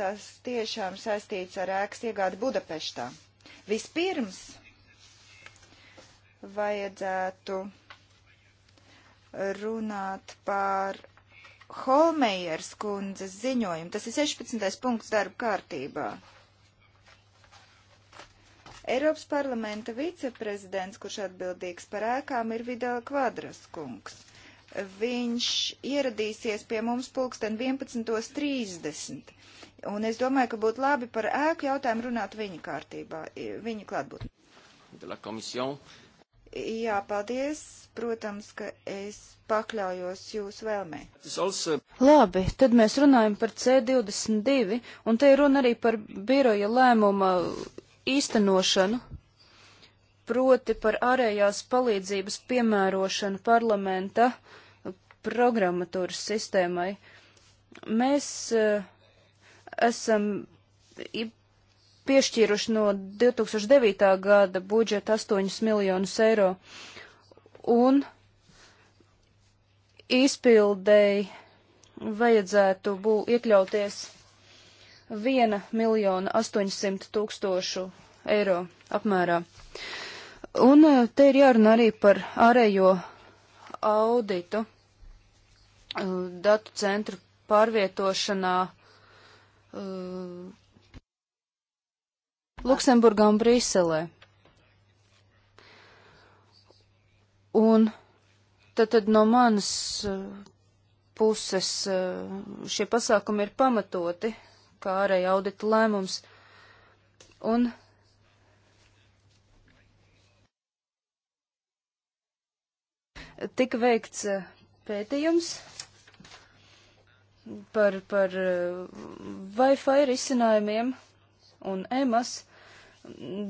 Speaker 3: Tas tiešām saistīts ar ēkas iegādi Budapeštā. Vispirms vajadzētu runāt par Holmejers kundzes ziņojumu. Tas ir 16. punkts darba kārtībā. Eiropas parlamenta viceprezidents, kurš atbildīgs par ēkām, ir Videla Kvadras kungs. Viņš ieradīsies pie mums pulksten 11.30. Un es domāju, ka būtu labi par ēku jautājumu runāt viņa kārtībā, viņa klātbūtnē. Jā, paldies. Protams, ka es pakļaujos jūsu vēlmē.
Speaker 1: Also... Labi, tad mēs runājam par C22, un te ir runa arī par biroja lēmuma īstenošanu proti par ārējās palīdzības piemērošanu parlamenta programmatūras sistēmai. Mēs uh, esam piešķīruši no 2009. gada budžeta 8 miljonus eiro un izpildēji vajadzētu būt iekļauties 1 miljona 800 tūkstošu eiro apmērā. Un eh, te ir jārunā arī par ārējo auditu eh, datu centru pārvietošanā uh, Luksemburgā un Brīselē. Un tad, tad no manas uh, puses uh, šie pasākumi ir pamatoti, kā arī audita lēmums. Un Tika veikts eh, pētījums par, par eh, Wi-Fi risinājumiem un EMAS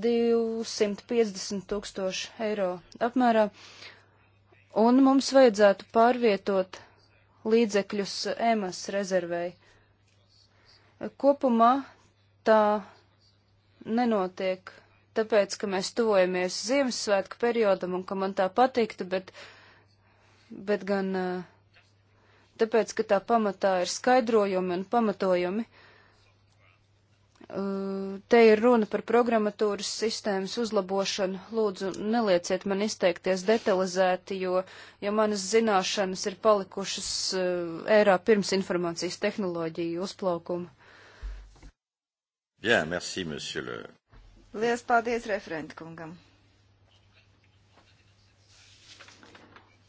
Speaker 1: 250 tūkstoši eiro apmērā, un mums vajadzētu pārvietot līdzekļus EMAS rezervēji. Kopumā tā nenotiek, tāpēc, ka mēs tuvojamies Ziemassvētku periodam un ka man tā patiktu, bet uh, bet gan eh, tāpēc, ka tā pamatā ir skaidrojumi un pamatojumi. Eh, te ir runa par programmatūras sistēmas uzlabošanu. Lūdzu, nelieciet man izteikties detalizēti, jo, jo manas zināšanas ir palikušas eh, ērā pirms informācijas tehnoloģiju uzplaukuma.
Speaker 2: Bien, merci, monsieur le.
Speaker 3: Lielas paldies referentkungam.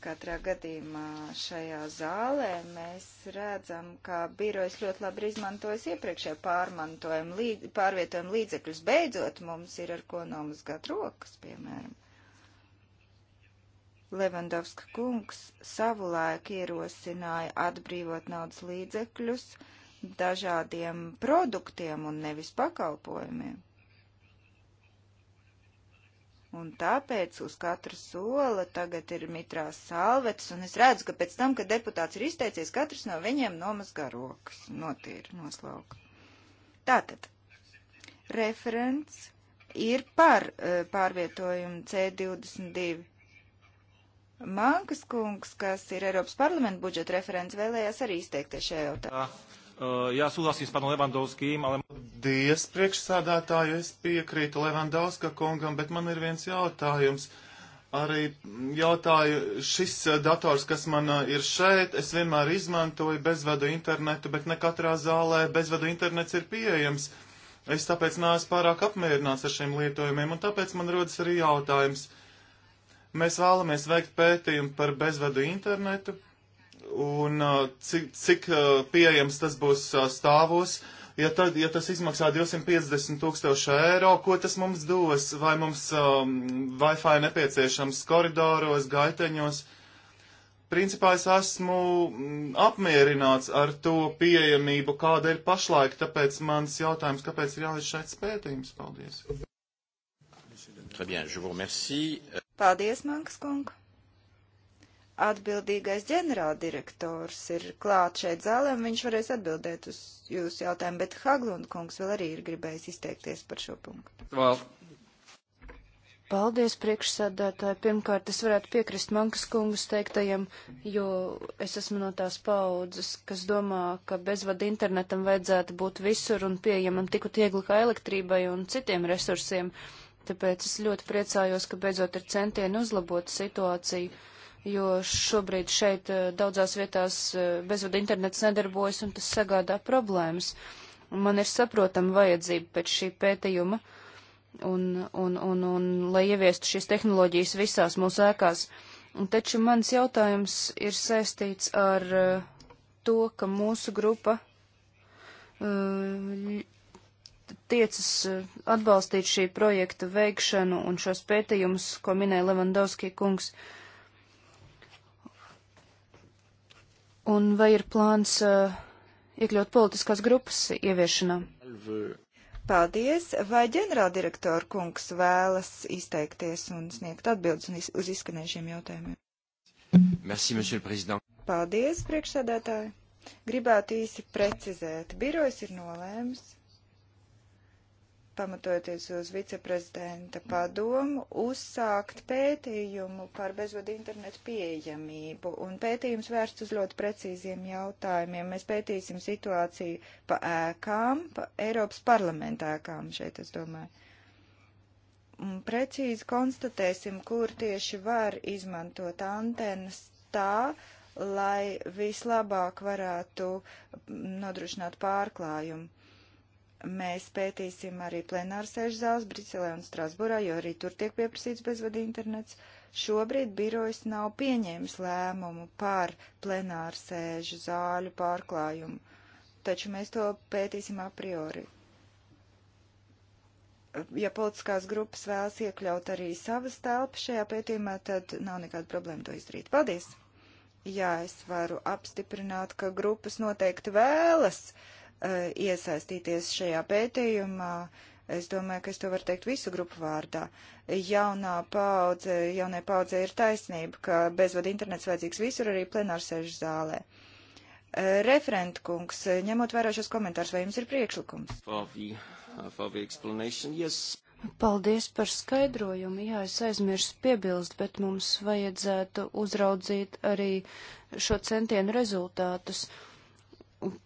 Speaker 3: Katrā gadījumā šajā zālē mēs redzam, ka birojas ļoti labi izmantojas iepriekšē pārmantojumu līdz, pārvietojumu līdzekļus. Beidzot, mums ir ar ko nomazgāt rokas, piemēram. Levandovska kungs savulaik ierosināja atbrīvot naudas līdzekļus dažādiem produktiem un nevis pakalpojumiem. Un tāpēc uz katra sola tagad ir mitrās salvetes, un es redzu, ka pēc tam, kad deputāts ir izteicies, katrs no viņiem nomazgā rokas, notīra, noslauka. Tātad, referents ir par eh, pārvietojumu C22. Mankas kungs, kas ir Eiropas parlamenta budžeta referents, vēlējās arī izteikties šajā jautājumā.
Speaker 4: Eh, ja súhlasím s pánom Levandovským, ale... Dies priekšsādātāju, es piekrītu Levandovska kungam, bet man ir viens jautājums. Arī jautāju, šis eh, dators, kas man eh, ir šeit, es vienmēr izmantoju bezvadu internetu, bet ne katrā zālē bezvadu internets ir pieejams. Es tāpēc neesmu pārāk apmierināts ar šiem lietojumiem, un tāpēc man rodas arī jautājums. Mēs vēlamies veikt pētījumu par bezvadu internetu, un uh, cik, cik uh, pieejams tas būs uh, stāvos. Ja, tad, ja tas izmaksā 250 tūkstoši eiro, ko tas mums dos? Vai mums um, Wi-Fi nepieciešams koridoros, gaiteņos? Principā es esmu mm, apmierināts ar to pieejamību, kāda ir pašlaik, tāpēc mans jautājums, kāpēc ir jāveic šeit spētījums? Paldies.
Speaker 2: Très bien, je vous remercie. Paldies, Mankas kungs
Speaker 3: atbildīgais ģenerāldirektors ir klāt šeit zālē, un viņš varēs atbildēt uz jūsu jautājumu, bet Haglund kungs vēl arī ir gribējis izteikties par šo punktu.
Speaker 1: Well. Paldies, priekšsēdētāji. Pirmkārt, es varētu piekrist Mankas kungas teiktajam, jo es esmu no tās paudzes, kas domā, ka bezvada internetam vajadzētu būt visur un pieejamam tiku tiegli kā elektrībai un citiem resursiem. Tāpēc es ļoti priecājos, ka beidzot ir centieni uzlabot situāciju jo šobrīd šeit eh, daudzās vietās eh, bezvada internets nedarbojas un tas sagādā problēmas. Man ir saprotama vajadzība pēc šī pētījuma un, un, un, un lai ieviestu šīs tehnoloģijas visās mūsu ēkās. Taču mans jautājums ir saistīts ar eh, to, ka mūsu grupa tiecas atbalstīt šī projekta veikšanu un šos pētījumus, ko minēja Levandovskī kungs. Uh, Un vai ir plāns uh, iekļaut politiskās grupas ieviešanā? Paldies! Vai
Speaker 3: ģenerāldirektora kungs vēlas izteikties un sniegt atbildes un iz, uz izskanējušiem jautājumiem?
Speaker 2: Merci, monsieur le président.
Speaker 3: Paldies, priekšsēdētāji! Gribētu īsi precizēt. Birojs ir nolēmis pamatojoties uz viceprezidenta padomu, uzsākt pētījumu par bezvadu internetu pieejamību. Un pētījums vērsts uz ļoti precīziem jautājumiem. Mēs pētīsim situāciju pa ēkām, pa Eiropas parlamenta ēkām šeit, es domāju precīzi konstatēsim, kur tieši var izmantot antenas tā, lai vislabāk varētu nodrošināt pārklājumu. Mēs pētīsim arī plenāru sēžu zāles Briselē un Strasburā, jo arī tur tiek pieprasīts bezvadu internets. Šobrīd birojas nav pieņēmis lēmumu par plenāru sēžu zāļu pārklājumu, taču mēs to pētīsim a priori. Ja politiskās grupas vēlas iekļaut arī savas telpas šajā pētījumā, tad nav nekāda problēma to izdarīt. Paldies! Jā, es varu apstiprināt, ka grupas noteikti vēlas uh, Eh, iesaistīties šajā pētījumā. Es domāju, ka es to varu teikt visu grupu vārdā. Jaunā paudze, jaunai paudze ir taisnība, ka bezvada internets vajadzīgs visur, arī plenārsēžu zālē. Eh, referent kungs,
Speaker 1: ņemot vērā šos komentārus, vai jums ir priekšlikums?
Speaker 2: For the, uh, for the
Speaker 1: Paldies par skaidrojumu. Jā, es aizmirsu piebilst, bet mums vajadzētu uzraudzīt arī šo centienu rezultātus. Uh,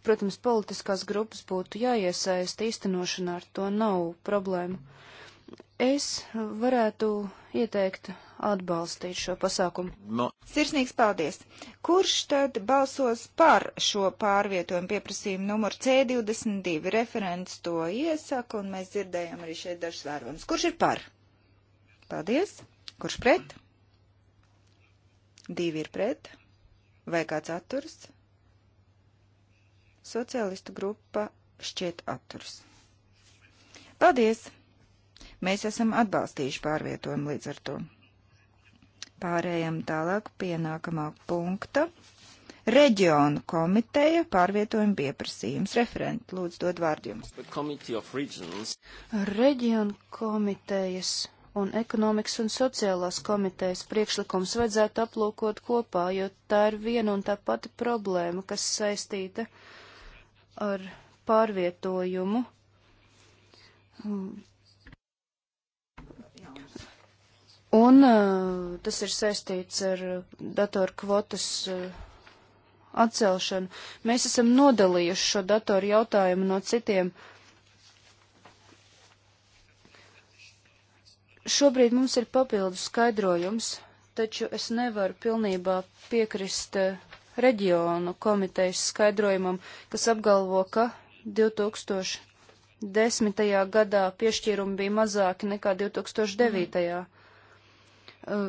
Speaker 1: protams, politiskās grupas būtu jāiesaist īstenošanā, ar to nav problēmu. Es varētu ieteikt atbalstīt šo pasākumu.
Speaker 2: No.
Speaker 3: Sirsnīgs paldies! Kurš tad balsos par šo pārvietojumu pieprasījumu numuru C22? Referents to iesaka, un mēs dzirdējam arī šeit dažs vērojums. Kurš ir par? Paldies! Kurš pret? Divi ir pret. Vai kāds atturs? Socialistu grupa šķiet atturs. Paldies! Mēs esam atbalstījuši pārvietojumu līdz ar to. Pārējām tālāk pie nākamā punkta. Reģionu komiteja pārvietojuma pieprasījums. Referenti, lūdzu, dod vārdu
Speaker 2: jums.
Speaker 1: Reģionu komitejas un ekonomikas un sociālās komitejas priekšlikums vajadzētu aplūkot kopā, jo tā ir viena un tā pati problēma, kas saistīta ar pārvietojumu. Un uh, tas ir saistīts ar datoru kvotas uh, atcelšanu. Mēs esam nodalījuši šo datoru jautājumu no citiem. Šobrīd mums ir papildu skaidrojums, taču es nevaru pilnībā piekrist uh, reģionu komitejas skaidrojumam, kas apgalvo, ka 2010. gadā piešķīrumi bija mazāki nekā 2009. Uh,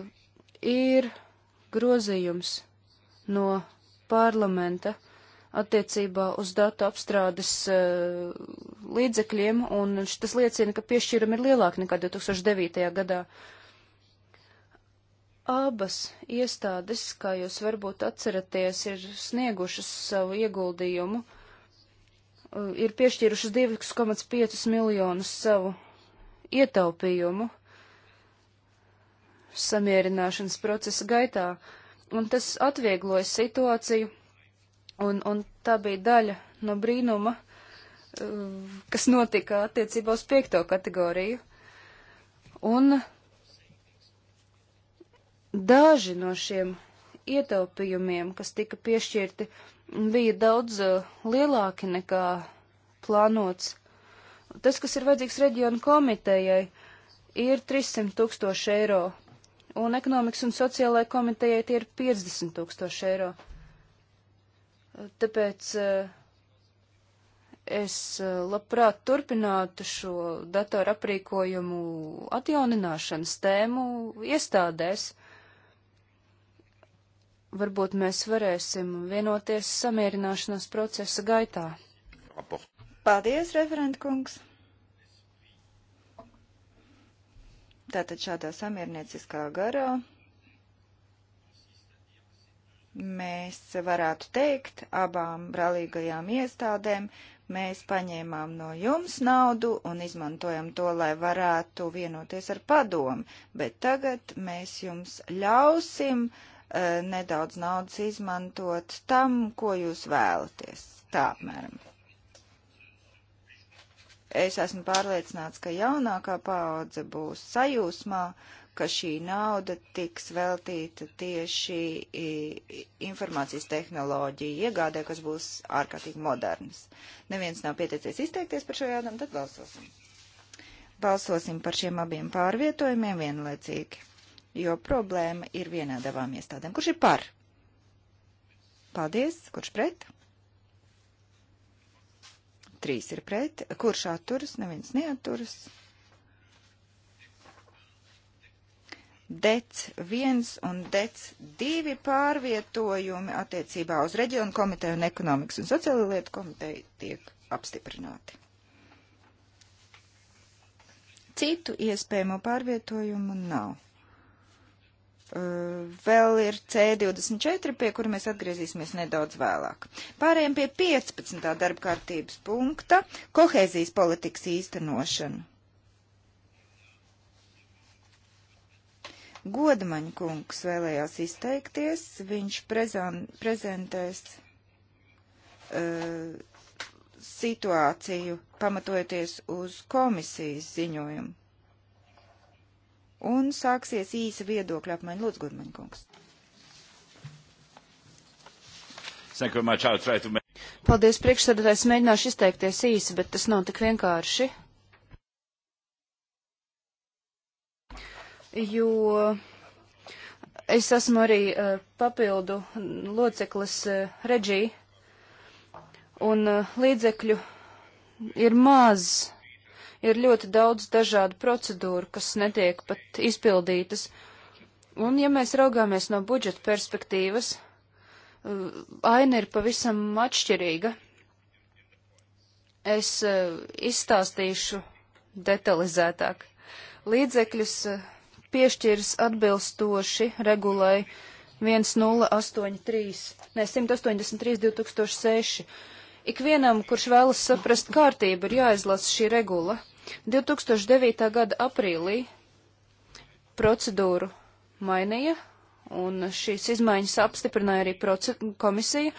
Speaker 1: ir grozījums no parlamenta attiecībā uz datu apstrādes uh, līdzekļiem, un tas liecina, ka piešķīrumi ir lielāki nekā 2009. gadā. Uh, Abas iestādes, kā jūs varbūt atceraties, ir sniegušas savu ieguldījumu, eh, ir piešķīrušas 2,5 miljonus savu ietaupījumu samierināšanas procesa gaitā, un tas atviegloja situāciju, un, un tā bija daļa no brīnuma, eh, kas notika attiecībā uz piekto kategoriju. Un Daži no šiem ietaupījumiem, kas tika piešķirti, bija daudz eh, lielāki nekā plānots. Tas, kas ir vajadzīgs reģionu komitejai, ir 300 tūkstoši eiro, un ekonomikas un sociālajai komitejai tie ir 50 tūkstoši eiro. Tāpēc eh, es eh, labprāt turpinātu šo datoru aprīkojumu atjaunināšanas tēmu iestādēs. Uh, Varbūt mēs varēsim vienoties samierināšanās procesa gaitā. Paldies, referenta kungs!
Speaker 3: Tātad šādā samiernieciskā garā mēs varētu teikt abām brālīgajām iestādēm, mēs paņēmām no jums naudu un izmantojam to, lai varētu vienoties ar padomu, bet tagad mēs jums ļausim uh, Eh, nedaudz naudas izmantot tam, ko jūs vēlaties. Tā apmēram. Es esmu pārliecināts, ka jaunākā paudze būs sajūsmā, ka šī nauda tiks veltīta tieši informācijas tehnoloģiju iegādē, kas būs ārkārtīgi modernas. Neviens nav pieteicies izteikties par šo jautājumu, tad balsosim. Balsosim par šiem abiem pārvietojumiem vienlaicīgi jo problēma ir vienādavām iestādēm. Kurš ir par? Paldies. Kurš pret? Trīs ir pret. Kurš atturas? Neviens neaturas. DEC 1 un DEC 2 pārvietojumi attiecībā uz reģionu komiteju un ekonomikas un sociālo lietu komiteju tiek apstiprināti. Citu iespējamo pārvietojumu nav. Eh, vēl ir C24, pie kura mēs atgriezīsimies nedaudz vēlāk. Pārējiem pie 15. darba kārtības punkta - kohēzijas politikas īstenošana. Godmaņa kungs vēlējās izteikties, viņš prezan, prezentēs uh, situāciju pamatojoties uz komisijas ziņojumu un sāksies īsa viedokļa apmaiņa. Lūdzu, Gudmaņa kungs.
Speaker 1: Paldies, priekšsēdētājs. Mēģināšu izteikties īsi, bet tas nav tik vienkārši. Jo es esmu arī uh, papildu loceklis uh, eh, Reģī, un uh, līdzekļu ir maz ir ļoti daudz dažādu procedūru, kas netiek pat izpildītas. Un, ja mēs raugāmies no budžeta perspektīvas, eh, aina ir pavisam atšķirīga. Es eh, izstāstīšu detalizētāk. Līdzekļus eh, piešķirs atbilstoši regulai 1083, ne 183 2006 Ikvienam, kurš vēlas saprast kārtību, ir jāizlasa šī regula. 2009. gada aprīlī procedūru mainīja, un šīs izmaiņas apstiprināja arī komisija,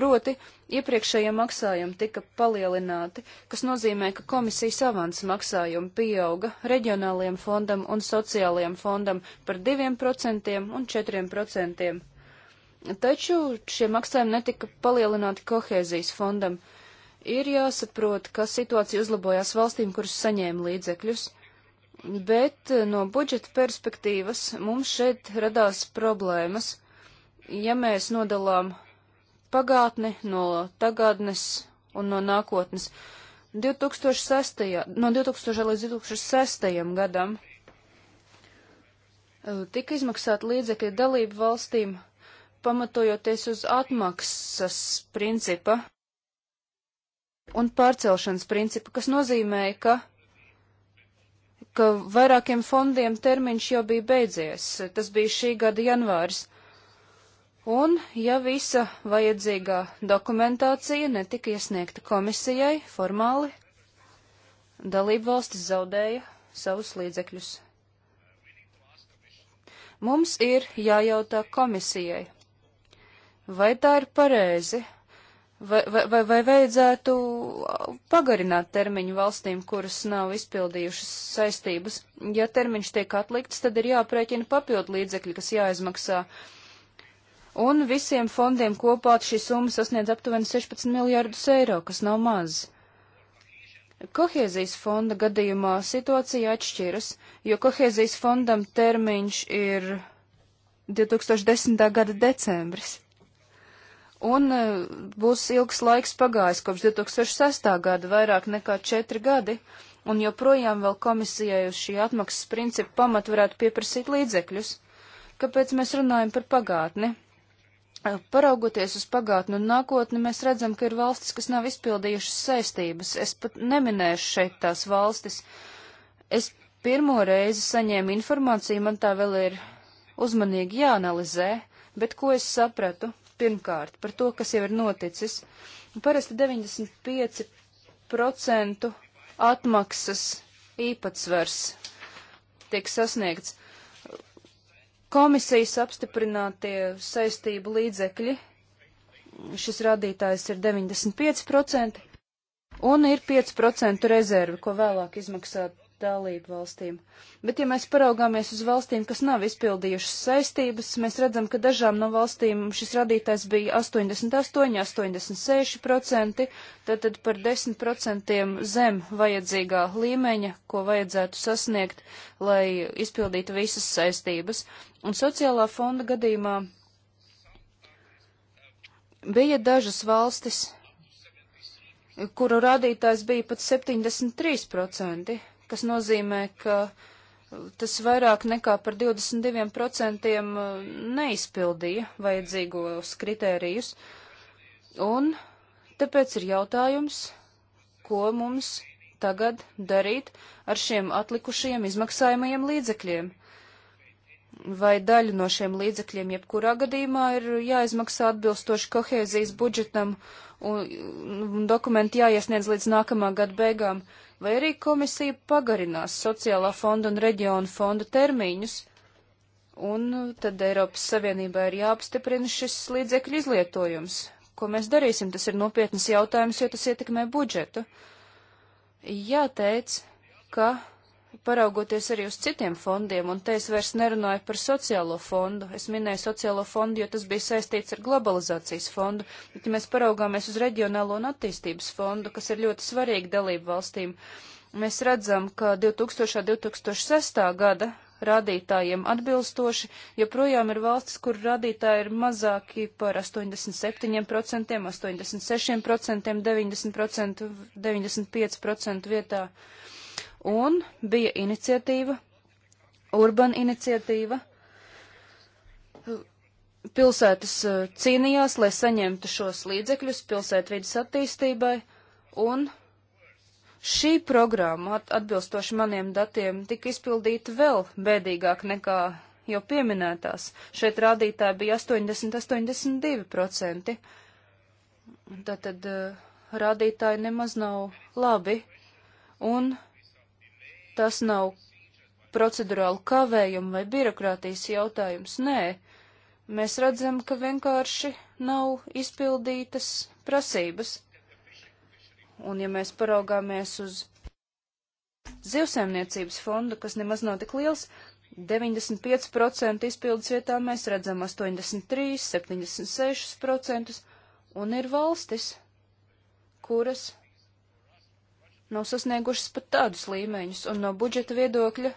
Speaker 1: proti iepriekšējie maksājumi tika palielināti, kas nozīmē, ka komisijas avans maksājumi pieauga reģionālajiem fondam un sociālajiem fondam par 2% un 4%. Taču šie maksājumi netika palielināti kohēzijas fondam. Ir jāsaprot, ka situācija uzlabojās valstīm, kuras saņēma līdzekļus, bet eh, no budžeta perspektīvas mums šeit radās problēmas. Ja mēs nodalām pagātni no tagadnes un no nākotnes, 2006, no 2000 līdz 2006 gadam eh, tika izmaksāta līdzekļa dalību valstīm pamatojoties uz atmaksas principa un pārcelšanas principa, kas nozīmēja, ka, ka vairākiem fondiem termiņš jau bija beidzies. Tas bija šī gada janvāris. Un, ja visa vajadzīgā dokumentācija netika iesniegta komisijai formāli, dalību valstis zaudēja savus līdzekļus. Mums ir jājautā komisijai, Vai tā ir pareizi? Vai, vai, vai, vai vajadzētu pagarināt termiņu valstīm, kuras nav izpildījušas saistības? Ja termiņš tiek atlikts, tad ir jāprēķina papildu līdzekļi, kas jāizmaksā. Un visiem fondiem kopā šī summa sasniedz aptuveni 16 miljārdus eiro, kas nav maz. Kohēzijas fonda gadījumā situācija atšķiras, jo kohēzijas fondam termiņš ir 2010. gada decembris un e, būs ilgs laiks pagājis kopš 2006. gada, vairāk nekā četri gadi, un joprojām vēl komisijai uz šī atmaksas principa pamat varētu pieprasīt līdzekļus. Kāpēc mēs runājam par pagātni? E, paraugoties uz pagātni un nākotni, mēs redzam, ka ir valstis, kas nav izpildījušas saistības. Es pat neminēšu šeit tās valstis. Es pirmo reizi saņēmu informāciju, man tā vēl ir uzmanīgi jāanalizē, bet ko es sapratu? Pirmkārt, par to, kas jau ir noticis. Parasti 95% atmaksas īpatsvars tiek sasniegts. Komisijas apstiprinātie saistību līdzekļi, šis rādītājs ir 95%, un ir 5% rezervi, ko vēlāk izmaksāt dalību valstīm. Bet, ja mēs paraugāmies uz valstīm, kas nav izpildījušas saistības, mēs redzam, ka dažām no valstīm šis radītājs bija 88, 86%, tātad par 10% zem vajadzīgā līmeņa, ko vajadzētu sasniegt, lai izpildītu visas saistības. Un sociālā fonda gadījumā bija dažas valstis, kuru rādītājs bija pat 73% kas nozīmē, ka tas vairāk nekā par 22% uh, neizpildīja vajadzīgos kritērijus. Un tāpēc ir jautājums, ko mums tagad darīt ar šiem atlikušajiem izmaksājumajiem līdzekļiem. Vai daļu no šiem līdzekļiem jebkurā gadījumā ir jāizmaksā atbilstoši kohēzijas budžetam un, un dokumenti jāiesniedz līdz nākamā gada beigām. Uh, vai arī komisija pagarinās sociālā fonda un reģiona fonda termiņus, un tad Eiropas Savienībā ir jāapstiprina šis līdzekļu izlietojums. Ko mēs darīsim, tas ir nopietnas jautājums, jo tas ietekmē budžetu. Jāteic, ka paraugoties arī uz citiem fondiem, un te es vairs nerunāju par sociālo fondu. Es minēju sociālo fondu, jo tas bija saistīts ar globalizācijas fondu, bet ja mēs paraugāmies uz reģionālo un attīstības fondu, kas ir ļoti svarīgi dalību valstīm, mēs redzam, ka 2000. 2006. gada rādītājiem atbilstoši, joprojām ir valstis, kur rādītāji ir mazāki par 87%, 86%, 90%, 95% vietā. Uh, un bija iniciatīva, urbana iniciatīva. Pilsētas uh, cīnījās, lai saņemtu šos līdzekļus pilsētvidas attīstībai, un šī programma, atbilstoši maniem datiem, tika izpildīta vēl bēdīgāk nekā jau pieminētās. Šeit rādītāji bija 80-82%. Tātad uh, rādītāji nemaz nav labi. Un Tas nav procedurāli kavējumu vai birokrātijas jautājums, nē. Mēs redzam, ka vienkārši nav izpildītas prasības. Un ja mēs paraugāmies uz zivsēmniecības fondu, kas nemaz nav tik liels, 95% izpildes vietā mēs redzam 83, 76% un ir valstis, kuras nav sasniegušas pat tādus līmeņus, un no budžeta viedokļa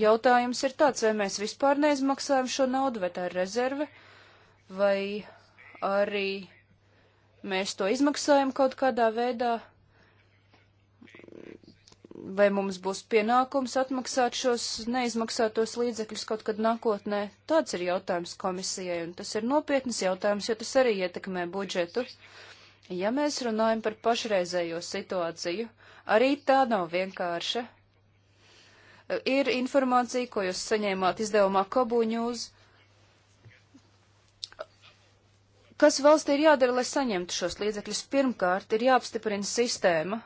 Speaker 1: jautājums ir tāds, vai mēs vispār neizmaksājam šo naudu, vai tā ir rezerve, vai arī mēs to izmaksājam kaut kādā veidā, vai mums būs pienākums atmaksāt šos neizmaksātos līdzekļus kaut kad nākotnē. Tāds ir jautājums komisijai, un tas ir nopietnas jautājums, jo tas arī ietekmē budžetu. Uh, Ja mēs runājam par pašreizējo situāciju, arī tā nav vienkārša. Ir informācija, ko jūs saņēmāt izdevumā Kobuņūz. Kas valstī ir jādara, lai saņemtu šos līdzekļus? Pirmkārt, ir jāapstiprina sistēma.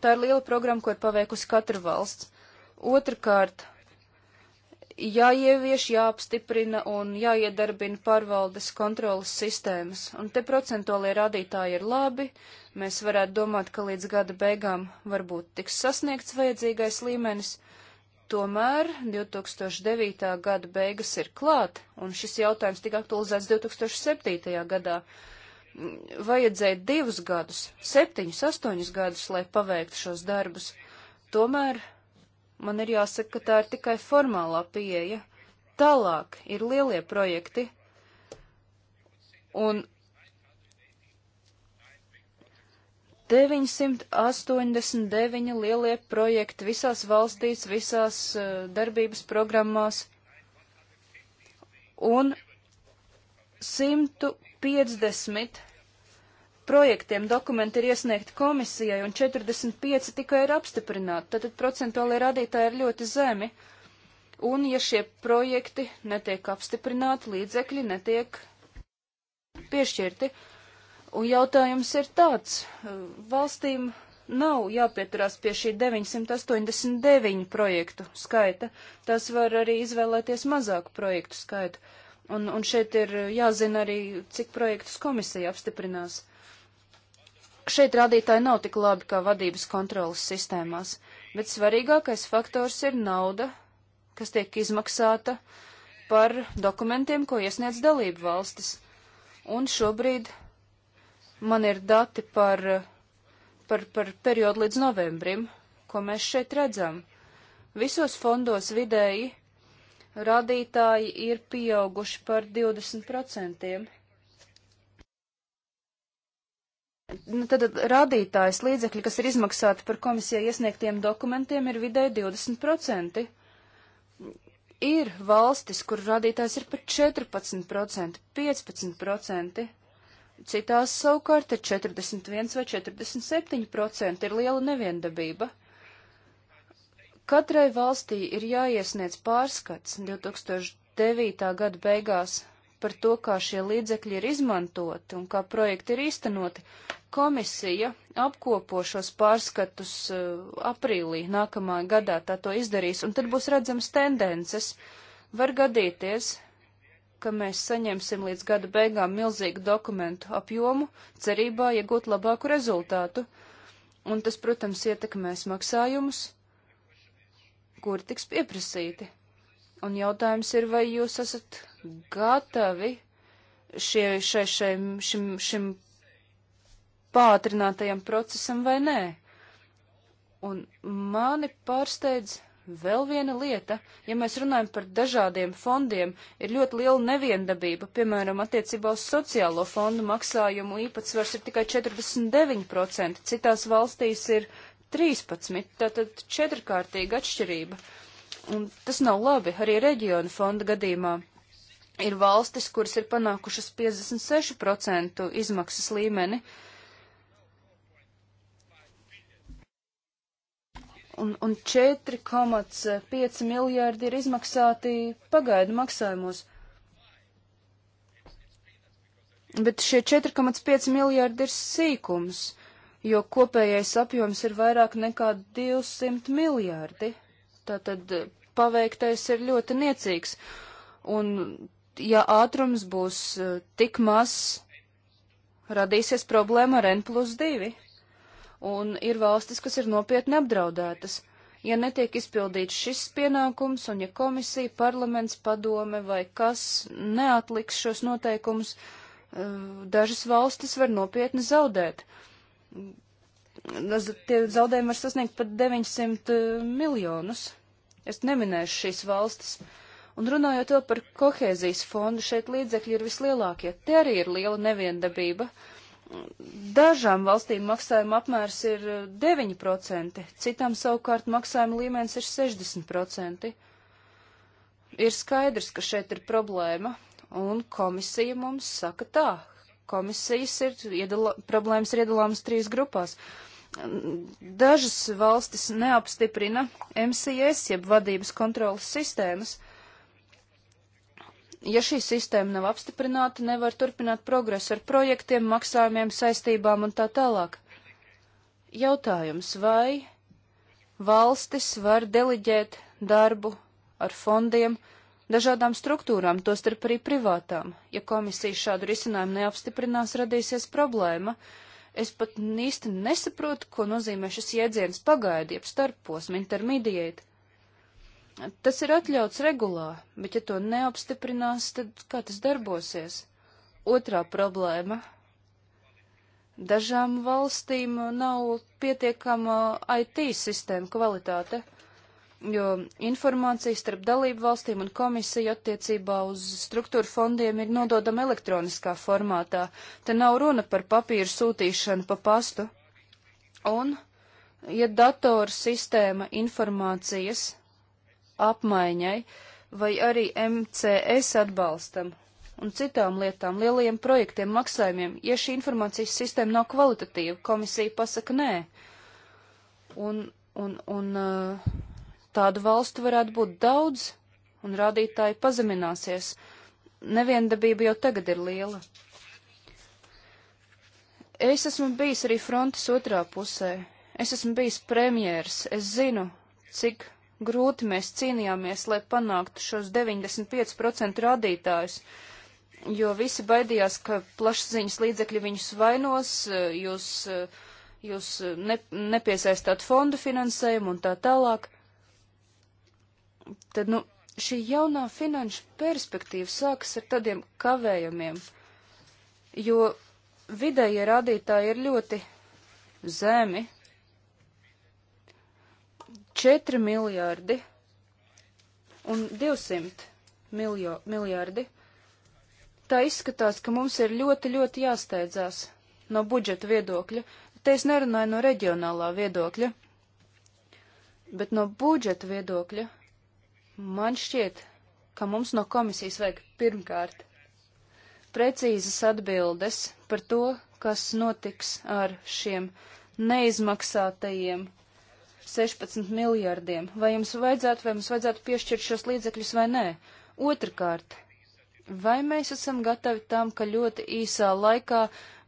Speaker 1: Tā ir liela programma, ko ir paveikusi katra valsts. Otrakārt, jāievieš, jāapstiprina un jāiedarbina pārvaldes kontrolas sistēmas. Un te procentuālie rādītāji ir labi. Mēs varētu domāt, ka līdz gada beigām varbūt tiks sasniegts vajadzīgais līmenis. Tomēr 2009. gada beigas ir klāt, un šis jautājums tika aktualizēts 2007. gadā. Vajadzēja divus gadus, septiņus, astoņus gadus, lai paveiktu šos darbus. Tomēr Man ir jāsaka, ka tā ir tikai formālā pieeja. Tālāk ir lielie projekti. Un 989 lielie projekti visās valstīs, visās uh, darbības programmās un 150 projektiem dokumenti ir iesniegti komisijai un 45 tikai ir apstiprināti, tad procentuālai rādītāji ir ļoti zemi. Un, ja šie projekti netiek apstiprināti, līdzekļi netiek piešķirti. Un jautājums ir tāds, valstīm nav jāpieturās pie šī 989 projektu skaita, tas var arī izvēlēties mazāku projektu skaitu. Un, un šeit ir jāzina arī, cik projektus komisija apstiprinās. Šeit rādītāji nav tik labi kā vadības kontrolas sistēmās, bet svarīgākais faktors ir nauda, kas tiek izmaksāta par dokumentiem, ko iesniedz dalību valstis. Un šobrīd man ir dati par, par, par periodu līdz novembrim, ko mēs šeit redzam. Visos fondos vidēji rādītāji ir pieauguši par 20%. Nu, tad rādītājs līdzekļi, kas ir izmaksāti par komisijai iesniegtiem dokumentiem, ir vidēji 20%. Ir valstis, kur rādītājs ir par 14%, 15%, citās savukārt ir 41 vai 47%, ir liela neviendabība. Katrai valstī ir jāiesniedz pārskats 2009. gada beigās par to, kā šie līdzekļi ir izmantoti un kā projekti ir īstenoti. Komisija apkopo šos pārskatus uh, aprīlī nākamā gadā tā to izdarīs, un tad būs redzams tendences. Var gadīties, ka mēs saņemsim līdz gada beigām milzīgu dokumentu apjomu, cerībā iegūt labāku rezultātu, un tas, protams, ietekmēs maksājumus, kuri tiks pieprasīti. Un jautājums ir, vai jūs esat gatavi šie, šai, šai, šim, šim pātrinātajam procesam vai nē. Un mani pārsteidz vēl viena lieta, ja mēs runājam par dažādiem fondiem, ir ļoti liela neviendabība, piemēram, attiecībā uz sociālo fondu maksājumu īpatsvars ir tikai 49%, citās valstīs ir 13, tātad četrkārtīga atšķirība. Un tas nav labi arī reģionu fonda gadījumā. Ir valstis, kuras ir panākušas 56% izmaksas līmeni. Un, un 4,5 miljārdi ir izmaksāti pagaidu maksājumos. Bet šie 4,5 miljārdi ir sīkums, jo kopējais apjoms ir vairāk nekā 200 miljārdi. Tātad paveiktais ir ļoti niecīgs. Un ja ātrums būs eh, tik mazs, radīsies problēma ar N plus 2. Un ir valstis, kas ir nopietni apdraudētas. Ja netiek izpildīts šis pienākums, un ja komisija, parlaments, padome vai kas neatliks šos noteikumus, eh, dažas valstis var nopietni zaudēt. Tie zaudējumi var sasniegt pat 900 eh, miljonus. Es neminēšu šīs valstis. Uh, Un runājot vēl par kohēzijas fondu, šeit līdzekļi ir vislielākie. Te arī ir liela neviendabība. Dažām valstīm maksājuma apmērs ir 9%, eh, citām savukārt maksājuma līmenis ir 60%. Ir skaidrs, ka šeit ir problēma, un komisija mums saka tā. Komisijas ir iedala, problēmas ir iedalāmas trīs grupās. Dažas valstis neapstiprina MCS, jeb vadības kontrolas sistēmas. Uh, Ja šī sistēma nav apstiprināta, nevar turpināt progresu ar projektiem, maksājumiem, saistībām un tā tālāk. Jautājums, vai valstis var deliģēt darbu ar fondiem dažādām struktūrām, tostarp arī privātām? Ja komisija šādu risinājumu neapstiprinās, radīsies problēma. Es pat īsti nesaprotu, ko nozīmē šis jēdziens pagaidi, jeb starpposmi, intermediate. Tas ir atļauts regulā, bet ja to neapstiprinās, tad kā tas darbosies? Otrā problēma. Dažām valstīm nav pietiekama IT sistēma kvalitāte, jo informācija starp dalību valstīm un komisiju attiecībā uz struktūra fondiem ir nododama elektroniskā formātā. Te nav runa par papīru sūtīšanu pa pastu. Un, ja datoru sistēma informācijas apmaiņai, vai arī MCS atbalstam un citām lietām, lielajiem projektiem, maksājumiem, ja šī informācijas sistēma nav kvalitatīva, komisija pasaka nē. Un, un, un uh, tādu valstu varētu būt daudz, un rādītāji pazemināsies. Neviendabība jau tagad ir liela. Es esmu bijis arī frontes otrā pusē. Es esmu bijis premjērs. Es zinu, cik grūti mēs cīnījāmies, lai panāktu šos 95% rādītājus, jo visi baidījās, ka plašsaziņas līdzekļi viņus vainos, jūs, jūs ne, nepiesaistāt fondu finansējumu un tā tālāk. Tad, nu, šī jaunā finanšu perspektīva sākas ar tādiem kavējumiem, jo vidējie rādītāji ir ļoti zemi, 4 miljardi un 200 miljo, miljardi. Tā izskatās, ka mums ir ļoti, ļoti jāsteidzās no budžeta viedokļa. Te es nerunāju no reģionālā viedokļa, bet no budžeta viedokļa man šķiet, ka mums no komisijas vajag pirmkārt precīzas atbildes par to, kas notiks ar šiem neizmaksātajiem 16 miljardiem. Vai jums vajadzētu, vai mums vajadzētu piešķirt šos līdzekļus vai nē? Otrakārt, vai mēs esam gatavi tam, ka ļoti īsā laikā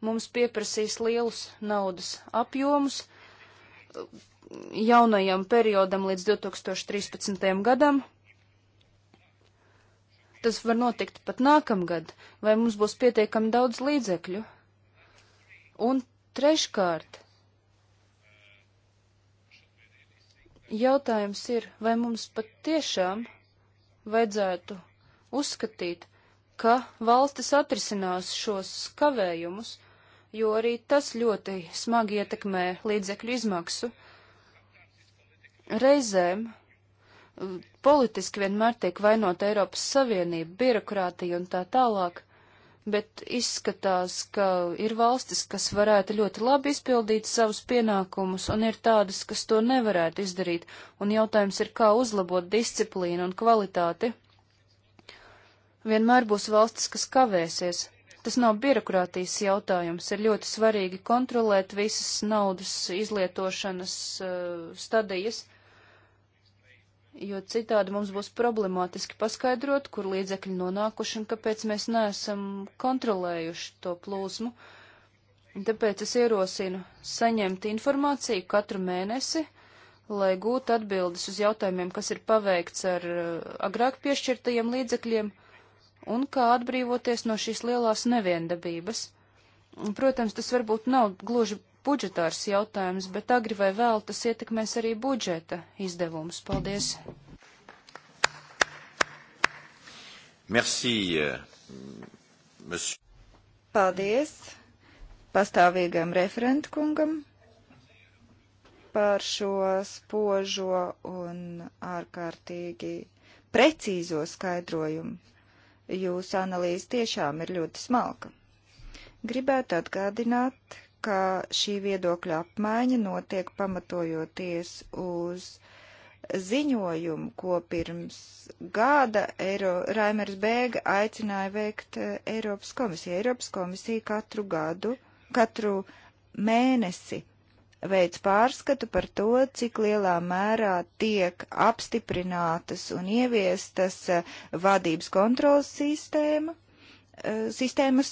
Speaker 1: mums pieprasīs lielus naudas apjomus uh, jaunajam periodam līdz 2013. gadam? Tas var notikt pat nākamgad, vai mums būs pietiekami daudz līdzekļu? Un treškārt, Jautājums ir, vai mums pat tiešām vajadzētu uzskatīt, ka valstis atrisinās šos kavējumus, jo arī tas ļoti smagi ietekmē līdzekļu izmaksu. Reizēm eh, politiski vienmēr tiek vainot Eiropas Savienība, birokrātija un tā tālāk bet izskatās, ka ir valstis, kas varētu ļoti labi izpildīt savus pienākumus, un ir tādas, kas to nevarētu izdarīt, un jautājums ir, kā uzlabot disciplīnu un kvalitāti. Vienmēr būs valstis, kas kavēsies. Tas nav birokrātijas jautājums, ir ļoti svarīgi kontrolēt visas naudas izlietošanas uh, stadijas jo citādi mums būs problemātiski paskaidrot, kur līdzekļi nonākuši un kāpēc mēs neesam kontrolējuši to plūsmu. Un tāpēc es ierosinu saņemt informāciju katru mēnesi, lai gūtu atbildes uz jautājumiem, kas ir paveikts ar uh, agrāk piešķirtajiem līdzekļiem un kā atbrīvoties no šīs lielās neviendabības. Protams, tas varbūt nav gluži budžetārs jautājums, bet agri vai vēl tas ietekmēs arī budžeta izdevumus. Paldies!
Speaker 2: Merci, euh, monsieur.
Speaker 3: Paldies pastāvīgam referentkungam par šo spožo un ārkārtīgi precīzo skaidrojumu. Jūsu analīze tiešām ir ļoti smalka. Gribētu atgādināt, ka šī viedokļa apmaiņa notiek pamatojoties uz ziņojumu, ko pirms gada Eiro, Raimers Bēga aicināja veikt eh, Eiropas komisija. Eiropas komisija katru gadu, katru mēnesi veids pārskatu par to, cik lielā mērā tiek apstiprinātas un ieviestas eh, vadības kontrolas sistēma Eh, sistēmas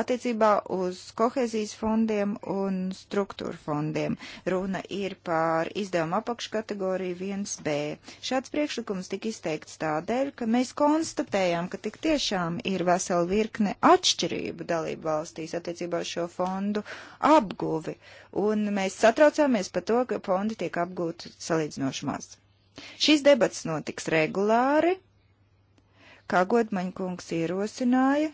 Speaker 3: attiecībā uz kohēzijas fondiem un struktūra fondiem. Runa ir par izdevumu apakškategoriju 1B. Šāds priekšlikums tika izteikts tādēļ, ka mēs konstatējām, ka tik tiešām ir vesela virkne atšķirību dalību valstīs attiecībā uz šo fondu apguvi, un mēs satraucāmies par to, ka fondi tiek apgūti salīdzinoši maz. Šīs debats notiks regulāri, kā godmaņkungs ierosināja,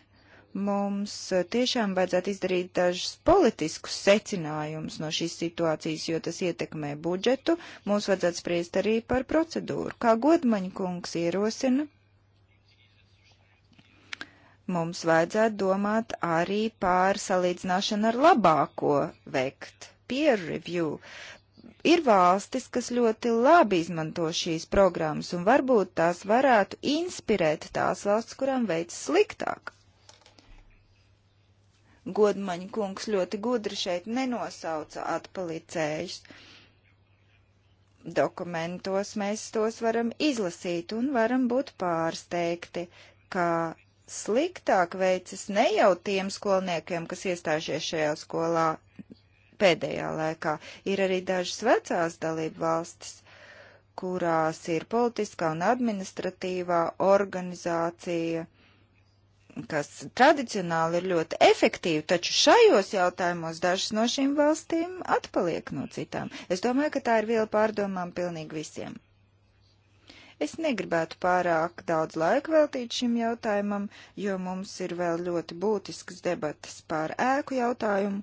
Speaker 3: mums tiešām vajadzētu izdarīt dažus politiskus secinājumus no šīs situācijas, jo tas ietekmē budžetu. Mums vajadzētu spriest arī par procedūru. Kā godmaņa kungs ierosina, mums vajadzētu domāt arī pār salīdzināšanu ar labāko vekt, peer review. Ir valstis, kas ļoti labi izmanto šīs programmas, un varbūt tās varētu inspirēt tās valsts, kurām veids sliktāk Godmaņa kungs ļoti gudri šeit nenosauca atpalicējus. Dokumentos mēs tos varam izlasīt un varam būt pārsteigti, ka sliktāk veicas ne jau tiem skolniekiem, kas iestājušies šajā skolā pēdējā laikā, ir arī dažas vecās dalību valstis, kurās ir politiskā un administratīvā organizācija kas tradicionāli ir ļoti efektīvi, taču šajos jautājumos dažas no šīm valstīm atpaliek no citām. Es domāju, ka tā ir viela pārdomām pilnīgi visiem. Es negribētu pārāk daudz laika veltīt šim jautājumam, jo mums ir vēl ļoti būtisks debatas pār ēku jautājumu.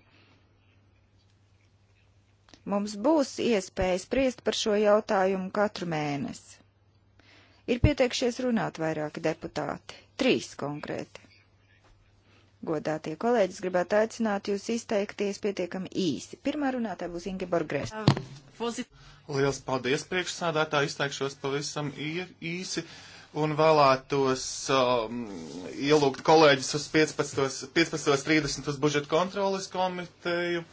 Speaker 3: Mums būs iespēja spriest par šo jautājumu katru mēnesi. Ir pieteikšies runāt vairāki deputāti. Trīs konkrēti. Godātie kolēģi, es gribētu aicināt jūs izteikties pietiekami īsi. Pirmā runātāja būs Ingeborg Grēs.
Speaker 4: Liels paldies priekšsādātā, izteikšos pavisam īsi un vēlētos um, ielūgt kolēģis uz 15.30 15 uz budžeta kontrolas komiteju,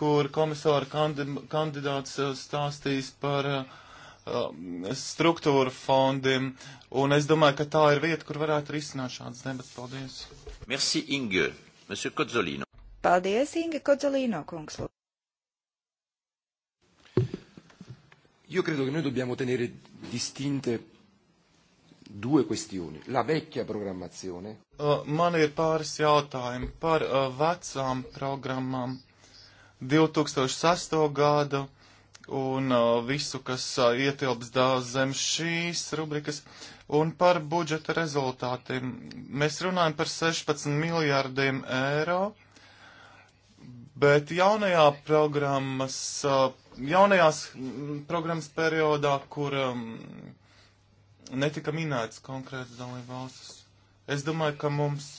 Speaker 4: kur komisāra kandidāts uh, stāstīs par uh, Um, struktūra fondiem, un es domāju, ka tā ir vieta, kur varētu risināt šādas debatas. Paldies!
Speaker 2: Merci, Inge. Monsieur Kodzolino.
Speaker 3: Paldies, Inge Kodzolino, kungs.
Speaker 2: Io credo che noi dobbiamo tenere distinte
Speaker 4: due questioni. La vecchia programmazione. Uh, man ir pāris jautājumi par uh, vecām programmām. 2006. gadu un uh, visu, kas uh, ietilps zem šīs rubrikas. Un par budžeta rezultātiem. Mēs runājam par 16 miljārdiem eiro, bet jaunajā programmas, uh, jaunajās mm, programmas periodā, kur um, netika minēts konkrēts dalībvalstis, es domāju, ka mums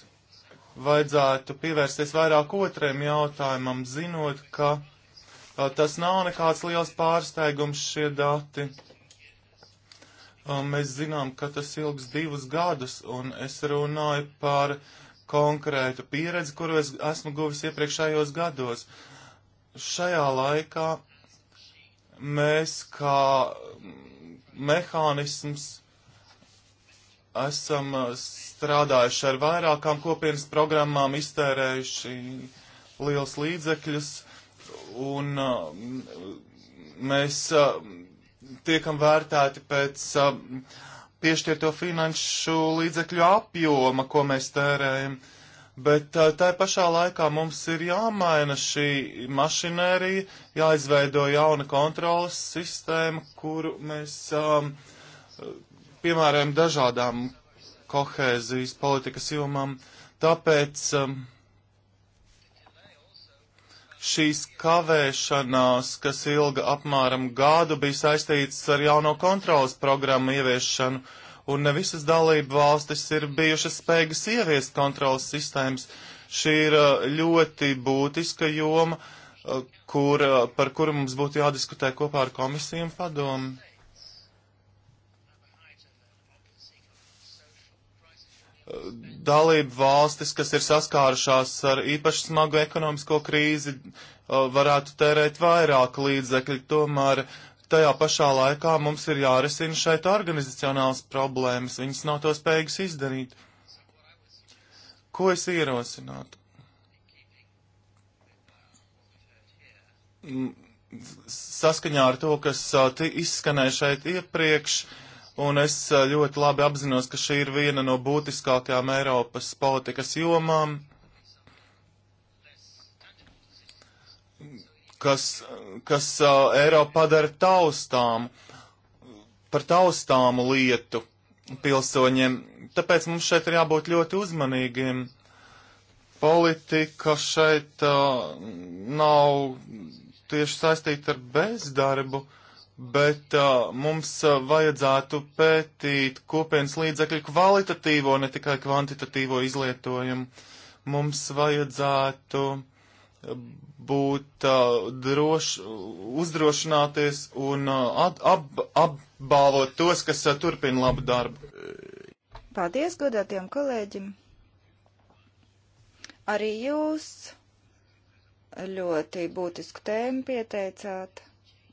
Speaker 4: vajadzētu pievērsties vairāk otriem jautājumam, zinot, ka Uh, tas nav nekāds liels pārsteigums šie dati. Um, mēs zinām, ka tas ilgs divus gadus, un es runāju par konkrētu pieredzi, kuru es esmu guvis iepriekšējos gados. Šajā laikā mēs kā mehānisms esam uh, strādājuši ar vairākām kopienas programmām, iztērējuši liels līdzekļus un uh, mēs uh, tiekam vērtēti pēc uh, piešķirto finanšu līdzekļu apjoma, ko mēs tērējam. Bet tā pašā laikā mums ir jāmaina šī mašinērija, jāizveido jauna kontrolas sistēma, kuru mēs um, piemērojam dažādām kohēzijas politikas jomām. Tāpēc um, šīs kavēšanās, kas ilga apmēram gādu, bija saistītas ar jauno kontrolas programmu ieviešanu, un ne visas dalību valstis ir bijušas spējīgas ieviest kontrolas sistēmas. Šī ir uh, ļoti būtiska joma, uh, kur, uh, par kuru mums būtu jādiskutē kopā ar komisiju un padomu dalību valstis, kas ir saskārušās ar īpaši smagu ekonomisko krīzi, varētu tērēt vairāk līdzekļu. Tomēr tajā pašā laikā mums ir jārisina šeit organizacionāls problēmas. Viņas nav to spējīgas izdarīt. Ko es ierosinātu? Mm, saskaņā ar to, kas izskanēja šeit iepriekš, uh, un es ļoti labi apzinos, ka šī ir viena no būtiskākajām Eiropas politikas jomām, kas, kas uh, Eiropu padara taustām, par taustāmu lietu pilsoņiem. Tāpēc mums šeit ir jābūt ļoti uzmanīgiem. Politika šeit uh, nav tieši saistīta ar bezdarbu. Uh, bet uh, mums vajadzētu pētīt kopienas līdzekļu kvalitatīvo, ne tikai kvantitatīvo izlietojumu. Mums vajadzētu būt uh, droši, uzdrošināties un uh, ab, apbalvot tos, kas uh, turpina labu darbu.
Speaker 3: Paldies, godātiem kolēģim! Arī jūs ļoti būtisku tēmu pieteicāt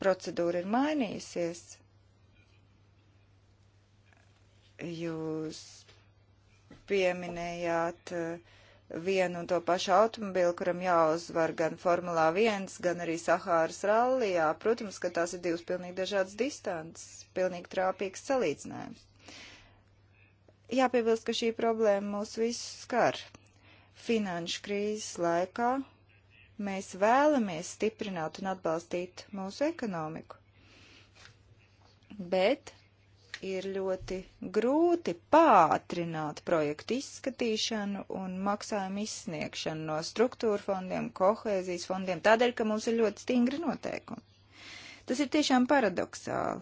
Speaker 3: procedūra ir mainījusies. Jūs pieminējāt uh, vienu un to pašu automobili, kuram jāuzvar gan Formulā 1, gan arī Sahāras rallijā. Protams, ka tās ir divas pilnīgi dažādas distances, pilnīgi trāpīgs salīdzinājums. Jāpiebilst, ka šī problēma mūs visus skar. Finanšu krīzes laikā Mēs vēlamies stiprināt un atbalstīt mūsu ekonomiku. Bet ir ļoti grūti pātrināt projektu izskatīšanu un maksājumu izsniegšanu no struktūra fondiem, kohēzijas fondiem, tādēļ, ka mums ir ļoti stingri noteikumi. Tas ir tiešām paradoxāli.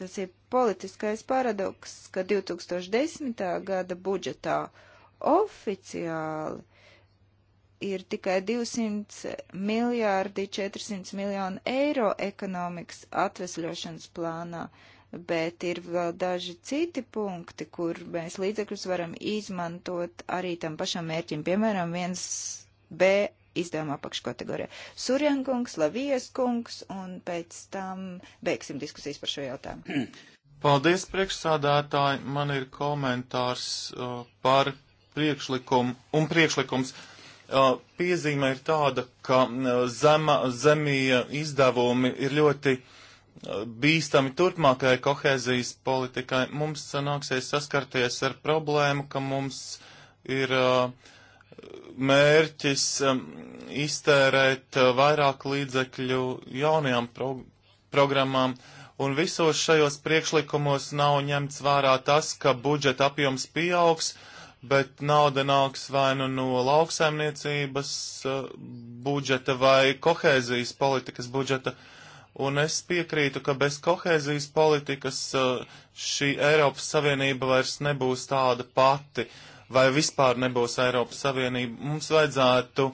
Speaker 3: Tas ir politiskais paradoks, ka 2010. gada budžetā oficiāli ir tikai 200 miljārdi 400 miljonu eiro ekonomikas atvesļošanas plānā, bet ir vēl daži citi punkti, kur mēs līdzekļus varam izmantot arī tam pašam mērķim, piemēram, viens B izdevuma apakškategorijā. Surjankungs, Lavieskungs un pēc tam beigsim diskusijas par šo jautājumu.
Speaker 4: Paldies, priekšsādātāji. Man ir komentārs uh, par priekšlikumu un priekšlikums. Uh, piezīme ir tāda, ka zema, zemie izdevumi ir ļoti bīstami turpmākajai kohēzijas politikai. Mums nāksies saskarties ar problēmu, ka mums ir mērķis iztērēt vairāk līdzekļu jaunajām pro programmām. Un visos šajos priekšlikumos nav ņemts vērā tas, ka budžeta apjoms pieaugs, uh, bet nauda nāks vai nu no lauksaimniecības uh, budžeta vai kohēzijas politikas budžeta. Un es piekrītu, ka bez kohēzijas politikas uh, šī Eiropas Savienība vairs nebūs tāda pati, vai vispār nebūs Eiropas Savienība. Mums vajadzētu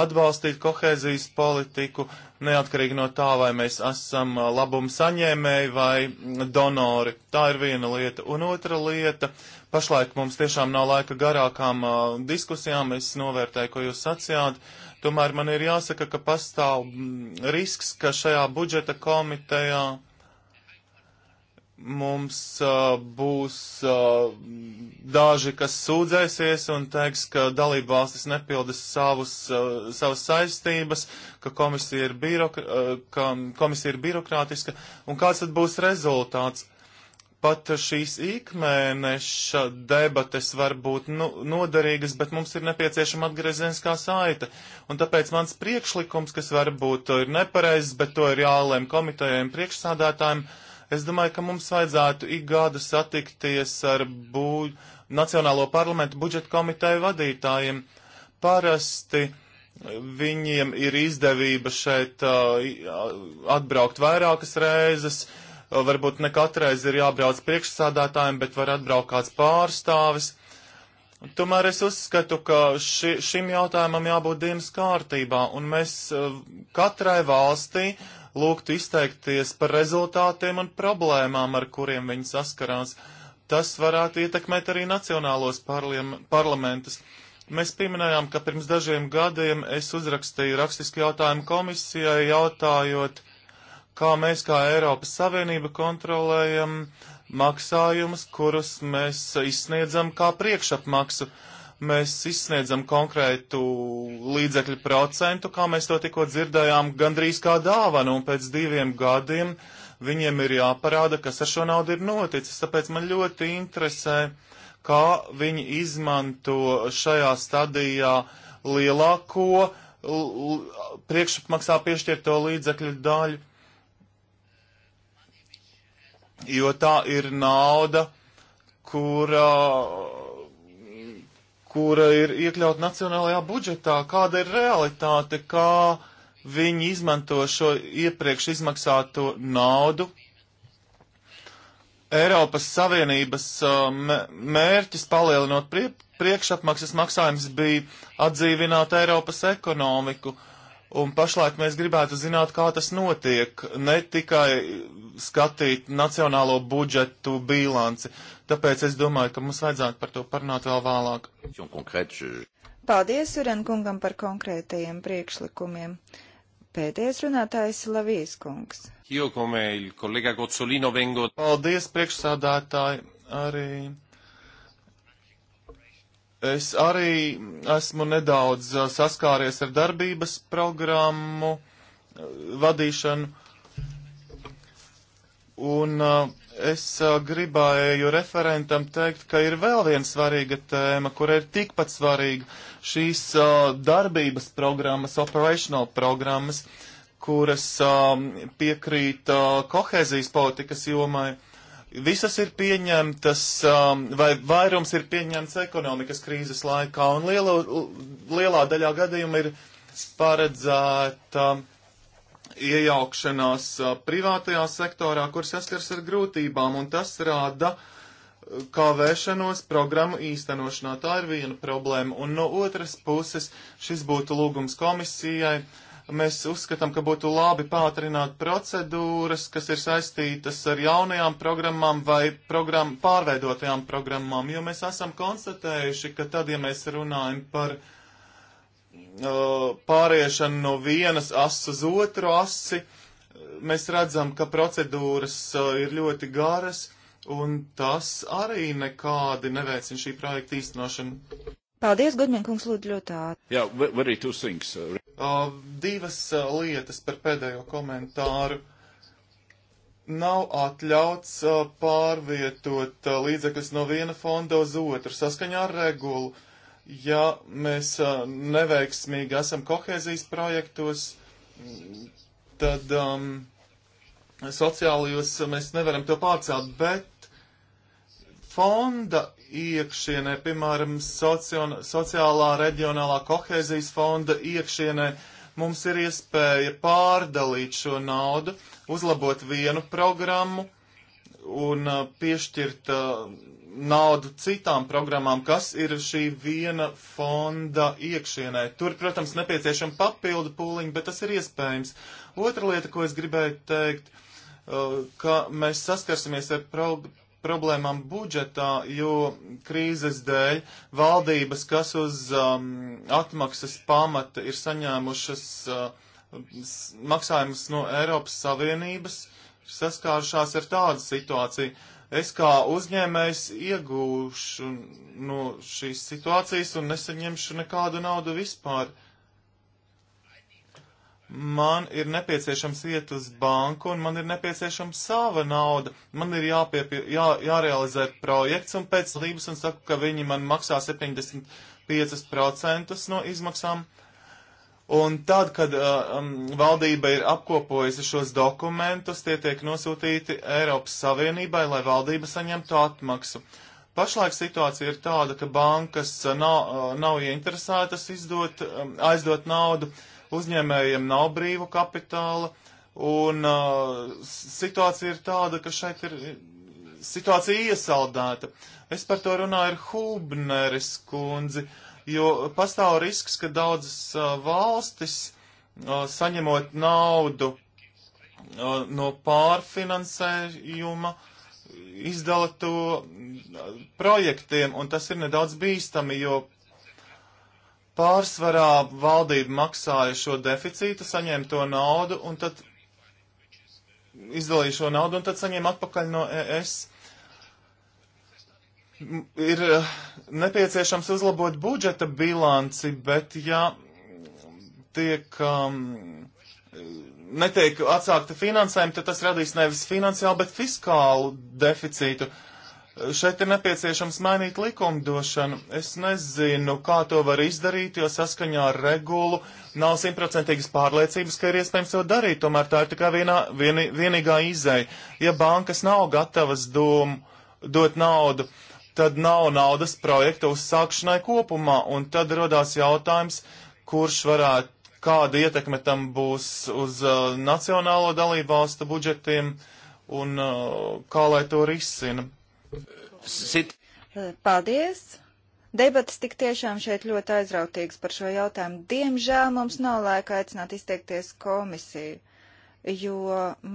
Speaker 4: atbalstīt kohēzijas politiku, neatkarīgi no tā, vai mēs esam eh, labumu saņēmēji vai mm, donori. Tā ir viena lieta. Un otra lieta Pašlaik mums tiešām nav laika garākām uh, diskusijām, es novērtēju, ko jūs sacījāt. Tomēr man ir jāsaka, ka pastāv risks, ka šajā budžeta komitejā mums uh, būs uh, daži, kas sūdzēsies un teiks, ka dalība valstis nepilda savus, uh, savas saistības, ka komisija, ir birokra, uh, ka komisija ir birokrātiska. Un kāds tad būs rezultāts? pat šīs īkmēneša debates var būt nu, noderīgas, bet mums ir nepieciešama atgriezieniskā saita. Un tāpēc mans priekšlikums, kas varbūt ir nepareizs, bet to ir jālēm komitējiem priekšsādātājiem, es domāju, ka mums vajadzētu ik gadu satikties ar bū... Nacionālo parlamentu budžeta komiteju vadītājiem. Parasti viņiem ir izdevība šeit uh, atbraukt vairākas reizes. Uh, varbūt ne katreiz ir jābrauc priekšsādātājiem, bet var atbraukt kāds pārstāvis. Tomēr es uzskatu, ka ši, šim jautājumam jābūt dienas kārtībā, un mēs eh, katrai valstī lūgtu izteikties par rezultātiem un problēmām, ar kuriem viņi saskarās. Tas varētu ietekmēt arī nacionālos parliem, parlamentus. Mēs pieminējām, ka pirms dažiem gadiem es uzrakstīju rakstisku jautājumu komisijai, jautājot, uh, kā mēs kā Eiropas Savienība kontrolējam maksājumus, kurus mēs izsniedzam kā priekšapmaksu. Mēs izsniedzam konkrētu līdzekļu procentu, kā mēs to tikko dzirdējām, gandrīz kā dāvanu, un pēc diviem gadiem viņiem ir jāparāda, kas ar šo naudu ir noticis. Tāpēc man ļoti interesē, kā viņi izmanto šajā stadijā lielāko priekšapmaksā piešķirto līdzekļu daļu jo tā ir nauda, kura, kura ir iekļaut nacionālajā budžetā, kāda ir realitāte, kā viņi izmanto šo iepriekš izmaksāto naudu. Eiropas Savienības uh, mērķis palielinot priekšapmaksas maksājums bija atdzīvināt Eiropas ekonomiku. Uh, Un pašlaik mēs gribētu zināt, kā tas notiek, ne tikai skatīt nacionālo budžetu bilanci. Tāpēc es domāju, ka mums vajadzētu par to parunāt vēl vēlāk.
Speaker 3: Paldies Uren kungam par konkrētajiem priekšlikumiem. Pēdējais
Speaker 4: runātājs Lavijas kungs. Paldies priekšsādātāji arī Es arī esmu nedaudz uh, saskāries ar darbības programmu uh, vadīšanu, un uh, es gribēju referentam teikt, ka ir vēl viena svarīga tēma, kura ir tikpat svarīga - šīs darbības programmas, operational programmas, kuras um, piekrīt kohēzijas politikas jomai Visas ir pieņemtas, um, vai vairums ir pieņemts ekonomikas krīzes laikā, un liela, lielā daļā gadījumā ir paredzēta um, iejaukšanās uh, privātajā sektorā, kur saskars ar grūtībām, un tas rāda uh, kavēšanos programmu īstenošanā. Tā ir viena problēma, un no otras puses šis būtu lūgums komisijai. Uh, Mēs uzskatām, ka būtu labi pātrināt procedūras, kas ir saistītas ar jaunajām programmām vai program, pārveidotajām programmām, jo mēs esam konstatējuši, ka tad, ja mēs runājam par uh, pāriešanu no vienas asas uz otru asi, mēs redzam, ka procedūras uh, ir ļoti garas, un tas arī nekādi neveicina šī projekta īstenošanu.
Speaker 3: Paldies, Gudmien kungs, lūdzu ļoti ātri.
Speaker 4: Jā, yeah, very two things. Uh, Uh, divas uh, lietas par pēdējo komentāru. Nav atļauts uh, pārvietot līdzekļus no viena fonda uz otru saskaņā ar regulu. Ja mēs neveiksmīgi esam kohēzijas projektos, tad um, sociālajos mēs nevaram to pārcelt, bet fonda iekšienē, piemēram, sociona, sociālā reģionālā kohēzijas fonda iekšienē, mums ir iespēja pārdalīt šo naudu, uzlabot vienu programmu un uh, piešķirt uh, naudu citām programmām, kas ir šī viena fonda iekšienē. Tur, protams, nepieciešama papildu pūliņa, bet tas ir iespējams. Otra lieta, ko es gribēju teikt, uh, ka mēs saskarsimies ar problēmu problēmām budžetā, jo krīzes dēļ valdības, kas uz um, atmaksas pamata ir saņēmušas uh, maksājumus no Eiropas Savienības, saskārušās ar tādu situāciju. Es kā uzņēmējs iegūšu no šīs situācijas un nesaņemšu nekādu naudu vispār. Uh, man ir nepieciešams iet uz banku un man ir nepieciešama sava nauda. Man ir jāpiepie, jā, jārealizē projekts un pēc dalības un saku, ka viņi man maksā 75% no izmaksām. Un tad, kad uh, um, valdība ir apkopojusi šos dokumentus, tie tiek nosūtīti Eiropas Savienībai, lai valdība saņemtu atmaksu. Pašlaik situācija ir tāda, ka bankas uh, nav, uh, nav ieinteresētas izdot, um, aizdot naudu. Uh, uzņēmējiem nav brīvu kapitāla, un uh, situācija ir tāda, ka šeit ir situācija iesaldēta. Es par to runāju ar Hubneris kundzi, jo pastāv risks, ka daudzas uh, valstis, uh, saņemot naudu uh, no pārfinansējuma, izdala to uh, projektiem, un tas ir nedaudz bīstami, jo Pārsvarā valdība maksāja šo deficītu, saņēma to naudu un tad izdalīja šo naudu un tad saņēma atpakaļ no ES. Ir eh, nepieciešams uzlabot budžeta bilanci, bet ja tiek um, netiek atsākta finansējuma, tad tas radīs nevis finansiālu, bet fiskālu deficītu. Uh, Šeit ir nepieciešams mainīt likumdošanu. Es nezinu, kā to var izdarīt, jo saskaņā ar regulu nav simtprocentīgas pārliecības, ka ir iespējams to darīt. Tomēr tā ir tikai vienā, vien, vienīgā izēja. Ja bankas nav gatavas dom, dot naudu, tad nav naudas projekta uzsākšanai kopumā, un tad rodās jautājums, kurš varētu, kāda ietekme tam būs uz uh, nacionālo dalību valstu budžetiem un uh, kā lai to risina. Sit.
Speaker 3: Paldies! Debates tik tiešām šeit ļoti aizrautīgas par šo jautājumu. Diemžēl mums nav laika aicināt izteikties komisiju, jo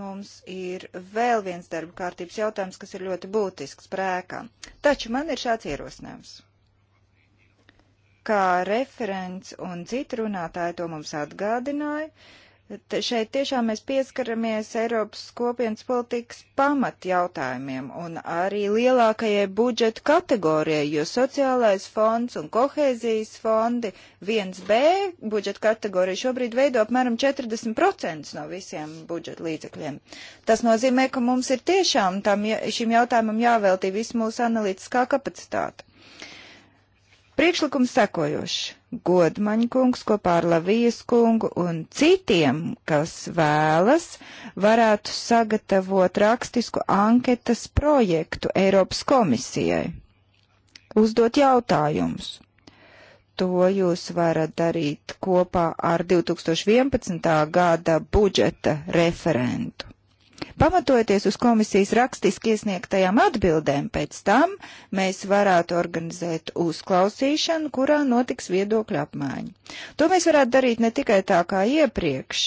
Speaker 3: mums ir vēl viens darba kārtības jautājums, kas ir ļoti būtisks prēkām. Taču man ir šāds ierosinājums. Kā referents un citi runātāji to mums atgādināja, uh, Šeit tiešām mēs pieskaramies Eiropas kopienas politikas pamatjautājumiem un arī lielākajai budžeta kategorijai, jo sociālais fonds un kohēzijas fondi 1B budžeta kategorija šobrīd veido apmēram 40% no visiem budžeta līdzekļiem. Tas nozīmē, ka mums ir tiešām tam, šim jautājumam jāveltī visu mūsu analītiskā kapacitāte. Priekšlikums sekojošs Godmaņkungs kopā ar Lavijas kungu un citiem, kas vēlas, varētu sagatavot rakstisku anketas projektu Eiropas komisijai. Uzdot jautājumus. To jūs varat darīt kopā ar 2011. gada budžeta referentu. Pamatojoties uz komisijas rakstiski iesniegtajām atbildēm, pēc tam mēs varētu organizēt uzklausīšanu, kurā notiks viedokļu apmaiņa. To mēs varētu darīt ne tikai tā kā iepriekš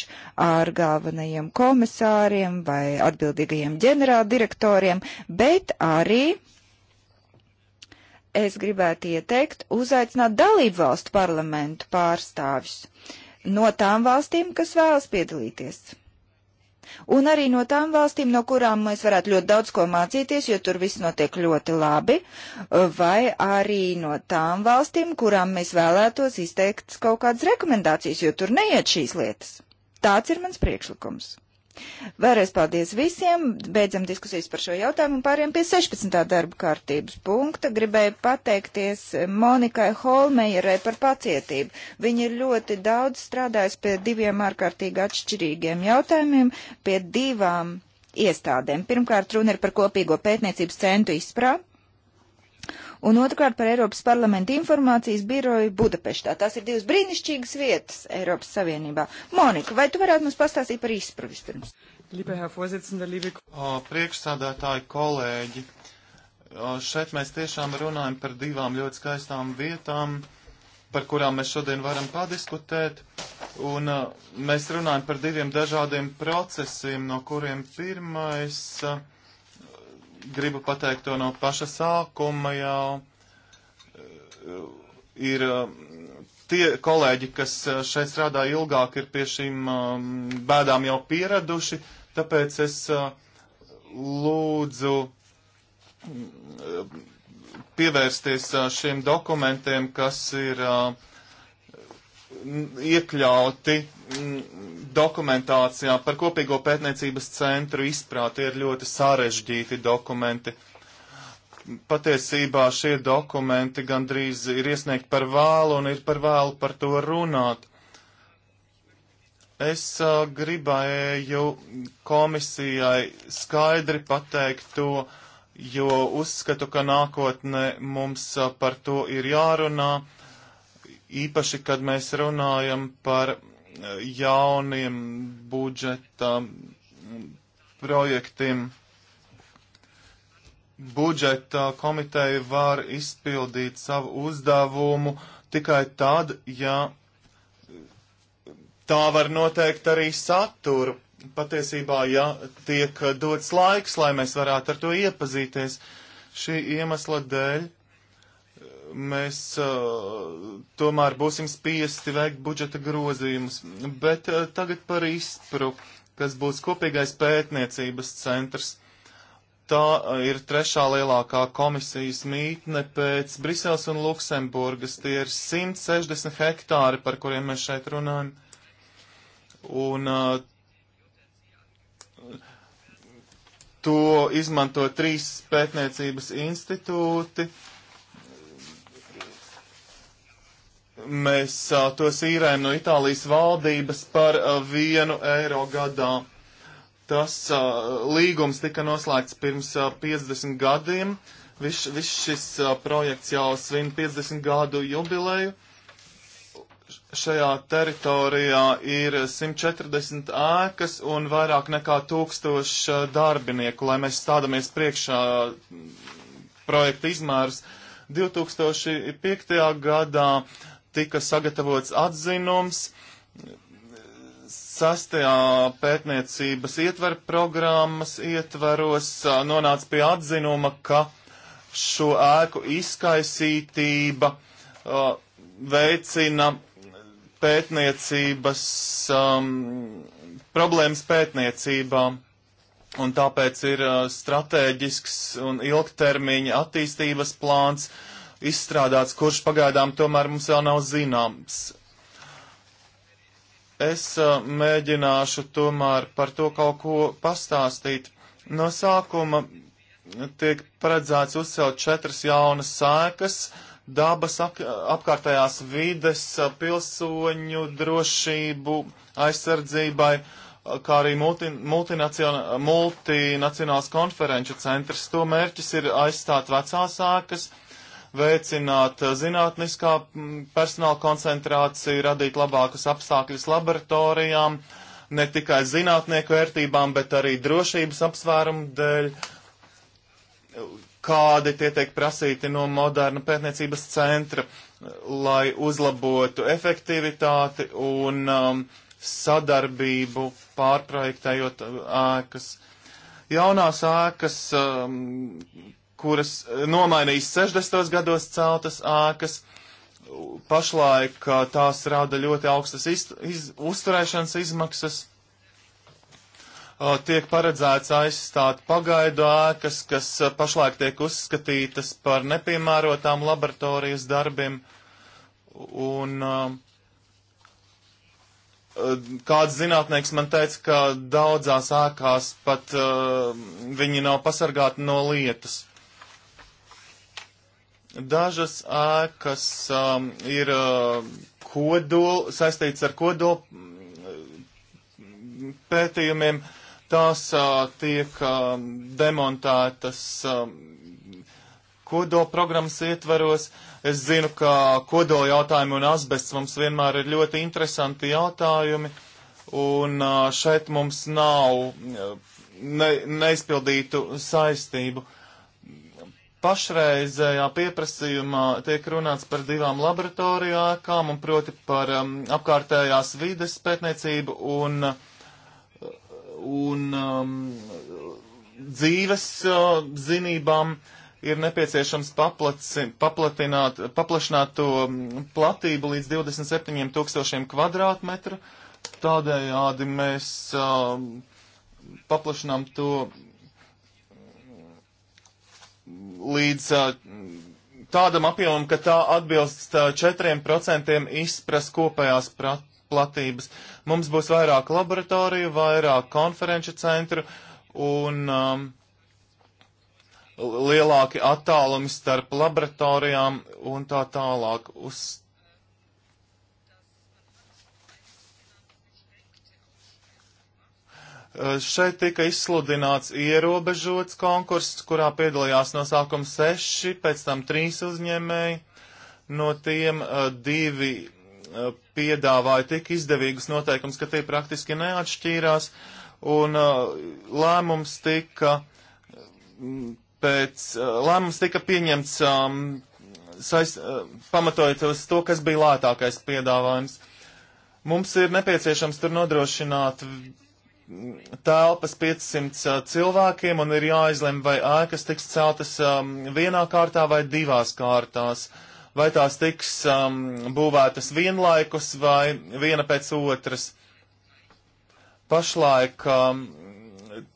Speaker 3: ar galvenajiem komisāriem vai atbildīgajiem ģenerāldirektoriem, bet arī es gribētu ieteikt uzaicināt dalību valstu parlamentu pārstāvjus no tām valstīm, kas vēlas piedalīties. Un arī no tām valstīm, no kurām mēs varētu ļoti daudz ko mācīties, jo tur viss notiek ļoti labi, vai arī no tām valstīm, kurām mēs vēlētos izteikt kaut kādas rekomendācijas, jo tur neiet šīs lietas. Tāds ir mans priekšlikums. Vēlreiz paldies visiem, beidzam diskusijas par šo jautājumu un pāriem pie 16. darba kārtības punkta. Gribēju pateikties Monikai Holmejerai par pacietību. Viņa ir ļoti daudz strādājusi pie diviem ārkārtīgi atšķirīgiem jautājumiem, pie divām iestādēm. Pirmkārt, runa ir par kopīgo pētniecības centru izprā un otrkārt par Eiropas parlamenta informācijas biroju Budapeštā. Tās ir divas brīnišķīgas vietas Eiropas Savienībā. Monika, vai tu varētu mums pastāstīt par izpru vispirms?
Speaker 4: Priekšsādātāji kolēģi, šeit mēs tiešām runājam par divām ļoti skaistām vietām par kurām mēs šodien varam padiskutēt. Un uh, mēs runājam par diviem dažādiem procesiem, no kuriem pirmais uh, gribu pateikt to no paša sākuma jau. Eh, ir eh, tie kolēģi, kas eh, šeit strādā ilgāk, ir pie šīm um, bēdām jau pieraduši, tāpēc es lūdzu mm, pievērsties šiem dokumentiem, kas ir uh, iekļauti mm, dokumentācijā par kopīgo pētniecības centru izprāti ir ļoti sarežģīti dokumenti. Patiesībā šie dokumenti gandrīz ir iesniegti par vēlu un ir par vēlu par to runāt. Es uh, gribēju komisijai skaidri pateikt to, jo uzskatu, ka nākotnē mums uh, par to ir jārunā. Uh, īpaši, kad mēs runājam par e, jauniem budžeta projektiem. Budžeta komiteja var izpildīt savu uzdevumu tikai tad, ja e, tā var noteikt arī saturu. Patiesībā, ja tiek dots laiks, lai mēs varētu ar to iepazīties, šī iemesla dēļ mēs uh, tomēr būsim spiesti veikt budžeta grozījumus. Bet uh, tagad par izpru, kas būs kopīgais pētniecības centrs. Tā uh, ir trešā lielākā komisijas mītne pēc Briseles un Luksemburgas. Tie ir 160 hektāri, par kuriem mēs šeit runājam. Un uh, to izmanto trīs pētniecības institūti. Uh, mēs a, tos īrējam no Itālijas valdības par a, vienu eiro gadā. Tas a, līgums tika noslēgts pirms 50 gadiem. Viss vis šis projekts jau svin 50 gadu jubileju. Šajā teritorijā ir 140 ēkas un vairāk nekā tūkstoši darbinieku, lai mēs stādamies priekšā projekta izmērus. 2005. gadā uh, tika sagatavots atzinums sastajā pētniecības ietveru programmas ietveros nonāca pie atzinuma, ka šo ēku izkaisītība uh, veicina pētniecības um, problēmas pētniecībā. Un tāpēc ir uh, strateģisks un ilgtermiņa attīstības plāns uh, izstrādāts, kurš pagaidām tomēr mums vēl nav zināms. Es uh, mēģināšu tomēr par to kaut ko pastāstīt. No sākuma tiek paredzēts uzcelt četras jaunas sēkas dabas ap, apkārtējās vides, uh, pilsoņu drošību, aizsardzībai, uh, kā arī multi, multinacionāls multinacionāls konferenču centrs. To mērķis ir aizstāt vecās sēkas veicināt eh, zinātniskā mm, personāla koncentrāciju, radīt labākus apstākļus laboratorijām, ne tikai zinātnieku vērtībām, bet arī drošības apsvērumu dēļ, kādi tie tiek prasīti no moderna pētniecības centra, lai uzlabotu efektivitāti un um, sadarbību pārprojektējot uh, ēkas. Jaunās ēkas um, kuras eh, nomainīs 60. gados celtas ēkas. Pašlaik eh, tās rada ļoti augstas iz, iz, uzturēšanas izmaksas. Eh, tiek paredzēts aizstāt pagaidu ēkas, kas pašlaik tiek uzskatītas par nepiemērotām laboratorijas darbiem. Un uh, kāds zinātnieks man teica, ka daudzās ēkās pat uh, viņi nav pasargāti no lietas. Dažas ēkas um, ir uh, kodol, saistīts ar kodol mm, pētījumiem, tās uh, tiek uh, demontētas uh, um, kodola programmas ietvaros. Es zinu, ka kodola jautājumi un asbests mums vienmēr ir ļoti interesanti jautājumi, un uh, šeit mums nav mm, ne, neizpildītu saistību. Uh, pašreizējā pieprasījumā tiek runāts par divām laboratorijām, un proti par um, apkārtējās vides pētniecību un, un um, dzīves uh, zinībām ir nepieciešams paplaci, paplatināt, paplašināt to um, platību līdz 27 tūkstošiem kvadrātmetru. Tādējādi mēs uh, paplašinām to līdz tādam apjomam, ka tā atbilst 4% izpras kopējās platības. Mums būs vairāk laboratoriju, vairāk konferenču centru un um, lielāki attālumi starp laboratorijām un tā tālāk. Uz Šeit tika izsludināts ierobežots konkurss, kurā piedalījās no sākuma seši, pēc tam trīs uzņēmēji. No tiem uh, divi uh, piedāvāja tik izdevīgus noteikumus, ka tie praktiski neatšķīrās, un uh, lēmums tika, pēc, lēmums tika pieņemts um, sais, pamatojot uz to, kas bija lētākais piedāvājums. Mums ir nepieciešams tur nodrošināt telpas 500 cilvēkiem un ir jāizlem, vai ēkas tiks celtas um, vienā kārtā vai divās kārtās, vai tās tiks um, būvētas vienlaikus vai viena pēc otras. Pašlaik um,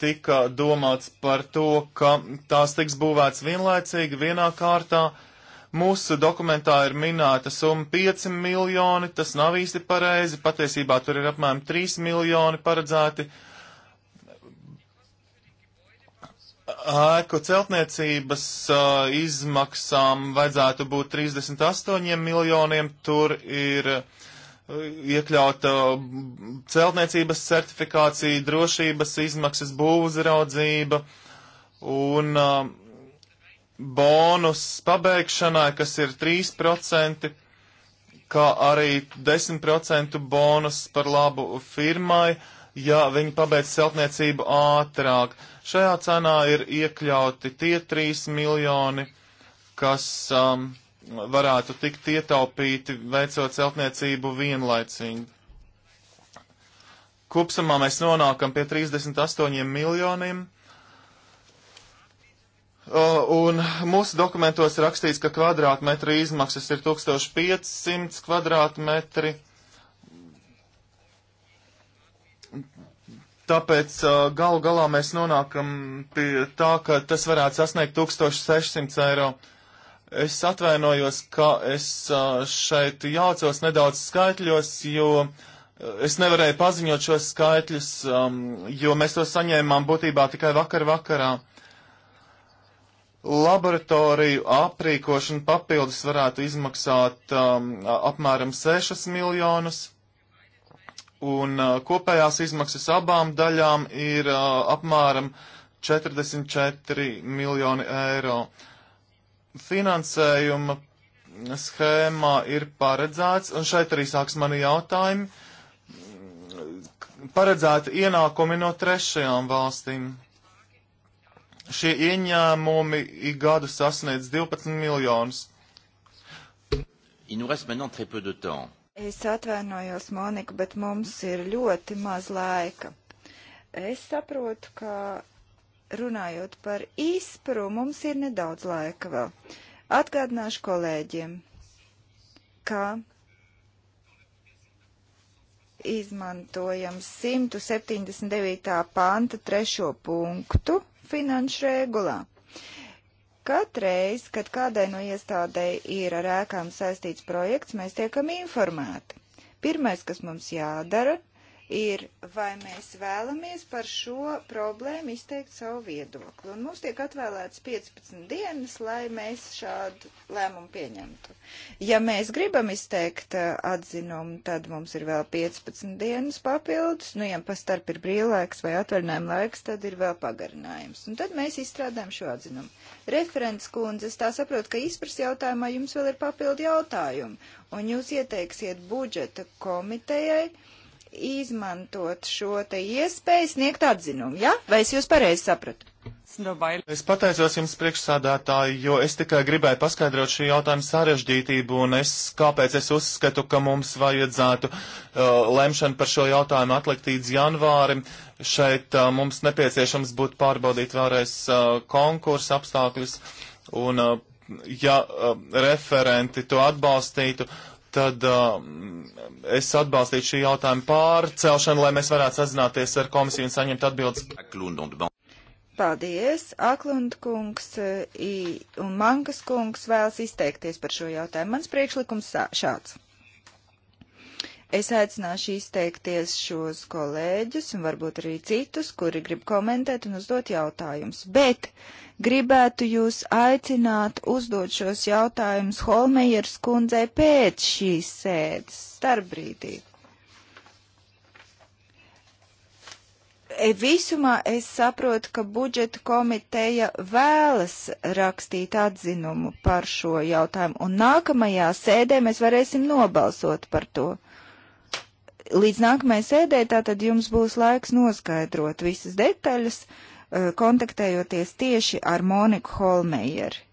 Speaker 4: tika domāts par to, ka tās tiks būvētas vienlaicīgi vienā kārtā Mūsu dokumentā ir minēta summa 5 miljoni, tas nav īsti pareizi, patiesībā tur ir apmēram 3 miljoni paredzēti. Ēku celtniecības uh, izmaksām vajadzētu būt 38 miljoniem, tur ir uh, iekļauta celtniecības certifikācija, drošības izmaksas, būvuzraudzība un uh, bonus pabeigšanai, kas ir 3%, kā arī 10% bonus par labu firmai, ja viņi pabeidz celtniecību ātrāk. Šajā cenā ir iekļauti tie 3 miljoni, kas um, varētu tikt ietaupīti veicot celtniecību vienlaicīgi. Kopsumā mēs nonākam pie 38 miljoniem Uh, un mūsu dokumentos rakstīts, ka kvadrātmetra izmaksas ir 1500 kvadrātmetri. Tāpēc uh, galu galā mēs nonākam pie tā, ka tas varētu sasniegt 1600 eiro. Es atvainojos, ka es uh, šeit jaucos nedaudz skaitļos, jo es nevarēju paziņot šos skaitļus, um, jo mēs to saņēmām būtībā tikai vakar vakarā. Laboratoriju aprīkošana papildus varētu izmaksāt um, apmēram 6 miljonus, un uh, kopējās izmaksas abām daļām ir uh, apmēram 44 miljoni eiro. Finansējuma schēmā ir paredzēts, un šeit arī sāks mani jautājumi, paredzēti ienākumi no trešajām valstīm šie ieņēmumi ik gadu sasniedz 12 miljonus.
Speaker 3: Es atvainojos, Monika, bet mums ir ļoti maz laika. Es saprotu, ka runājot par izpru, mums ir nedaudz laika vēl. Atgādināšu kolēģiem, ka izmantojam 179. panta trešo punktu finanšu regulā. Katreiz, kad kādai no iestādēji ir ar ēkām saistīts projekts, mēs tiekam informēti. Pirmais, kas mums jādara, ir, vai mēs vēlamies par šo problēmu izteikt savu viedokli. Un mums tiek atvēlēts 15 dienas, lai mēs šādu lēmumu pieņemtu. Ja mēs gribam izteikt eh, atzinumu, tad mums ir vēl 15 dienas papildus. Nu, ja pastarp ir brīvlaiks vai atvaļinājuma laiks, tad ir vēl pagarinājums. Un tad mēs izstrādājam šo atzinumu. Referents kundze, es tā saprotu, ka izpras jautājumā jums vēl ir papildu jautājumi. Un jūs ieteiksiet budžeta komitejai izmantot šo te iespēju sniegt atzinumu, ja? Vai es jūs pareizi sapratu?
Speaker 4: Es pateicos jums priekšsādātāji, jo es tikai gribēju paskaidrot šī jautājuma sarežģītību un es, kāpēc es uzskatu, ka mums vajadzētu uh, lemšanu par šo jautājumu atlikt līdz janvārim. Šeit uh, mums nepieciešams būtu pārbaudīt vēlreiz uh, konkursu apstākļus un, uh, ja uh, referenti to atbalstītu, uh, tad uh, es atbalstītu šī jautājuma pārcelšanu, lai mēs varētu sazināties ar komisiju un saņemt atbildes.
Speaker 3: Paldies! Aklund kungs un Mankas kungs vēlas izteikties par šo jautājumu. Mans priekšlikums šāds. Es aicināšu izteikties šos kolēģus un varbūt arī citus, kuri grib komentēt un uzdot jautājumus. Bet gribētu jūs aicināt uzdot šos jautājumus Holmejers kundzei pēc šīs sēdes starpbrīdī. E, visumā es saprotu, ka budžeta komiteja vēlas rakstīt atzinumu par šo jautājumu, un nākamajā sēdē mēs varēsim nobalsot par to. Līdz nākamajai sēdē tātad jums būs laiks noskaidrot visas detaļas, eh, kontaktējoties tieši ar Moniku Holmejeri.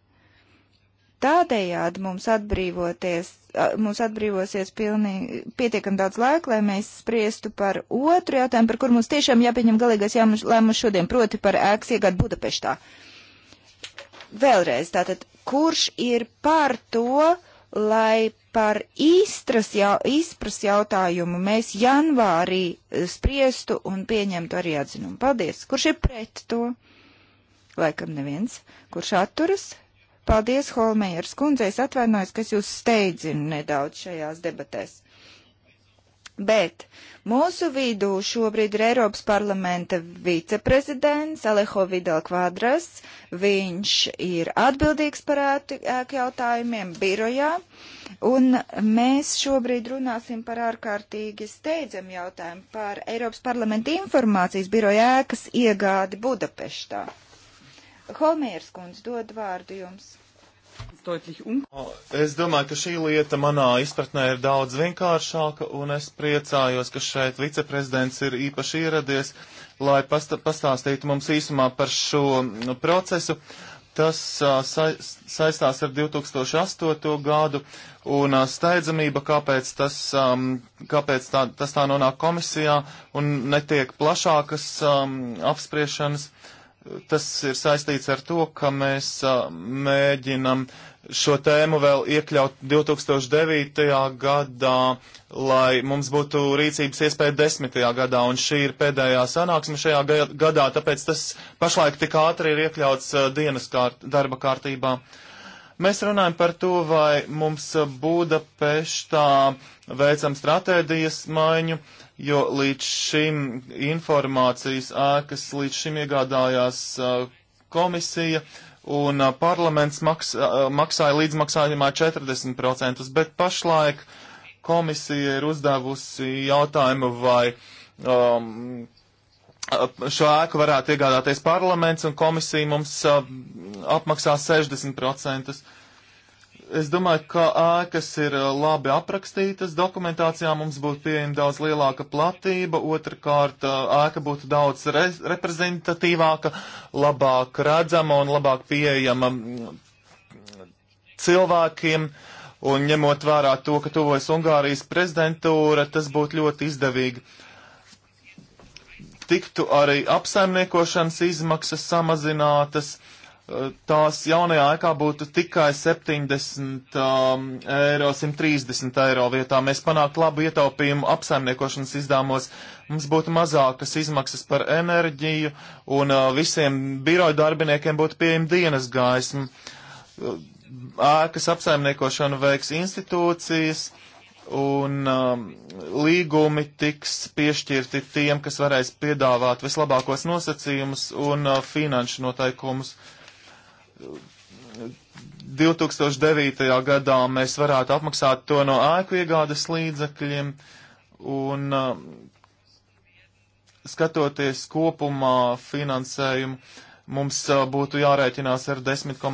Speaker 3: Tādējādi mums atbrīvoties, eh, mums atbrīvosies pilnīgi pietiekam daudz laika, lai mēs spriestu par otru jautājumu, par kur mums tiešām jāpieņem galīgais lēmums šodien, proti par ēkas iegādi Budapeštā. Vēlreiz, tātad, kurš ir par to, lai par īstras jau, īstras jautājumu mēs janvārī e, spriestu un pieņemtu arī atzinumu. Paldies. Kurš ir pret to? Laikam neviens. Kurš atturas? Paldies, Holmējers kundzei. Es atvainojos, ka es jūs steidzinu nedaudz šajās debatēs. Bet mūsu vidū šobrīd ir Eiropas parlamenta viceprezidents Alejo Vidal Kvadras. Viņš ir atbildīgs par ēku jautājumiem birojā. Un mēs šobrīd runāsim par ārkārtīgi steidzam jautājumu par Eiropas parlamenta informācijas biroja ēkas iegādi Budapeštā. Holmieras kundze dod vārdu jums.
Speaker 4: Es domāju, ka šī lieta manā izpratnē ir daudz vienkāršāka, un es priecājos, ka šeit viceprezidents ir īpaši ieradies, lai pasta pastāstītu mums īsumā par šo mm, procesu. Tas a, sa saistās ar 2008. gadu, un a, steidzamība, kāpēc, tas, a, kāpēc tā, tas tā nonāk komisijā un netiek plašākas apspriešanas. Uh, tas ir saistīts ar to, ka mēs a, mēģinam šo tēmu vēl iekļaut 2009. gadā, lai mums būtu rīcības iespēja 10. gadā, un šī ir pēdējā sanāksme šajā gadā, tāpēc tas pašlaik tik ātri ir iekļauts a, dienas kārt, darba kārtībā. Mēs runājam par to, vai mums Budapeštā veicam stratēģijas maiņu, uh, jo līdz šim informācijas ēkas līdz šim iegādājās komisija, un parlaments maks, maksāja līdzmaksājumā 40%, bet pašlaik komisija ir uzdevusi jautājumu, vai um, šo ēku varētu iegādāties parlaments, un komisija mums uh, apmaksā 60%. Es domāju, ka ēkas ir labi aprakstītas, dokumentācijā mums būtu pieejama daudz lielāka platība, otrkārt ēka būtu daudz re reprezentatīvāka, labāk redzama un labāk pieejama mm, cilvēkiem. Un ņemot vērā to, ka tuvojas Ungārijas prezidentūra, tas būtu ļoti izdevīgi. Tiktu arī apsaimniekošanas izmaksas samazinātas. Uh, tās jaunajā ēkā būtu tikai 70 um, eiro, 130 eiro vietā. Mēs panāktu labu ietaupījumu apsaimniekošanas izdāmos, mums būtu mazākas izmaksas par enerģiju un uh, visiem biroju darbiniekiem būtu pieejama dienas gaisma. Ēkas apsaimniekošanu veiks institūcijas. Un um, līgumi tiks piešķirti tiem, kas varēs piedāvāt vislabākos nosacījumus un uh, finanšu noteikumus uh, 2009. gadā mēs varētu apmaksāt to no ēku iegādes līdzekļiem un uh, skatoties kopumā finansējumu, mums uh, būtu jārēķinās ar 10,1 uh,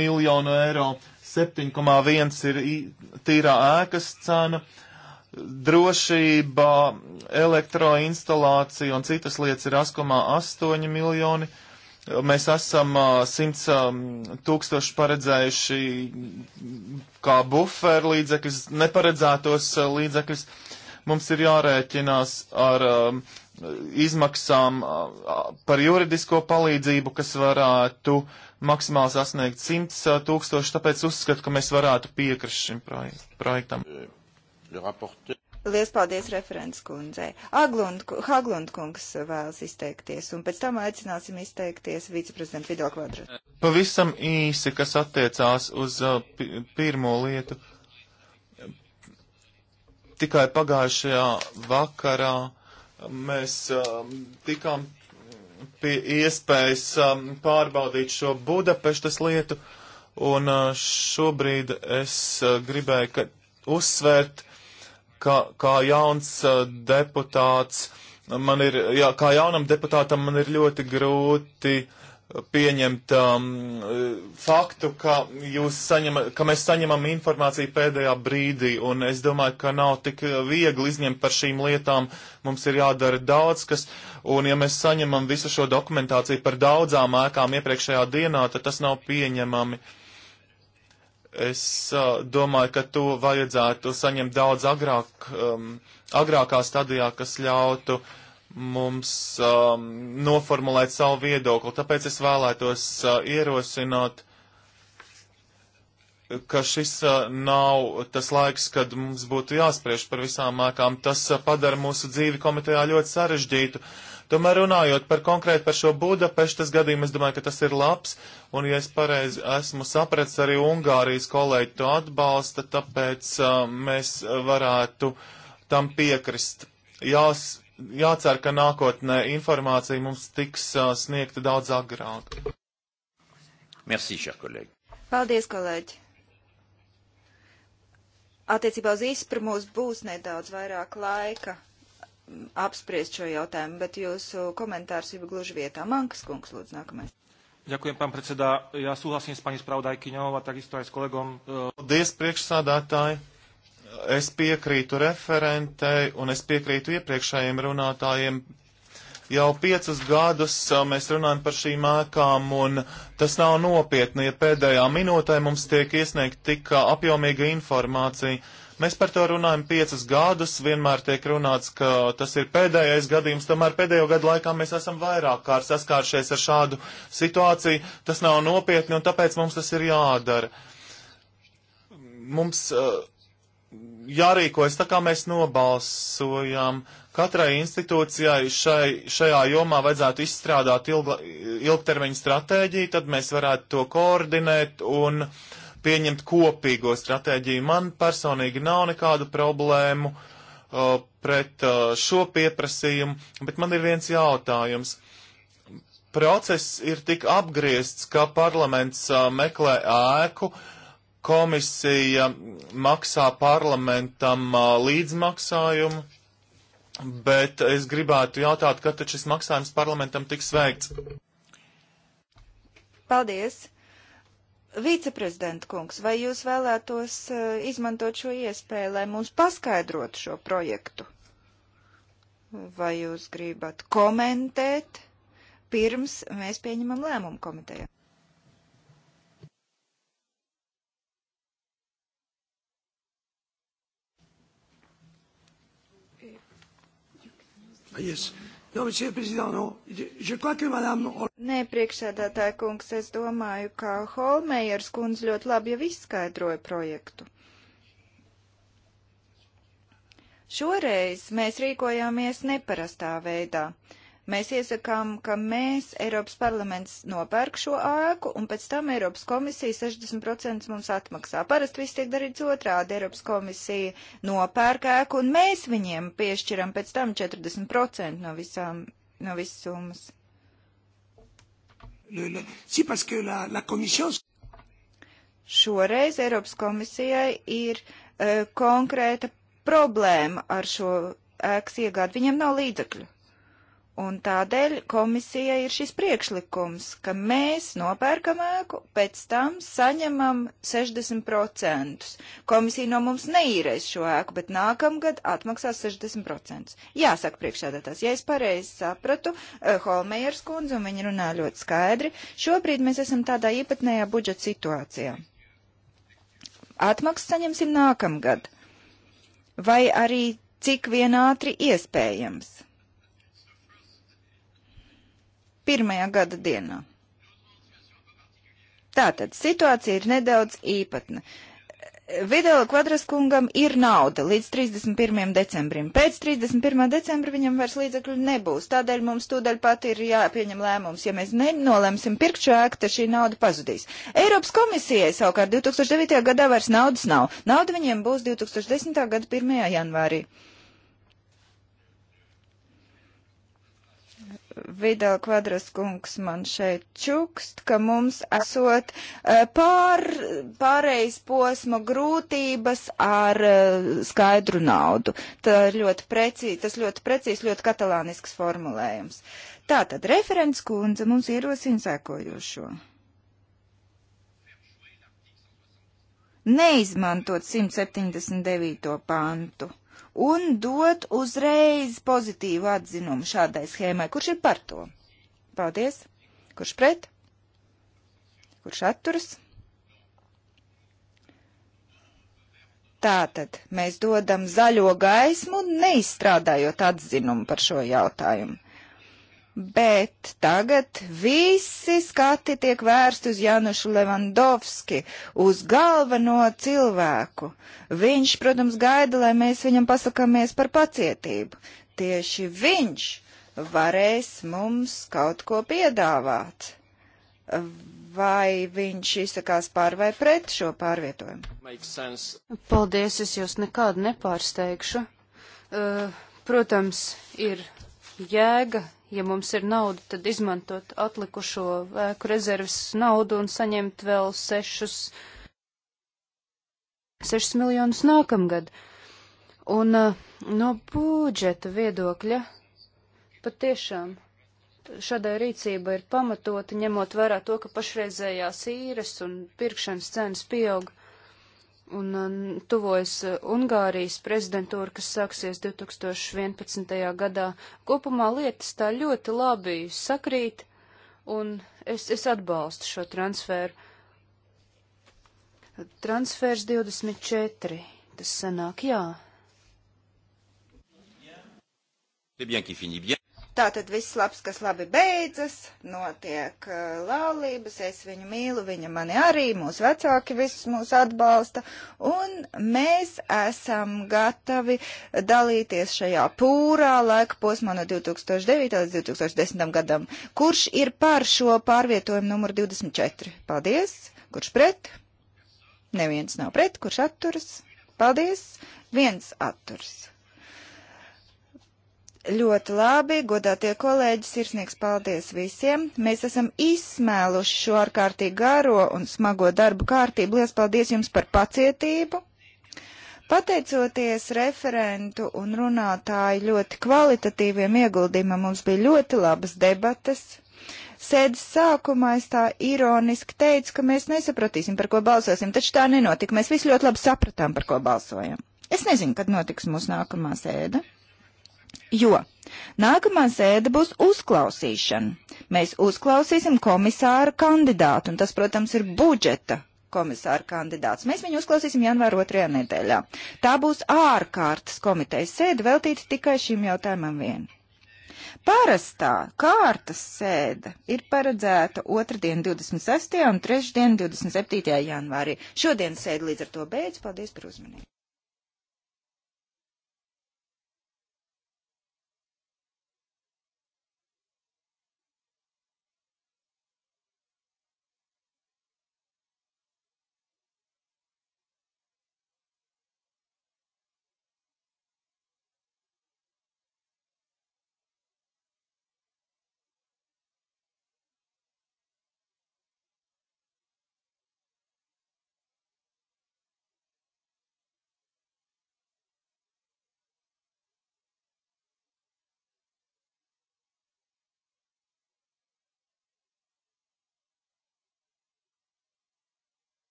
Speaker 4: miljonu eiro, 7,1 ir tīrā ēkas cena, drošība, elektroinstalācija un citas lietas ir 8,8 miljoni eiro Mēs esam simts tūkstoši paredzējuši kā buferu līdzekļus, neparedzētos līdzekļus. Mums ir jārēķinās ar izmaksām par juridisko palīdzību, kas varētu maksimāli sasniegt 100 tūkstoši, tāpēc uzskatu, ka mēs varētu piekrist šim projektam.
Speaker 3: Lies paldies referents kundzei. Aglund, Haglund kungs vēlas izteikties, un pēc tam aicināsim izteikties viceprezidentu Fidel Kvadrat.
Speaker 4: Pavisam īsi, kas attiecās uz uh, pirmo lietu. Tikai pagājušajā vakarā mēs um, tikām pie iespējas um, pārbaudīt šo Budapeštas lietu, un uh, šobrīd es uh, gribēju uzsvērt, ka kā jauns deputāts man ir, jā, kā jaunam deputātam man ir ļoti grūti pieņemt um, faktu, ka, jūs saņem, ka mēs saņemam informāciju pēdējā brīdī, un es domāju, ka nav tik viegli izņemt par šīm lietām. Mums ir jādara daudz, kas, un ja mēs saņemam visu šo dokumentāciju par daudzām ēkām iepriekšējā dienā, tad tas nav pieņemami. Uh, Es uh, domāju, ka to vajadzētu saņemt daudz agrāk, um, agrākā stadijā, kas ļautu mums um, noformulēt savu viedokli. Tāpēc es vēlētos uh, ierosināt, ka šis uh, nav tas laiks, kad mums būtu jāspriež par visām mākām. Tas uh, padara mūsu dzīvi komitejā ļoti sarežģītu. Uh, Tomēr runājot par konkrēti par šo Budapeštas gadījumu, es domāju, ka tas ir labs, un ja es pareizi esmu sapratis, arī Ungārijas kolēģi to atbalsta, tāpēc uh, mēs varētu tam piekrist. Jās, jācer, ka nākotnē informācija mums tiks uh, sniegta daudz agrāk. Merci, cher kolēģi.
Speaker 3: Paldies, kolēģi. Attiecībā uz izpru mums būs nedaudz vairāk laika apspriest šo jautājumu, bet jūsu komentārs ir gluži vietā. Mankas kungs, lūdzu, nākamais.
Speaker 4: Ďakujem, pán predseda. Ja súhlasím s pani spravodajkyňou a takisto aj s kolegom. E, Paldies, priekšsādātāji. Es piekrītu referentei un es piekrītu iepriekšējiem runātājiem. Jau piecus gadus e, mēs runājam par šīm ēkām, un tas nav nopietni, ja pēdējā minūtē mums tiek iesniegt tik e, apjomīga informācija. Uh, Mēs par to runājam piecas gadus, vienmēr tiek runāts, ka tas ir pēdējais gadījums, tomēr pēdējo gadu laikā mēs esam vairāk kārt saskāršies ar šādu situāciju, tas nav nopietni un tāpēc mums tas ir jādara. Mums uh, jārīkojas tā, kā mēs nobalsojam. Katrai institūcijai šai, šajā jomā vajadzētu izstrādāt ilga, ilgtermiņa stratēģiju, tad mēs varētu to koordinēt un uh, pieņemt kopīgo stratēģiju. Man personīgi nav nekādu problēmu uh, pret uh, šo pieprasījumu, bet man ir viens jautājums. Process ir tik apgriezts, ka parlaments uh, meklē ēku, komisija maksā parlamentam uh, līdzmaksājumu, bet es gribētu jautāt, kad taču šis maksājums parlamentam tiks veikts.
Speaker 3: Paldies! Viceprezidenta kungs, vai jūs vēlētos eh, izmantot šo iespēju, lai mums paskaidrotu šo projektu? Vai jūs gribat komentēt pirms mēs pieņemam lēmumu komitejā?
Speaker 1: Yes. Nē,
Speaker 3: priekšsēdētāja kungs, es domāju, ka Holmējers kundz ļoti labi jau izskaidroja projektu. Šoreiz mēs rīkojāmies neparastā veidā. Uh, Mēs iesakām, ka mēs, Eiropas parlaments, nopērk šo ēku, un pēc tam Eiropas komisija 60% mums atmaksā. Parasti viss tiek darīts otrādi. Eiropas komisija nopērk ēku, un mēs viņiem piešķiram pēc tam 40% no, visām, no visas summas.
Speaker 2: Si, parce que la, la
Speaker 3: commission... Šoreiz Eiropas komisijai ir uh, konkrēta problēma ar šo ēkas iegādi. Viņiem nav līdzekļu. Un tādēļ komisijai ir šis priekšlikums, ka mēs nopērkam ēku, pēc tam saņemam 60%. Komisija no mums neīrēs šo ēku, bet nākamgad atmaksās 60%. Jāsaka priekšādātās, ja es pareizi sapratu, eh, Holmejers kundze, un viņa runā ļoti skaidri, šobrīd mēs esam tādā īpatnējā budžeta situācijā. Atmaksas saņemsim nākamgad. Vai arī cik vien ātri iespējams pirmajā gada dienā. Tātad situācija ir nedaudz īpatna. Videla kvadraskungam ir nauda līdz 31. decembrim. Pēc 31. decembra viņam vairs līdzekļu nebūs. Tādēļ mums tūdaļ pat ir jāpieņem lēmums. Ja mēs nenolemsim pirkt šo ēku, tad šī nauda pazudīs. Eiropas komisijai savukārt 2009. gadā vairs naudas nav. Nauda viņiem būs 2010. gada 1. janvārī. Vidal Kvadras kungs man šeit čukst, ka mums esot eh, pār, pārējais posma grūtības ar eh, skaidru naudu. Tā ļoti precīzi, tas ļoti precīzi, ļoti katalānisks formulējums. Tātad referents kundze mums ierosina sēkojošo. Neizmantot 179. pantu un dot uzreiz pozitīvu atzinumu šādai schēmai. Kurš ir par to? Paldies. Kurš pret? Kurš atturas? Tātad mēs dodam zaļo gaismu, neizstrādājot atzinumu par šo jautājumu. Bet tagad visi skati tiek vērsti uz Janušu Levandovski, uz galveno cilvēku. Viņš, protams, gaida, lai mēs viņam pasakāmies par pacietību. Tieši viņš varēs mums kaut ko piedāvāt. Vai
Speaker 1: viņš izsakās pār vai pret šo pārvietojumu? Paldies, es jūs nekādu nepārsteigšu. Uh, protams, ir jēga ja mums ir nauda, tad izmantot atlikušo ēku rezerves naudu un saņemt vēl sešus, sešus miljonus nākamgad. Un eh, no budžeta viedokļa patiešām šādai rīcībai ir pamatota, ņemot vērā to, ka pašreizējās īres un pirkšanas cenas pieauga un um, tuvojas uh, Ungārijas prezidentūra, kas sāksies 2011. gadā. Kopumā lietas tā ļoti labi sakrīt, un es, es atbalstu šo transferu. Transfers 24. Tas sanāk jā.
Speaker 2: C'est bien qui finit bien.
Speaker 3: Tātad viss labs, kas labi beidzas, notiek uh, laulības, es viņu mīlu, viņa mani arī, mūsu vecāki visus mūs atbalsta, un mēs esam gatavi dalīties šajā pūrā laika posmā no 2009 līdz 2010 gadam. Kurš ir par šo pārvietojumu numuru 24? Paldies! Kurš pret? Neviens nav pret, kurš atturas? Paldies! Viens atturas. Ļoti labi, godātie kolēģi, sirsnīgs paldies visiem. Mēs esam izsmēluši šo ārkārtīgi garo un smago darbu kārtību. Lielas paldies jums par pacietību. Pateicoties referentu un runātāju ļoti kvalitatīviem ieguldījumam, mums bija ļoti labas debatas. Sēdes sākumā es tā ironiski teicu, ka mēs nesapratīsim, par ko balsosim, taču tā nenotika. Mēs visi ļoti labi sapratām, par ko balsojam. Es nezinu, kad notiks mūsu nākamā sēde. Jo nākamā sēde būs uzklausīšana. Mēs uzklausīsim komisāra kandidātu, un tas, protams, ir budžeta komisāra kandidāts. Mēs viņu uzklausīsim janvāra otrajā nedēļā. Tā būs ārkārtas komitejas sēde veltīta tikai šim jautājumam vien. Parastā kārtas sēde ir paredzēta otrdien 26. un trešdien 27. janvārī. Šodien sēde līdz ar to beidz. Paldies par uzmanību!